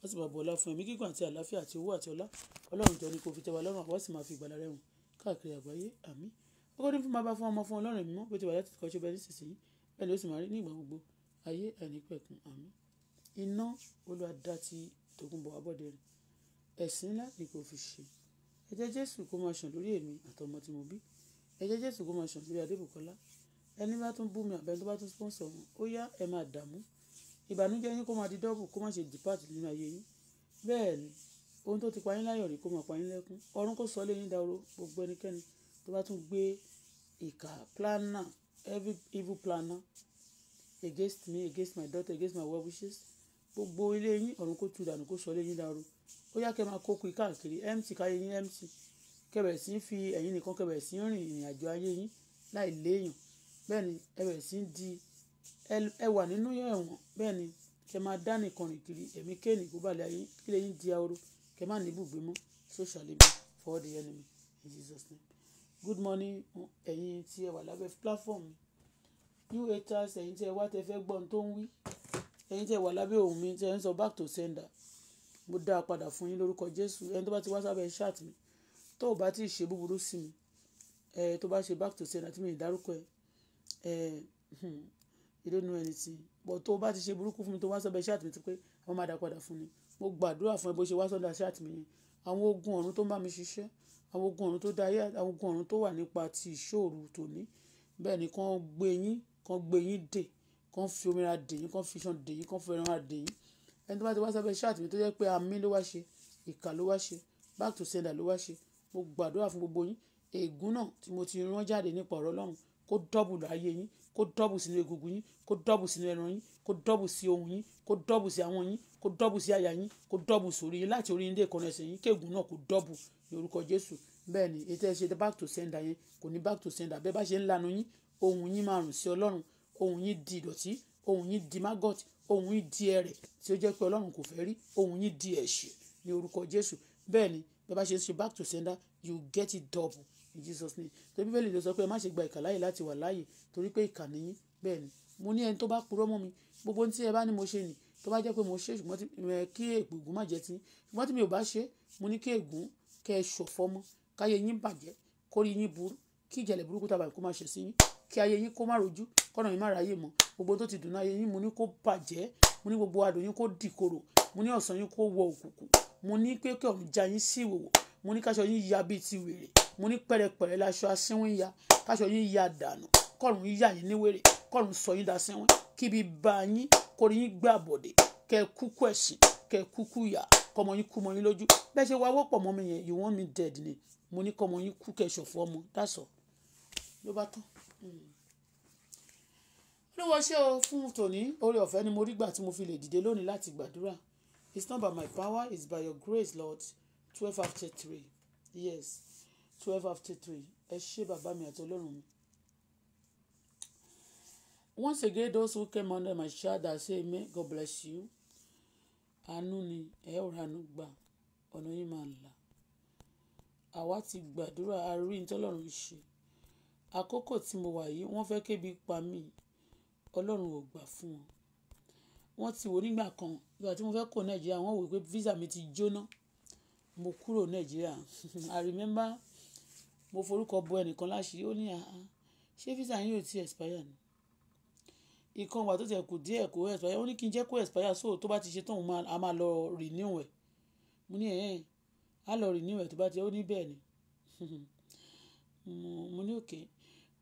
wọ́n sì máa bu ọlá fún ẹ̀mí gígùn àti àlàáfíà àti owó àti ọlá ọlọ́run jọ ni kò fi tẹ́ wa lọ́rùn àwa sì máa fi ìgbàlá rẹ̀ hàn káàkiri àgbáyé àmín ọgọ́dún fún bàbá fún ọmọ fún ọlọ́run mímọ́ bó ti wà láti kọ́ ṣe bẹ́ẹ̀ nísinsìnyí bẹ́ẹ̀ ni ó sì máa rí ní ìgbà gbogbo ayé àìnípẹ̀kun àmín iná olùwàdá ti tòkunbọ̀ abọ́dẹ rẹ̀ ẹ̀sìn ńlá ni kò fi sponsor wọn ó ìbànújẹ́ yín kó máa di dọ́bù kó má ṣe depart nínú ayé yín bẹ́ẹ̀ ni ohun tó ti pa yín láyọ̀ rí kó máa pa yín lẹ́kún ọ̀run kó sọ lé yín dahoro gbogbo ẹnikẹ́ni tó bá tún gbé ìkà planner every evil planner against me against my daughter against my well wishes gbogbo ilé yín ọ̀run kó tu dànù kó sọ lé yín dahoro ó yá kẹ́ máa kó kú káàkiri mc káyé yín mc kẹbẹ̀rẹ̀ sí fi ẹ̀yin nìkan kẹbẹ̀rẹ̀ sí rìn ìrìn àjò ayé yín láì léèyàn bẹ́ẹ̀ ni ẹbẹ̀rẹ̀ sí di ẹ wà nínú ẹ̀wọ̀n bẹ́ẹ̀ ni kẹ máa dá nìkan rìn kiri ẹ̀mí kéènì kó balẹ̀ ayé kí lè yín di ahoro kẹ má ní mọ́ so shall for the enemy in Jesus name good morning ẹ̀yin tí ẹ wà lábẹ́ platform mi new haters ẹ̀yin tí ẹ wá tẹ fẹ́ gbọ́ ohun tó ń wí ẹ̀yin tí ẹ wà lábẹ́ ohùn mi tí ẹ ń sọ back to sender mo dá a padà fún yín lórúkọ Jésù ẹni tó bá ti wá sábẹ́ chat mi tó o bá ti ṣe búburú sí mi ẹ tó bá ṣe back to sender tí mi ì dárúkọ ẹ ẹ hmm, you don't know anything but tó bá ti ṣe burúkú fún mi tó wá sọ́dọ̀ iṣẹ́ àtìmí ti pé àwọn máa dá padà fún mi mo gbàdúrà fún ẹ bó ṣe wá sọ́dọ̀ iṣẹ́ àtìmí yẹn àwọn ogun ọ̀run tó ń bá mi ṣiṣẹ́ àwọn ogun ọ̀run tó dayé àwọn ogun ọ̀run tó wà nípa ti ìṣòro tòní bẹ́ẹ̀ ni kàn gbé yín kàn gbé yín dè kàn fi omira dè yín kàn fi iṣan dè yín kàn fi ẹran dè yín ẹni tó bá ti wá sábẹ́ iṣẹ́ àtìmí tó jẹ́ pé àmì ló wá ṣe ìkà ló wá ṣe back to sender ló wá ṣe mo gbàdúrà fún gbogbo yín ègún náà tí mo ti rán jáde nípa ọ̀rọ̀ Ọlọ́run kó dọ́bùlù ayé yín kó dọ́bù sínú egungun yín kó dọ́bù sínú ẹran yín kó dọ́bù sí ohun yín kó dọ́bù sí àwọn yín kó dọ́bù sí àyà yín kó dọ́bù sórí yín láti orí yín dé ìkànnì ẹsẹ̀ yín kéègùn náà kó dọ́bù ní orúkọ Jésù bẹ́ẹ̀ ni ètò ẹ̀ back to sender yẹn kò ní back to sender bẹ́ẹ̀ bá ṣe ń lanu yín ohun yín máa rùn sí Ọlọ́run ohun yín di ìdọ̀tí ohun yín di maggot ohun yín di ẹ̀rẹ̀ tí ó jẹ́ pé Ọlọ́run kò fẹ́ rí ohun yín di ẹ̀ṣẹ̀ ní orúkọ Jésù bẹ́ẹ̀ ni bẹ́ẹ̀ bá ṣe ń ṣe back to sender you get it double in Jesus name torí bíbélì ló sọ pé má ṣe gba ìkà láàyè láti wà láàyè torí pé ìkà nìyí bẹ́ẹ̀ ni mo ní ẹni tó bá purọ́ mọ́ mi gbogbo tí ẹ bá ní mo ṣe nì tó bá jẹ́ pé mo ṣe ṣùgbọ́n kí ègùn má jẹ́ tí ṣùgbọ́n tí mi ò bá ṣe mo ní kí ègùn kẹ́ ẹ ṣọ̀fọ̀ mọ́ káyé yín bàjẹ́ kórí yín burú kí ìjẹ̀lẹ̀ burúkú tàbí kó má ṣe sí yín kí ayé yín kó má rojú kọ́nà yín má ráyè mọ́ gbogbo tó ti dùn ayé yín mo ní kó bàjẹ́ mo ní gbogbo adùn yín kó dìkorò mo ní ọ̀sán yín kó wọ òkùnkùn mo ní pé kí ọ̀run já yín sí ìwòwò mo ní káṣọ yín ya bíi ti wèrè mo ní pẹ̀rẹ̀pẹ̀rẹ̀ laṣọ aṣínwín ya káṣọ yín ya dànù kọ́run yíyà yín níwèrè kọ́run sọ yín dasínwín kíbi bá yín kórí yín gbà bọ̀dẹ̀ kẹ́ ẹ kúkú ẹ̀sìn kẹ́ ẹ kúkú yà kọ́mọ yín kú mọ yín lójú bẹ́ẹ̀ ṣe wá wọ́pọ̀ mọ́ mi yẹn you want me dead ni mo ní kọ́mọ yín kú kẹ́ ṣòfò ọmọ that's all ló bá tán. Hmm. olúwo ṣé o fún tòní oore ọ̀fẹ́ ni mo rí gbà tí mo fi lè dìde lónìí láti gbàdúrà it's not by my power it's by your grace lord twelve after three yes twelve after three ẹ ṣé bàbá mi àti ọlọ́run mi. once again those who came under my shadow I say may God bless you àánú ni ẹ ò ranú gbà ọ̀nà yìí máa là àwa ti gbàdúrà àárí ìtọ́lọ́run ṣe àkókò tí mo wà yìí wọ́n fẹ́ kébi pa mí ọlọ́run ò gbà fún wọn wọ́n ti wò nígbà kan ìgbà tí mo fẹ́ kó nàìjíríà wọ́n wò pé visa mi ti jóná mo kúrò nàìjíríà I remember mo forúkọ bo ẹnìkan láṣìírí ó ní àá ṣé visa yín yóò ti expire ni ìkan wà tó tẹ̀ kù díẹ̀ kó expire ó ní kí n jẹ́ kó expire so tó bá ti ṣe tán a máa lọ renew ẹ̀ mo ní ẹ̀ẹ́n á lọ renew ẹ̀ tó bá ti ó ní bẹ́ẹ̀ ni mo ní òkè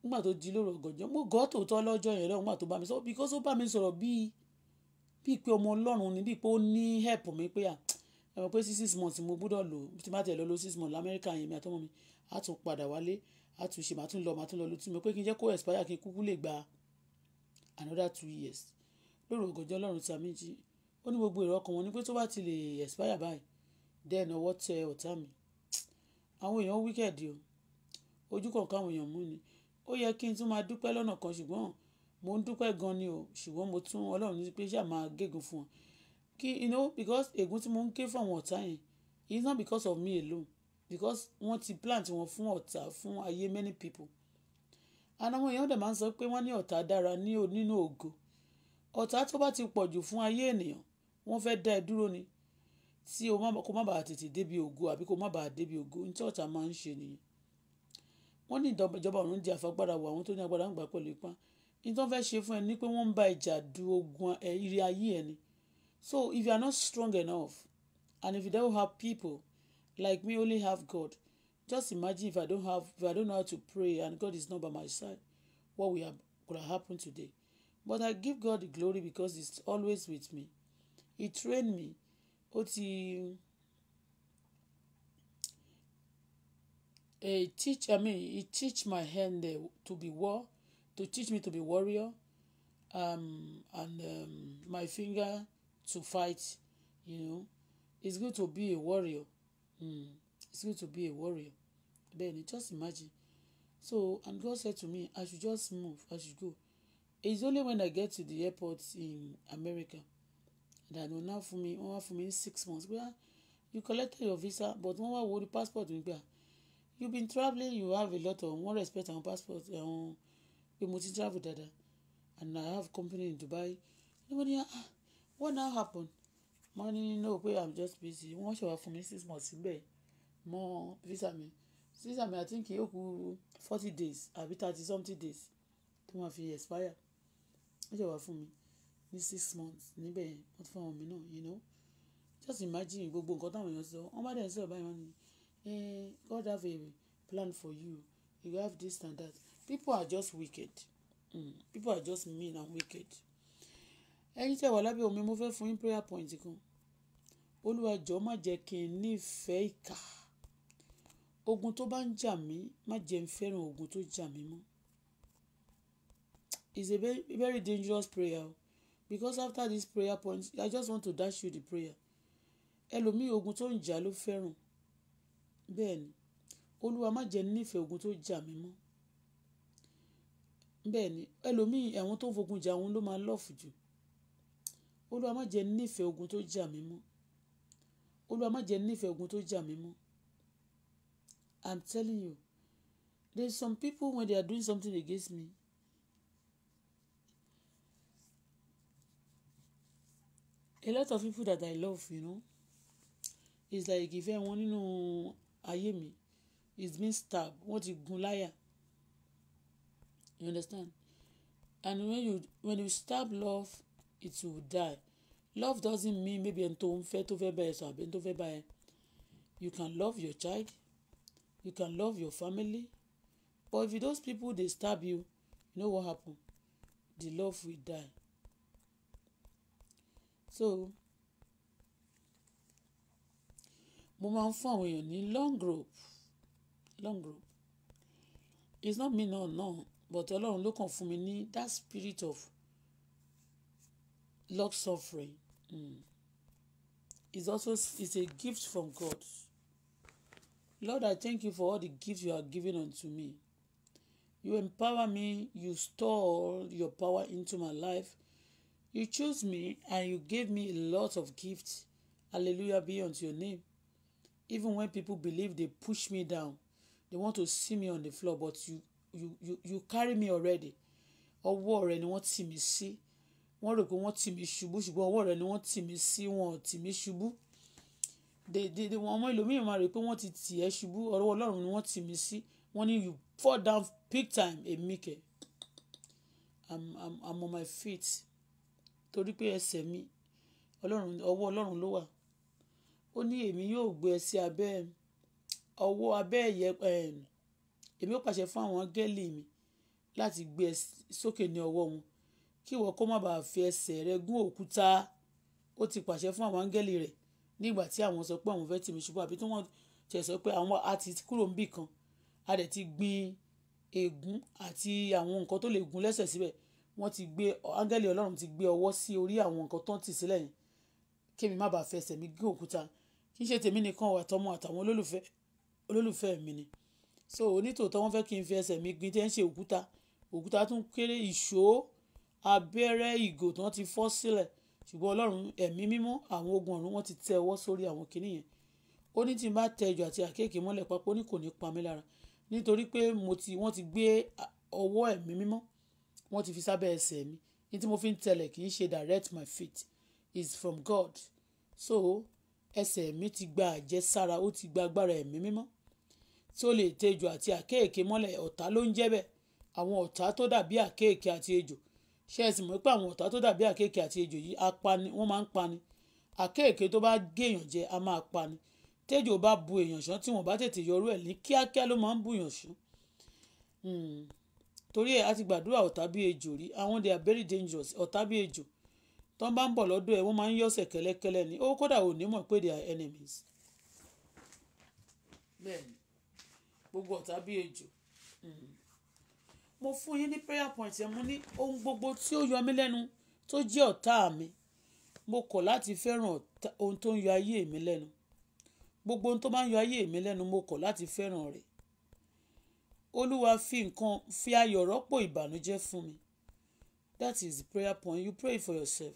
nígbà tó di lóru ọ̀gànjọ́ mo gọ́ tòótọ́ lọ́jọ́ yẹn lọ́wọ́ nígbà tó bá mi sọ because ó bá mi sọ̀rọ̀ bíi bíi pé ọmọ ọlọ́run ni bíi pé ó ní help mi pé à ẹ mọ̀ pé six months mo gbúdọ̀ lò tí má tẹ̀ lọ lo six months lamẹ́ríkà yẹn mi àtọ́mọ́ mi á tún padà wálé á tún ṣe màá tún lọ màá tún lọ lótú mi pé kí n jẹ́ kó expire kí n kúkú lè gba another two years lóru ògànjọ́ ọlọ́run ta mí jí ó ní gbogbo èrò ọkàn wọn ni pé tó bá ti lè expire báyìí then ọwọ́ tẹ ọ̀tá mi àwọn èèyàn wicked o ojú kọ̀ọ̀kan àwọn èèyàn mú ni ó yẹ kí n tún máa dúpẹ́ lọ́nà kan ṣùgbọ́n mo ń dúpẹ́ gan ni o ṣùgbọ́n mo tún ọlọ́run ní pé ṣáà máa gégùn fún wọn kí you know because ègún tí mo ń ké fún àwọn ọ̀tá yẹn it's not because of me alone because wọ́n ti plant wọn fún ọ̀tá fún ayé many people and àwọn èèyàn dẹ̀ máa ń sọ pé wọ́n ní ọ̀tá dára ní nínú ògo ọ̀tá tó bá ti pọ̀jù fún ayé ènìyàn wọ́n fẹ́ dá ẹ dúró ni tí o kó má bàa tètè débi ògo àbí kó má bàa débi ògo ní tí ọ̀tá máa ń ṣe nìyẹn wọ́n ní ìjọba ọ̀run di àfagbára wọ àwọn tó ní agbára ń gbà pẹ̀lú ipá ní tó ń fẹ́ ṣe fún ẹ ní pé wọ́n ń ba ìjà du ogun ire ayé ẹ so if you are not strong enough and if you don't have people like me only have God. Just imagine if I don't have if I don't know how to pray and God is not by my side, what we have, could have happened today? But I give God the glory because He's always with me. He trained me. Ó ti a eh, teach I mean he teach my hand uh, to be war to teach me to be warrior um, and um, my finger to fight you know it's good to be a warrior Mm, it's going to be a warrior. Then just imagine. So, and God said to me, I should just move, I should go. It's only when I get to the airport in America that will now for me, one for me six months. Where ah, you collected your visa, but one wá wo the passport mi gbà. Ah, you've been traveling, you have a lot of one respect àwọn passport àwọn pé mo ti travel dada and I have company in Dubai. Nobody ah, what now happen? Money, ní no pé i'm just busy wọ́n ṣe wá fún mi six months síbẹ̀ mọ́ visa mi visa mi i think yóò kú forty days àbí thirty something days tí wọ́n fi expire wọ́n ṣe wá fún mi ní six months níbẹ̀ yẹn wọ́n ti fún àwọn mi náà you know just imagine gbogbo nǹkan táwọn èèyàn sọ wọ́n bá dẹ̀ ń sọ̀rọ̀ báyìí wọ́n ní eh, God have a plan for you you have this and that people are just wicked mm. people are just mean and wicked ẹ̀yin tẹ́ wà lábẹ́ omi mo fẹ́ fún yín prayer point kan olúwa jọ̀ọ́ má jẹ́ kí n nífẹ̀ẹ́ ìkà ogun tó bá ń jà mí má jẹ́ n fẹ́ràn ogun tó jà mí mọ́ it's a very, very dangerous prayer because after this prayer point I just want to dash you the prayer ẹlòmíì ogun tó ń jà ló fẹ́ràn bẹ́ẹ̀ ni olúwa má jẹ́ nífẹ̀ẹ́ ogun tó jà mí mọ́ bẹ́ẹ̀ ẹlòmíì àwọn tó ń fogun jà òun ló máa lọ́ọ̀fù jù olúwa má jẹ́ nífẹ̀ẹ́ ogun tó jà mí mọ́ olúwa má jẹ́ nífẹ̀ẹ́ ogun tó jà mí mọ́ i'm telling you there's some people when they are doing something against me a lot of people that i love you know is like ìfẹ́ wọn nínú ayé mi it's been stabbed. wọ́n ti gun láyà you understand and when you when you stab love it will die love doesn't mean maybe ẹni tó ń fẹ́ tó fẹ́ bá ẹ sọ àbí ẹni tó fẹ́ bá you can love your child you can love your family but if those people dey stab you you know what happen the love will die so mo máa ń fún àwọn èèyàn ní long rope long rope it's not me no no but ọlọ́run ló kàn fún mi ní that spirit of long suffering mm, is also is a gift from God. Lord, I thank you for all the gifts you are giving unto me. You empower me, you store your power into my life. You chose me and you gave me a lot of gifts. Hallelujah be unto your name. Even when people believe they push me down, they want to see me on the floor, but you you you, you carry me already. Ọwọ́ rẹ ni wọ́n tì mí sí. Si wọ́n rò pé wọ́n tì mí ṣubú ṣùgbọ́n ọwọ́ rẹ̀ ni wọ́n tì mí sí wọn ò tì mí ṣubú dèdè wọn ọmọ ẹlòmíràn máa rò pé wọ́n ti tì ẹ́ ṣubú ọwọ́ ọlọ́run ni wọ́n tì mí sí wọ́n ní you fall down big time èmi kẹ̀ i'm i'm i'm on my feet torí pé ẹsẹ̀ mi ọlọ́run ọwọ́ ọlọ́run ló wà ó ní èmi yóò gbé ẹ sí abẹ́ ọwọ́ abẹ́ ẹ̀yẹ eh, èmi ó pàṣẹ fún àwọn gẹ́lì mi láti gbé ẹ sókè ní ọwọ́ wọn kí ìwọ kó má bàa fi ẹsẹ̀ rẹ gún òkúta ó ti pàṣẹ fún àwọn áńgẹ́lì rẹ̀ nígbà tí àwọn sọ pé àwọn fẹ́ tì mí ṣubú àbí tí wọ́n tẹ̀ sọ pé àwọn a ti kúrò níbì kan a dẹ̀ ti gbin ègún àti àwọn nǹkan tó lè gún lẹ́sẹ̀ síbẹ̀ wọ́n ti gbé áńgẹ́lì ọlọ́run ti gbé ọwọ́ sí orí àwọn nǹkan tó ń tì sílẹ̀ yẹn kémi má bàa fẹsẹ̀ mi gé òkúta kí n ṣe tèmi nìkan àtọmọ àtàwọn olólùfẹ́ olólùfẹ́ mi ni so onítòótọ́ wọ́n fẹ́ kí n fi ẹsẹ̀ mi gbin tẹ́ ń ṣe òkúta òkúta tún kéré ìṣó abẹ́rẹ́ ìgò tán ti fọ́ sílẹ̀ ṣùgbọ́n ọlọ́run ẹ̀mí mímọ́ àwọn ogun ọ̀run wọn ti tẹ ọwọ́ sórí àwọn kìnnì yẹn ó ní tí n bá tẹ ẹjọ́ àti àkéèké mọ́lẹ̀ papọ̀ ní kò ní pa mí lára nítorí pé mo ti wọ́n ti gbé ọwọ́ ẹ̀mí mímọ́ wọ́n ti fi sábẹ́ ẹsẹ̀ mi ní tí mo fi ń tẹ̀lẹ̀ kì í ṣe direct my feet is from God so ẹsẹ̀ mi ti gba àjẹsára ó ti gba agbára ẹ̀mí mímọ́ tí ó lè tẹ ẹjọ́ àti àkéèké mọ́lẹ̀ ọ̀tá ló ń jẹ́ bẹ́ẹ̀ àwọn ọ̀tá tó dàbí àkéèké àti ejò ṣé ẹ sì mọ̀ pé àwọn ọ̀tá tó dàbí àkéèké àti ejò yìí apani wọ́n máa ń pani àkéèké tó bá géèyàn jẹ a máa pani tẹ́jọ́ bá bu èèyàn ṣán tí wọ́n bá tètè yọrú ẹ̀ ní kíákíá ló máa ń bu èèyàn ṣán hmm. torí ẹ̀ a ti gbàdúrà ọ̀tá bí ejò rí àwọn they are very dangerous ọ̀tá bí ejò tó ń bá ń bọ̀ lọ́dọ̀ ẹ̀ wọ́n máa ń yọ̀sẹ̀ kẹ́lẹ́kẹ́lẹ́ ni ó kódà ò ní mọ̀ pé they are enemies bẹ́ẹ̀ni gbogbo ọ̀tá bí ejò. Mm mo fún yín ní prayer point yẹn mo ní ohun gbogbo tí ó yọ mí lẹ́nu tó jẹ́ ọ̀tá mi mo kọ̀ láti fẹ́ràn ohun tó ń yọ ayé mi lẹ́nu gbogbo ohun tó máa ń yọ ayé mi lẹ́nu mo kọ̀ láti fẹ́ràn rẹ̀ olúwa fi nǹkan fi ayọ̀ rọ́pò ìbànújẹ́ fún mi that is the prayer point you pray for yourself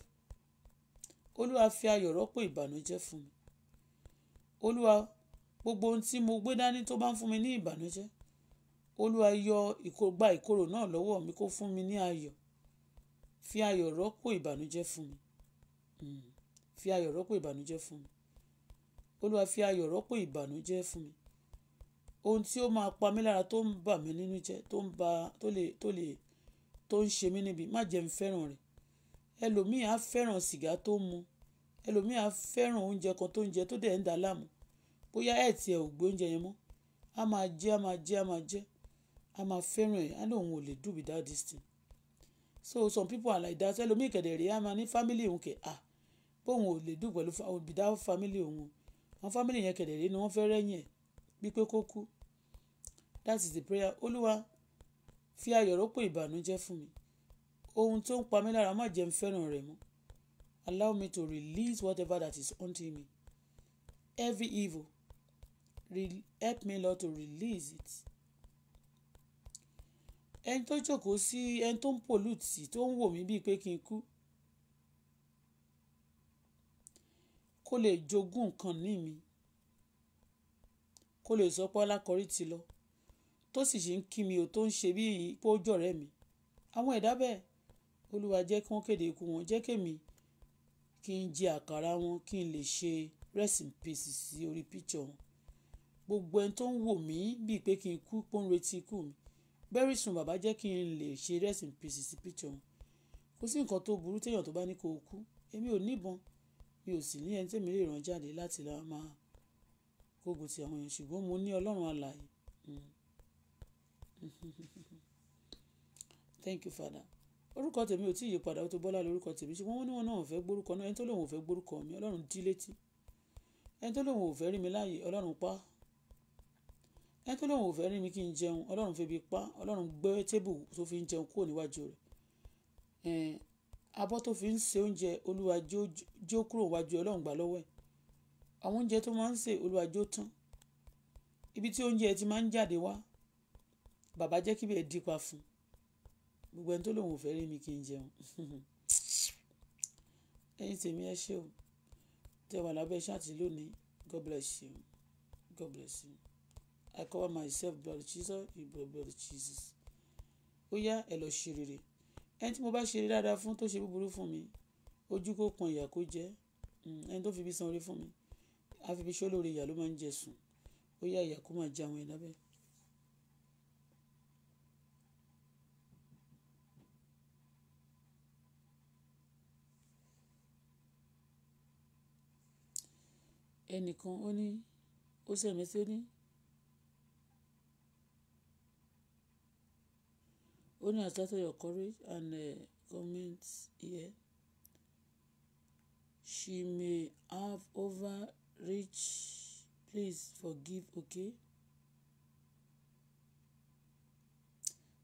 olúwa fi ayọ̀ rọ́pò ìbànújẹ́ fún mi olúwa gbogbo ohun tí mo gbé dání tó bá ń fún mi ní ìbànújẹ́ olúwa yọ ìkógbá ìkorò náà lọ́wọ́ mi kó fún mi ní ayọ̀ fi ayọ̀ rọ́pò ìbànújẹ́ fún mi mm. fi ayọ̀ rọ́pò ìbànújẹ́ fún mi olúwa fi ayọ̀ rọ́pò ìbànújẹ́ fún mi ohun tí ó máa pa mí lára tó ń bà mí nínú jẹ́ tó ń ba tó lè tó lè tó ń ṣe mí níbi má jẹ́ n fẹ́ràn rẹ̀ ẹlòmíì á fẹ́ràn sìgá tó ń mu ẹlòmíì á fẹ́ràn oúnjẹ kan tó ń jẹ tó dẹ̀ ń dà láàmú bóyá ẹ̀ tiẹ̀ ò gbé yẹn mọ́ á máa jẹ á máa jẹ á máa jẹ a máa fẹ́ràn ẹ̀ á lóun ò lè do without this thing so some people are like that ẹlòmíì kẹ̀dẹ̀ rèé a máa ní family òun kẹ̀ ah bóun ò lè do pẹ̀lú without family òun àwọn family yẹn kẹ̀dẹ̀ rèé ni wọ́n fẹ́ rẹ́yìn ẹ̀ bí kó kú that is the prayer olúwa fi ayọ̀ rọ́pò ìbànújẹ́ fún mi ohun tó ń pa mí lára má jẹ́ n fẹ́ràn rẹ̀ mọ́ allow me to release whatever that is haunting me every evil help me Lord to release it ẹni tó jókòó sí ẹni tó ń pòlùtì tó ń wò mí bíi pé kí n kú kó lè jogún nǹkan ní mi kó lè sọ pé ọlákọrí ti lọ tó sì ṣe ń kí mi ò tó ń ṣe bí pé ó mi àwọn ẹ̀dá bẹ́ẹ̀ olúwa jẹ́ kí wọ́n kéde ikú wọn jẹ́ kémi kí n jẹ àkàrà wọn kí n lè ṣe rest in peace sí orí picture wọn gbogbo ẹni tó ń wò mí bíi pé kí n kú pé ń retí ikú mi very bàbá jẹ́ kí n lè ṣe rest in peace kò sí nǹkan tó burú téèyàn tó bá ní kó o kú èmi ò níbọn mi ò sì ní ẹni tẹ́mi lè ràn jáde láti lọ máa kógun ti àwọn èèyàn ṣùgbọ́n mo ní ọlọ́run alààyè thank you father orúkọ tèmi ò tí ì yí padà ó tó bọ́lá lórúkọ tèmi ṣùgbọ́n wọ́n ní wọn náà fẹ́ gbórúkọ náà ẹni tó lóun ò fẹ́ gbórúkọ mi ọlọ́run dí létí ẹni tó lóun ò fẹ́ rí mi láàyè ọlọ́run pa ẹ tó lóun ò fẹ́ rí mi kí n jẹun ọlọ́run febi pa ọlọ́run gbé tébù tó fi ń jẹun kúrò níwájú rẹ̀ abọ́ tó fi ń ṣe oúnjẹ olúwa jó kúrò wájú ọlọ́run gbà lọ́wọ́ ẹ̀ àwọn oúnjẹ tó máa ń ṣe olúwa jó tán ibi tí oúnjẹ ti máa ń jáde wá bàbá jẹ́ kí bẹ́ẹ̀ dípa fún gbogbo ẹni tó lóun ò fẹ́ rí mi kí n jẹun ẹ̀yin tèmi ẹ ṣé o tẹ́ wà lábẹ́ ṣáàtì lónìí God bless you God bless you. I cover myself blood Jesus with blood of Jesus ó yá ẹ lọ ṣe rere ẹni tí mo bá ṣe rere dáadáa fún tó ṣe búburú fún mi ojú kò kan ìyà kó jẹ hmm, ẹni tó fi ibi san orí fún mi àfibi ṣólóore ìyà ló máa ń jẹ sùn ó yá ìyà kó máa jẹ àwọn ẹ̀ lábẹ́. ẹnìkan ó ní ó sẹ̀mẹ́sí ó ní Only as that your courage and uh, eh, comments here. She may have overreach. Please forgive, okay?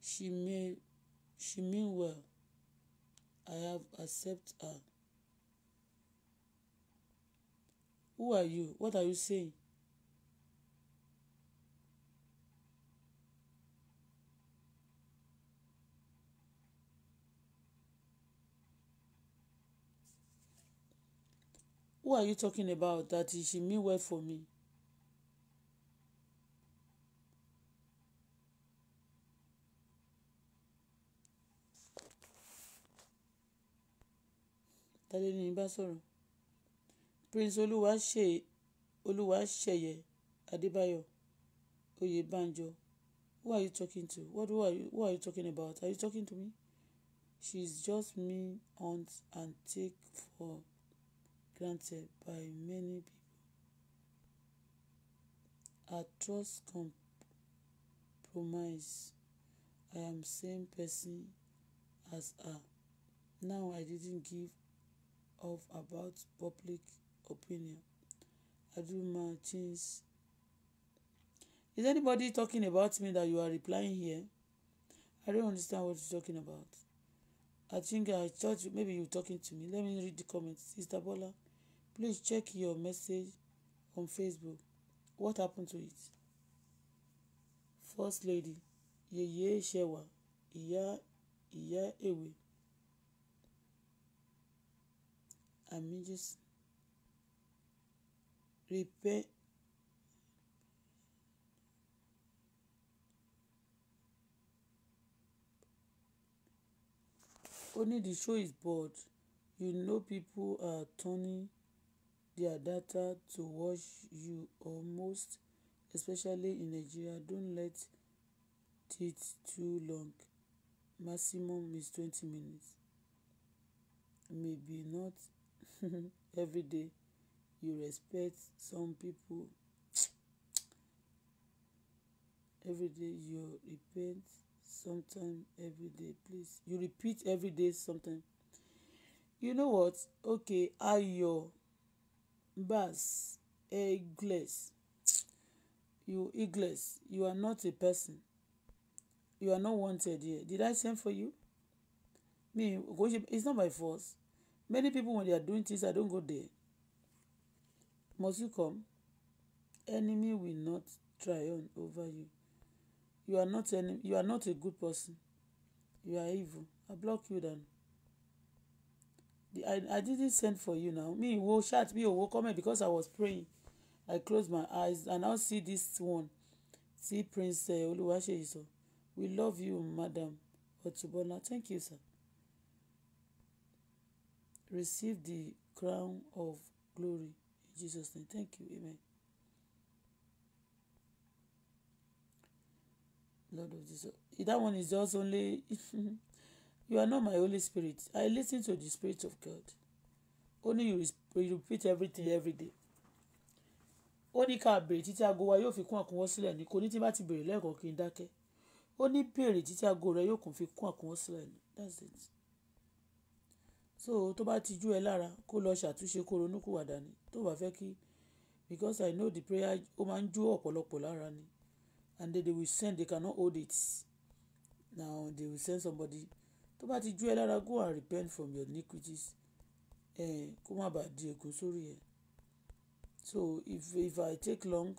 She may she mean well. I have accepted. her. Who are you? What are you saying? Who are you talking about that she mean well for me? Tade ni bá sọ̀rọ̀. Prince Olúwaṣe Olúwaṣeyẹ Adébáyọ̀ Oyèbánjọ. Who are you talking to? What who are you, who are you talking about? Are you talking to me? She's just mean aunt, and take for granted by many people. Our trust compromise. I am same person as her. Now I didn't give off about public opinion. I do my things. Is anybody talking about me that you are replying here? I don't understand what you're talking about. I think I thought maybe you're talking to me. Let me read the comments. Sister Bola. Please check your message on Facebook. What happened to it? First lady, Yèyé Ṣewà, Ìyá Ìyá Èwe. Àmì Jésù. Repent. Only the show is bored. You know people are turning Their data to watch you or most especially in Nigeria don't let it too long (maximum is twenty minutes, maybe not every day, you respect some people, every day you repent sometime every day please you repeat every day sometime). You know what? Okay, Ayọ̀ Bas, eggless. You eggless. You are not a person. You are not wanted here. Did I send for you? Me, it's not my fault. Many people when they are doing things, I don't go there. Must you come? Enemy will not triumph over you. You are not enemy. You are not a good person. You are evil. I block you down. I, I didn't send for you now me wo chat me owo comment because I was praying I closed my eyes and now see this one see Prince uh, Oluwaseyi so we love you madam Otubola thank you sir receive the crown of glory in Jesus name thank you amen Lord of Jesus that one is just only You are not my Holy Spirit. I listen to the Spirit of God. Only ní you repeat everything every day. Ó ní ká béèrè títí aago wa yóò fi kún àkúnwọ́ sílẹ̀ ni kò ní tí bá ti béèrè lẹ́ẹ̀kan kí n dákẹ́. Ó ní béèrè títí aago rẹ yóò kún fi kún àkúnwọ́ sílẹ̀ ní. That's it. So tó bá ti jú ẹ lára kó lọ ṣàtúnṣe kó ronúkúwàdà ni tó bá fẹ́ kí because I know the prayer ó máa ń jú ọ̀pọ̀lọpọ̀ lára ni and they, they will send they cannot hold it now they will send somebody tó bá ti jó ẹ lára go and repent from your iniquities ẹ̀ kó má bàa di ègún sórí ẹ̀ so if if I take long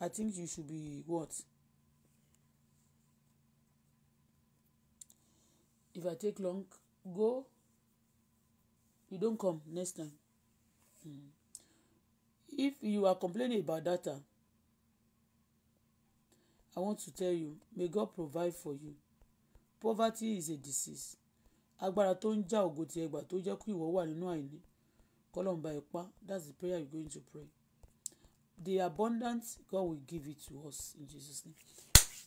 I think you should be what if I take long go you don't come next time mm. if you are complaining about data I want to tell you may God provide for you poverty is a disease agbára tó ń já ògo ti ẹgbà tó jẹ́ kí ìwọ wà nínú àìní kọ́lọ́mbà ẹ̀pá that's the prayer you're going to pray the abundance God will give it to us in Jesus name.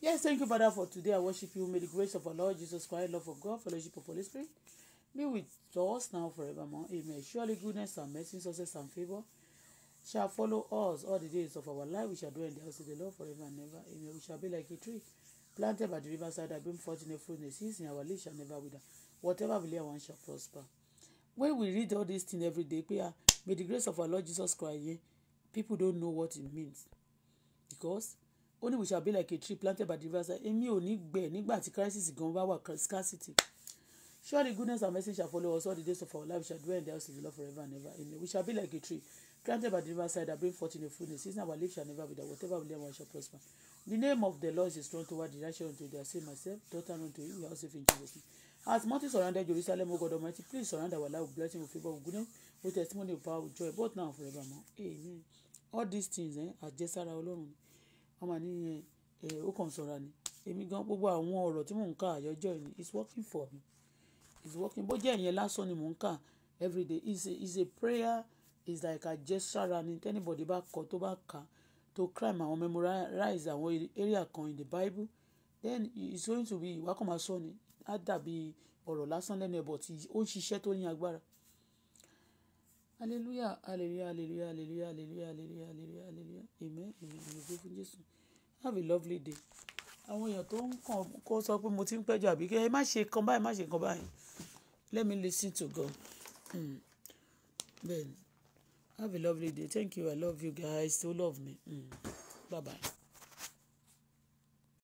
Yes, thank you, Father, for today. I worship you. May the grace of our Lord Jesus Christ, love of God, fellowship of Holy Spirit be with us now forevermore. Amen. Surely goodness and mercy, success and favor shall follow us all the days of our life. We shall dwell in the house of the Lord forever and ever. Amen. We shall be like a tree Planted by the riverside, I bring forth in a fruitfulness. He is in our leash and never wither. Whatever we lay our hand shall prosper. When we read all these things every day, prayer, may the grace of our Lord Jesus Christ, yeah, people don't know what it means. Because only we shall be like a tree planted by the riverside. Èmi ò ní gbẹ nígbà tí crisis gan bá wà scarcity. Surely goodness and mercy shall follow us all the days of our life. We shall dwell in the house of the Lord forever and ever. Amen. We shall be like a tree planted by the riverside that bring forth in the fullness. Season our leaf shall never wither. Whatever we lay our hand shall prosper. The name of the Lord is strong toward the righteous unto their say myself, daughter unto you, we are safe in Jesus' name. As mountains surrounded Jerusalem, O God Almighty, please surround our life with blessing, with favor, with goodness, with testimony, with power, with joy, both now and forevermore. Amen. All these things, eh, àjẹsára Ọlọ́run. Ọmọ ní ẹ eh, eh, ó kàn sọ̀rọ̀ ni. Èmi gan gbogbo àwọn ọ̀rọ̀ tí mò ń kà àyọjọ́ yìí It's working for me. It's working. Bó jẹ́ ìyẹn lásán ni mò ń kà every day. It's a, it's a prayer. It's like àjẹsára ni. Tẹ́nibọ̀dì bá kọ tó bá kà to crime àwọn memorize àwọn area kan in the bible then it's going to be ìwà kan máa sọ ni á dàbí ọ̀rọ̀ lásán lẹ́nu ẹ̀ but ó ń ṣiṣẹ́ tó ní agbára hallelujah hallelujah hallelujah hallelujah hallelujah hallelujah hallelujah hallelujah amen amen amen gbé fún jésù have a lovely day àwọn èèyàn tó ń kàn kó sọ pé mo ti ń pẹ́jọ́ àbí kẹ́ ẹ má ṣe kan báyìí má ṣe kan báyìí let me listen to God Hmm. ni. Have a lovely day. Thank you. I love you guys. Still love me. Mm. Bye bye.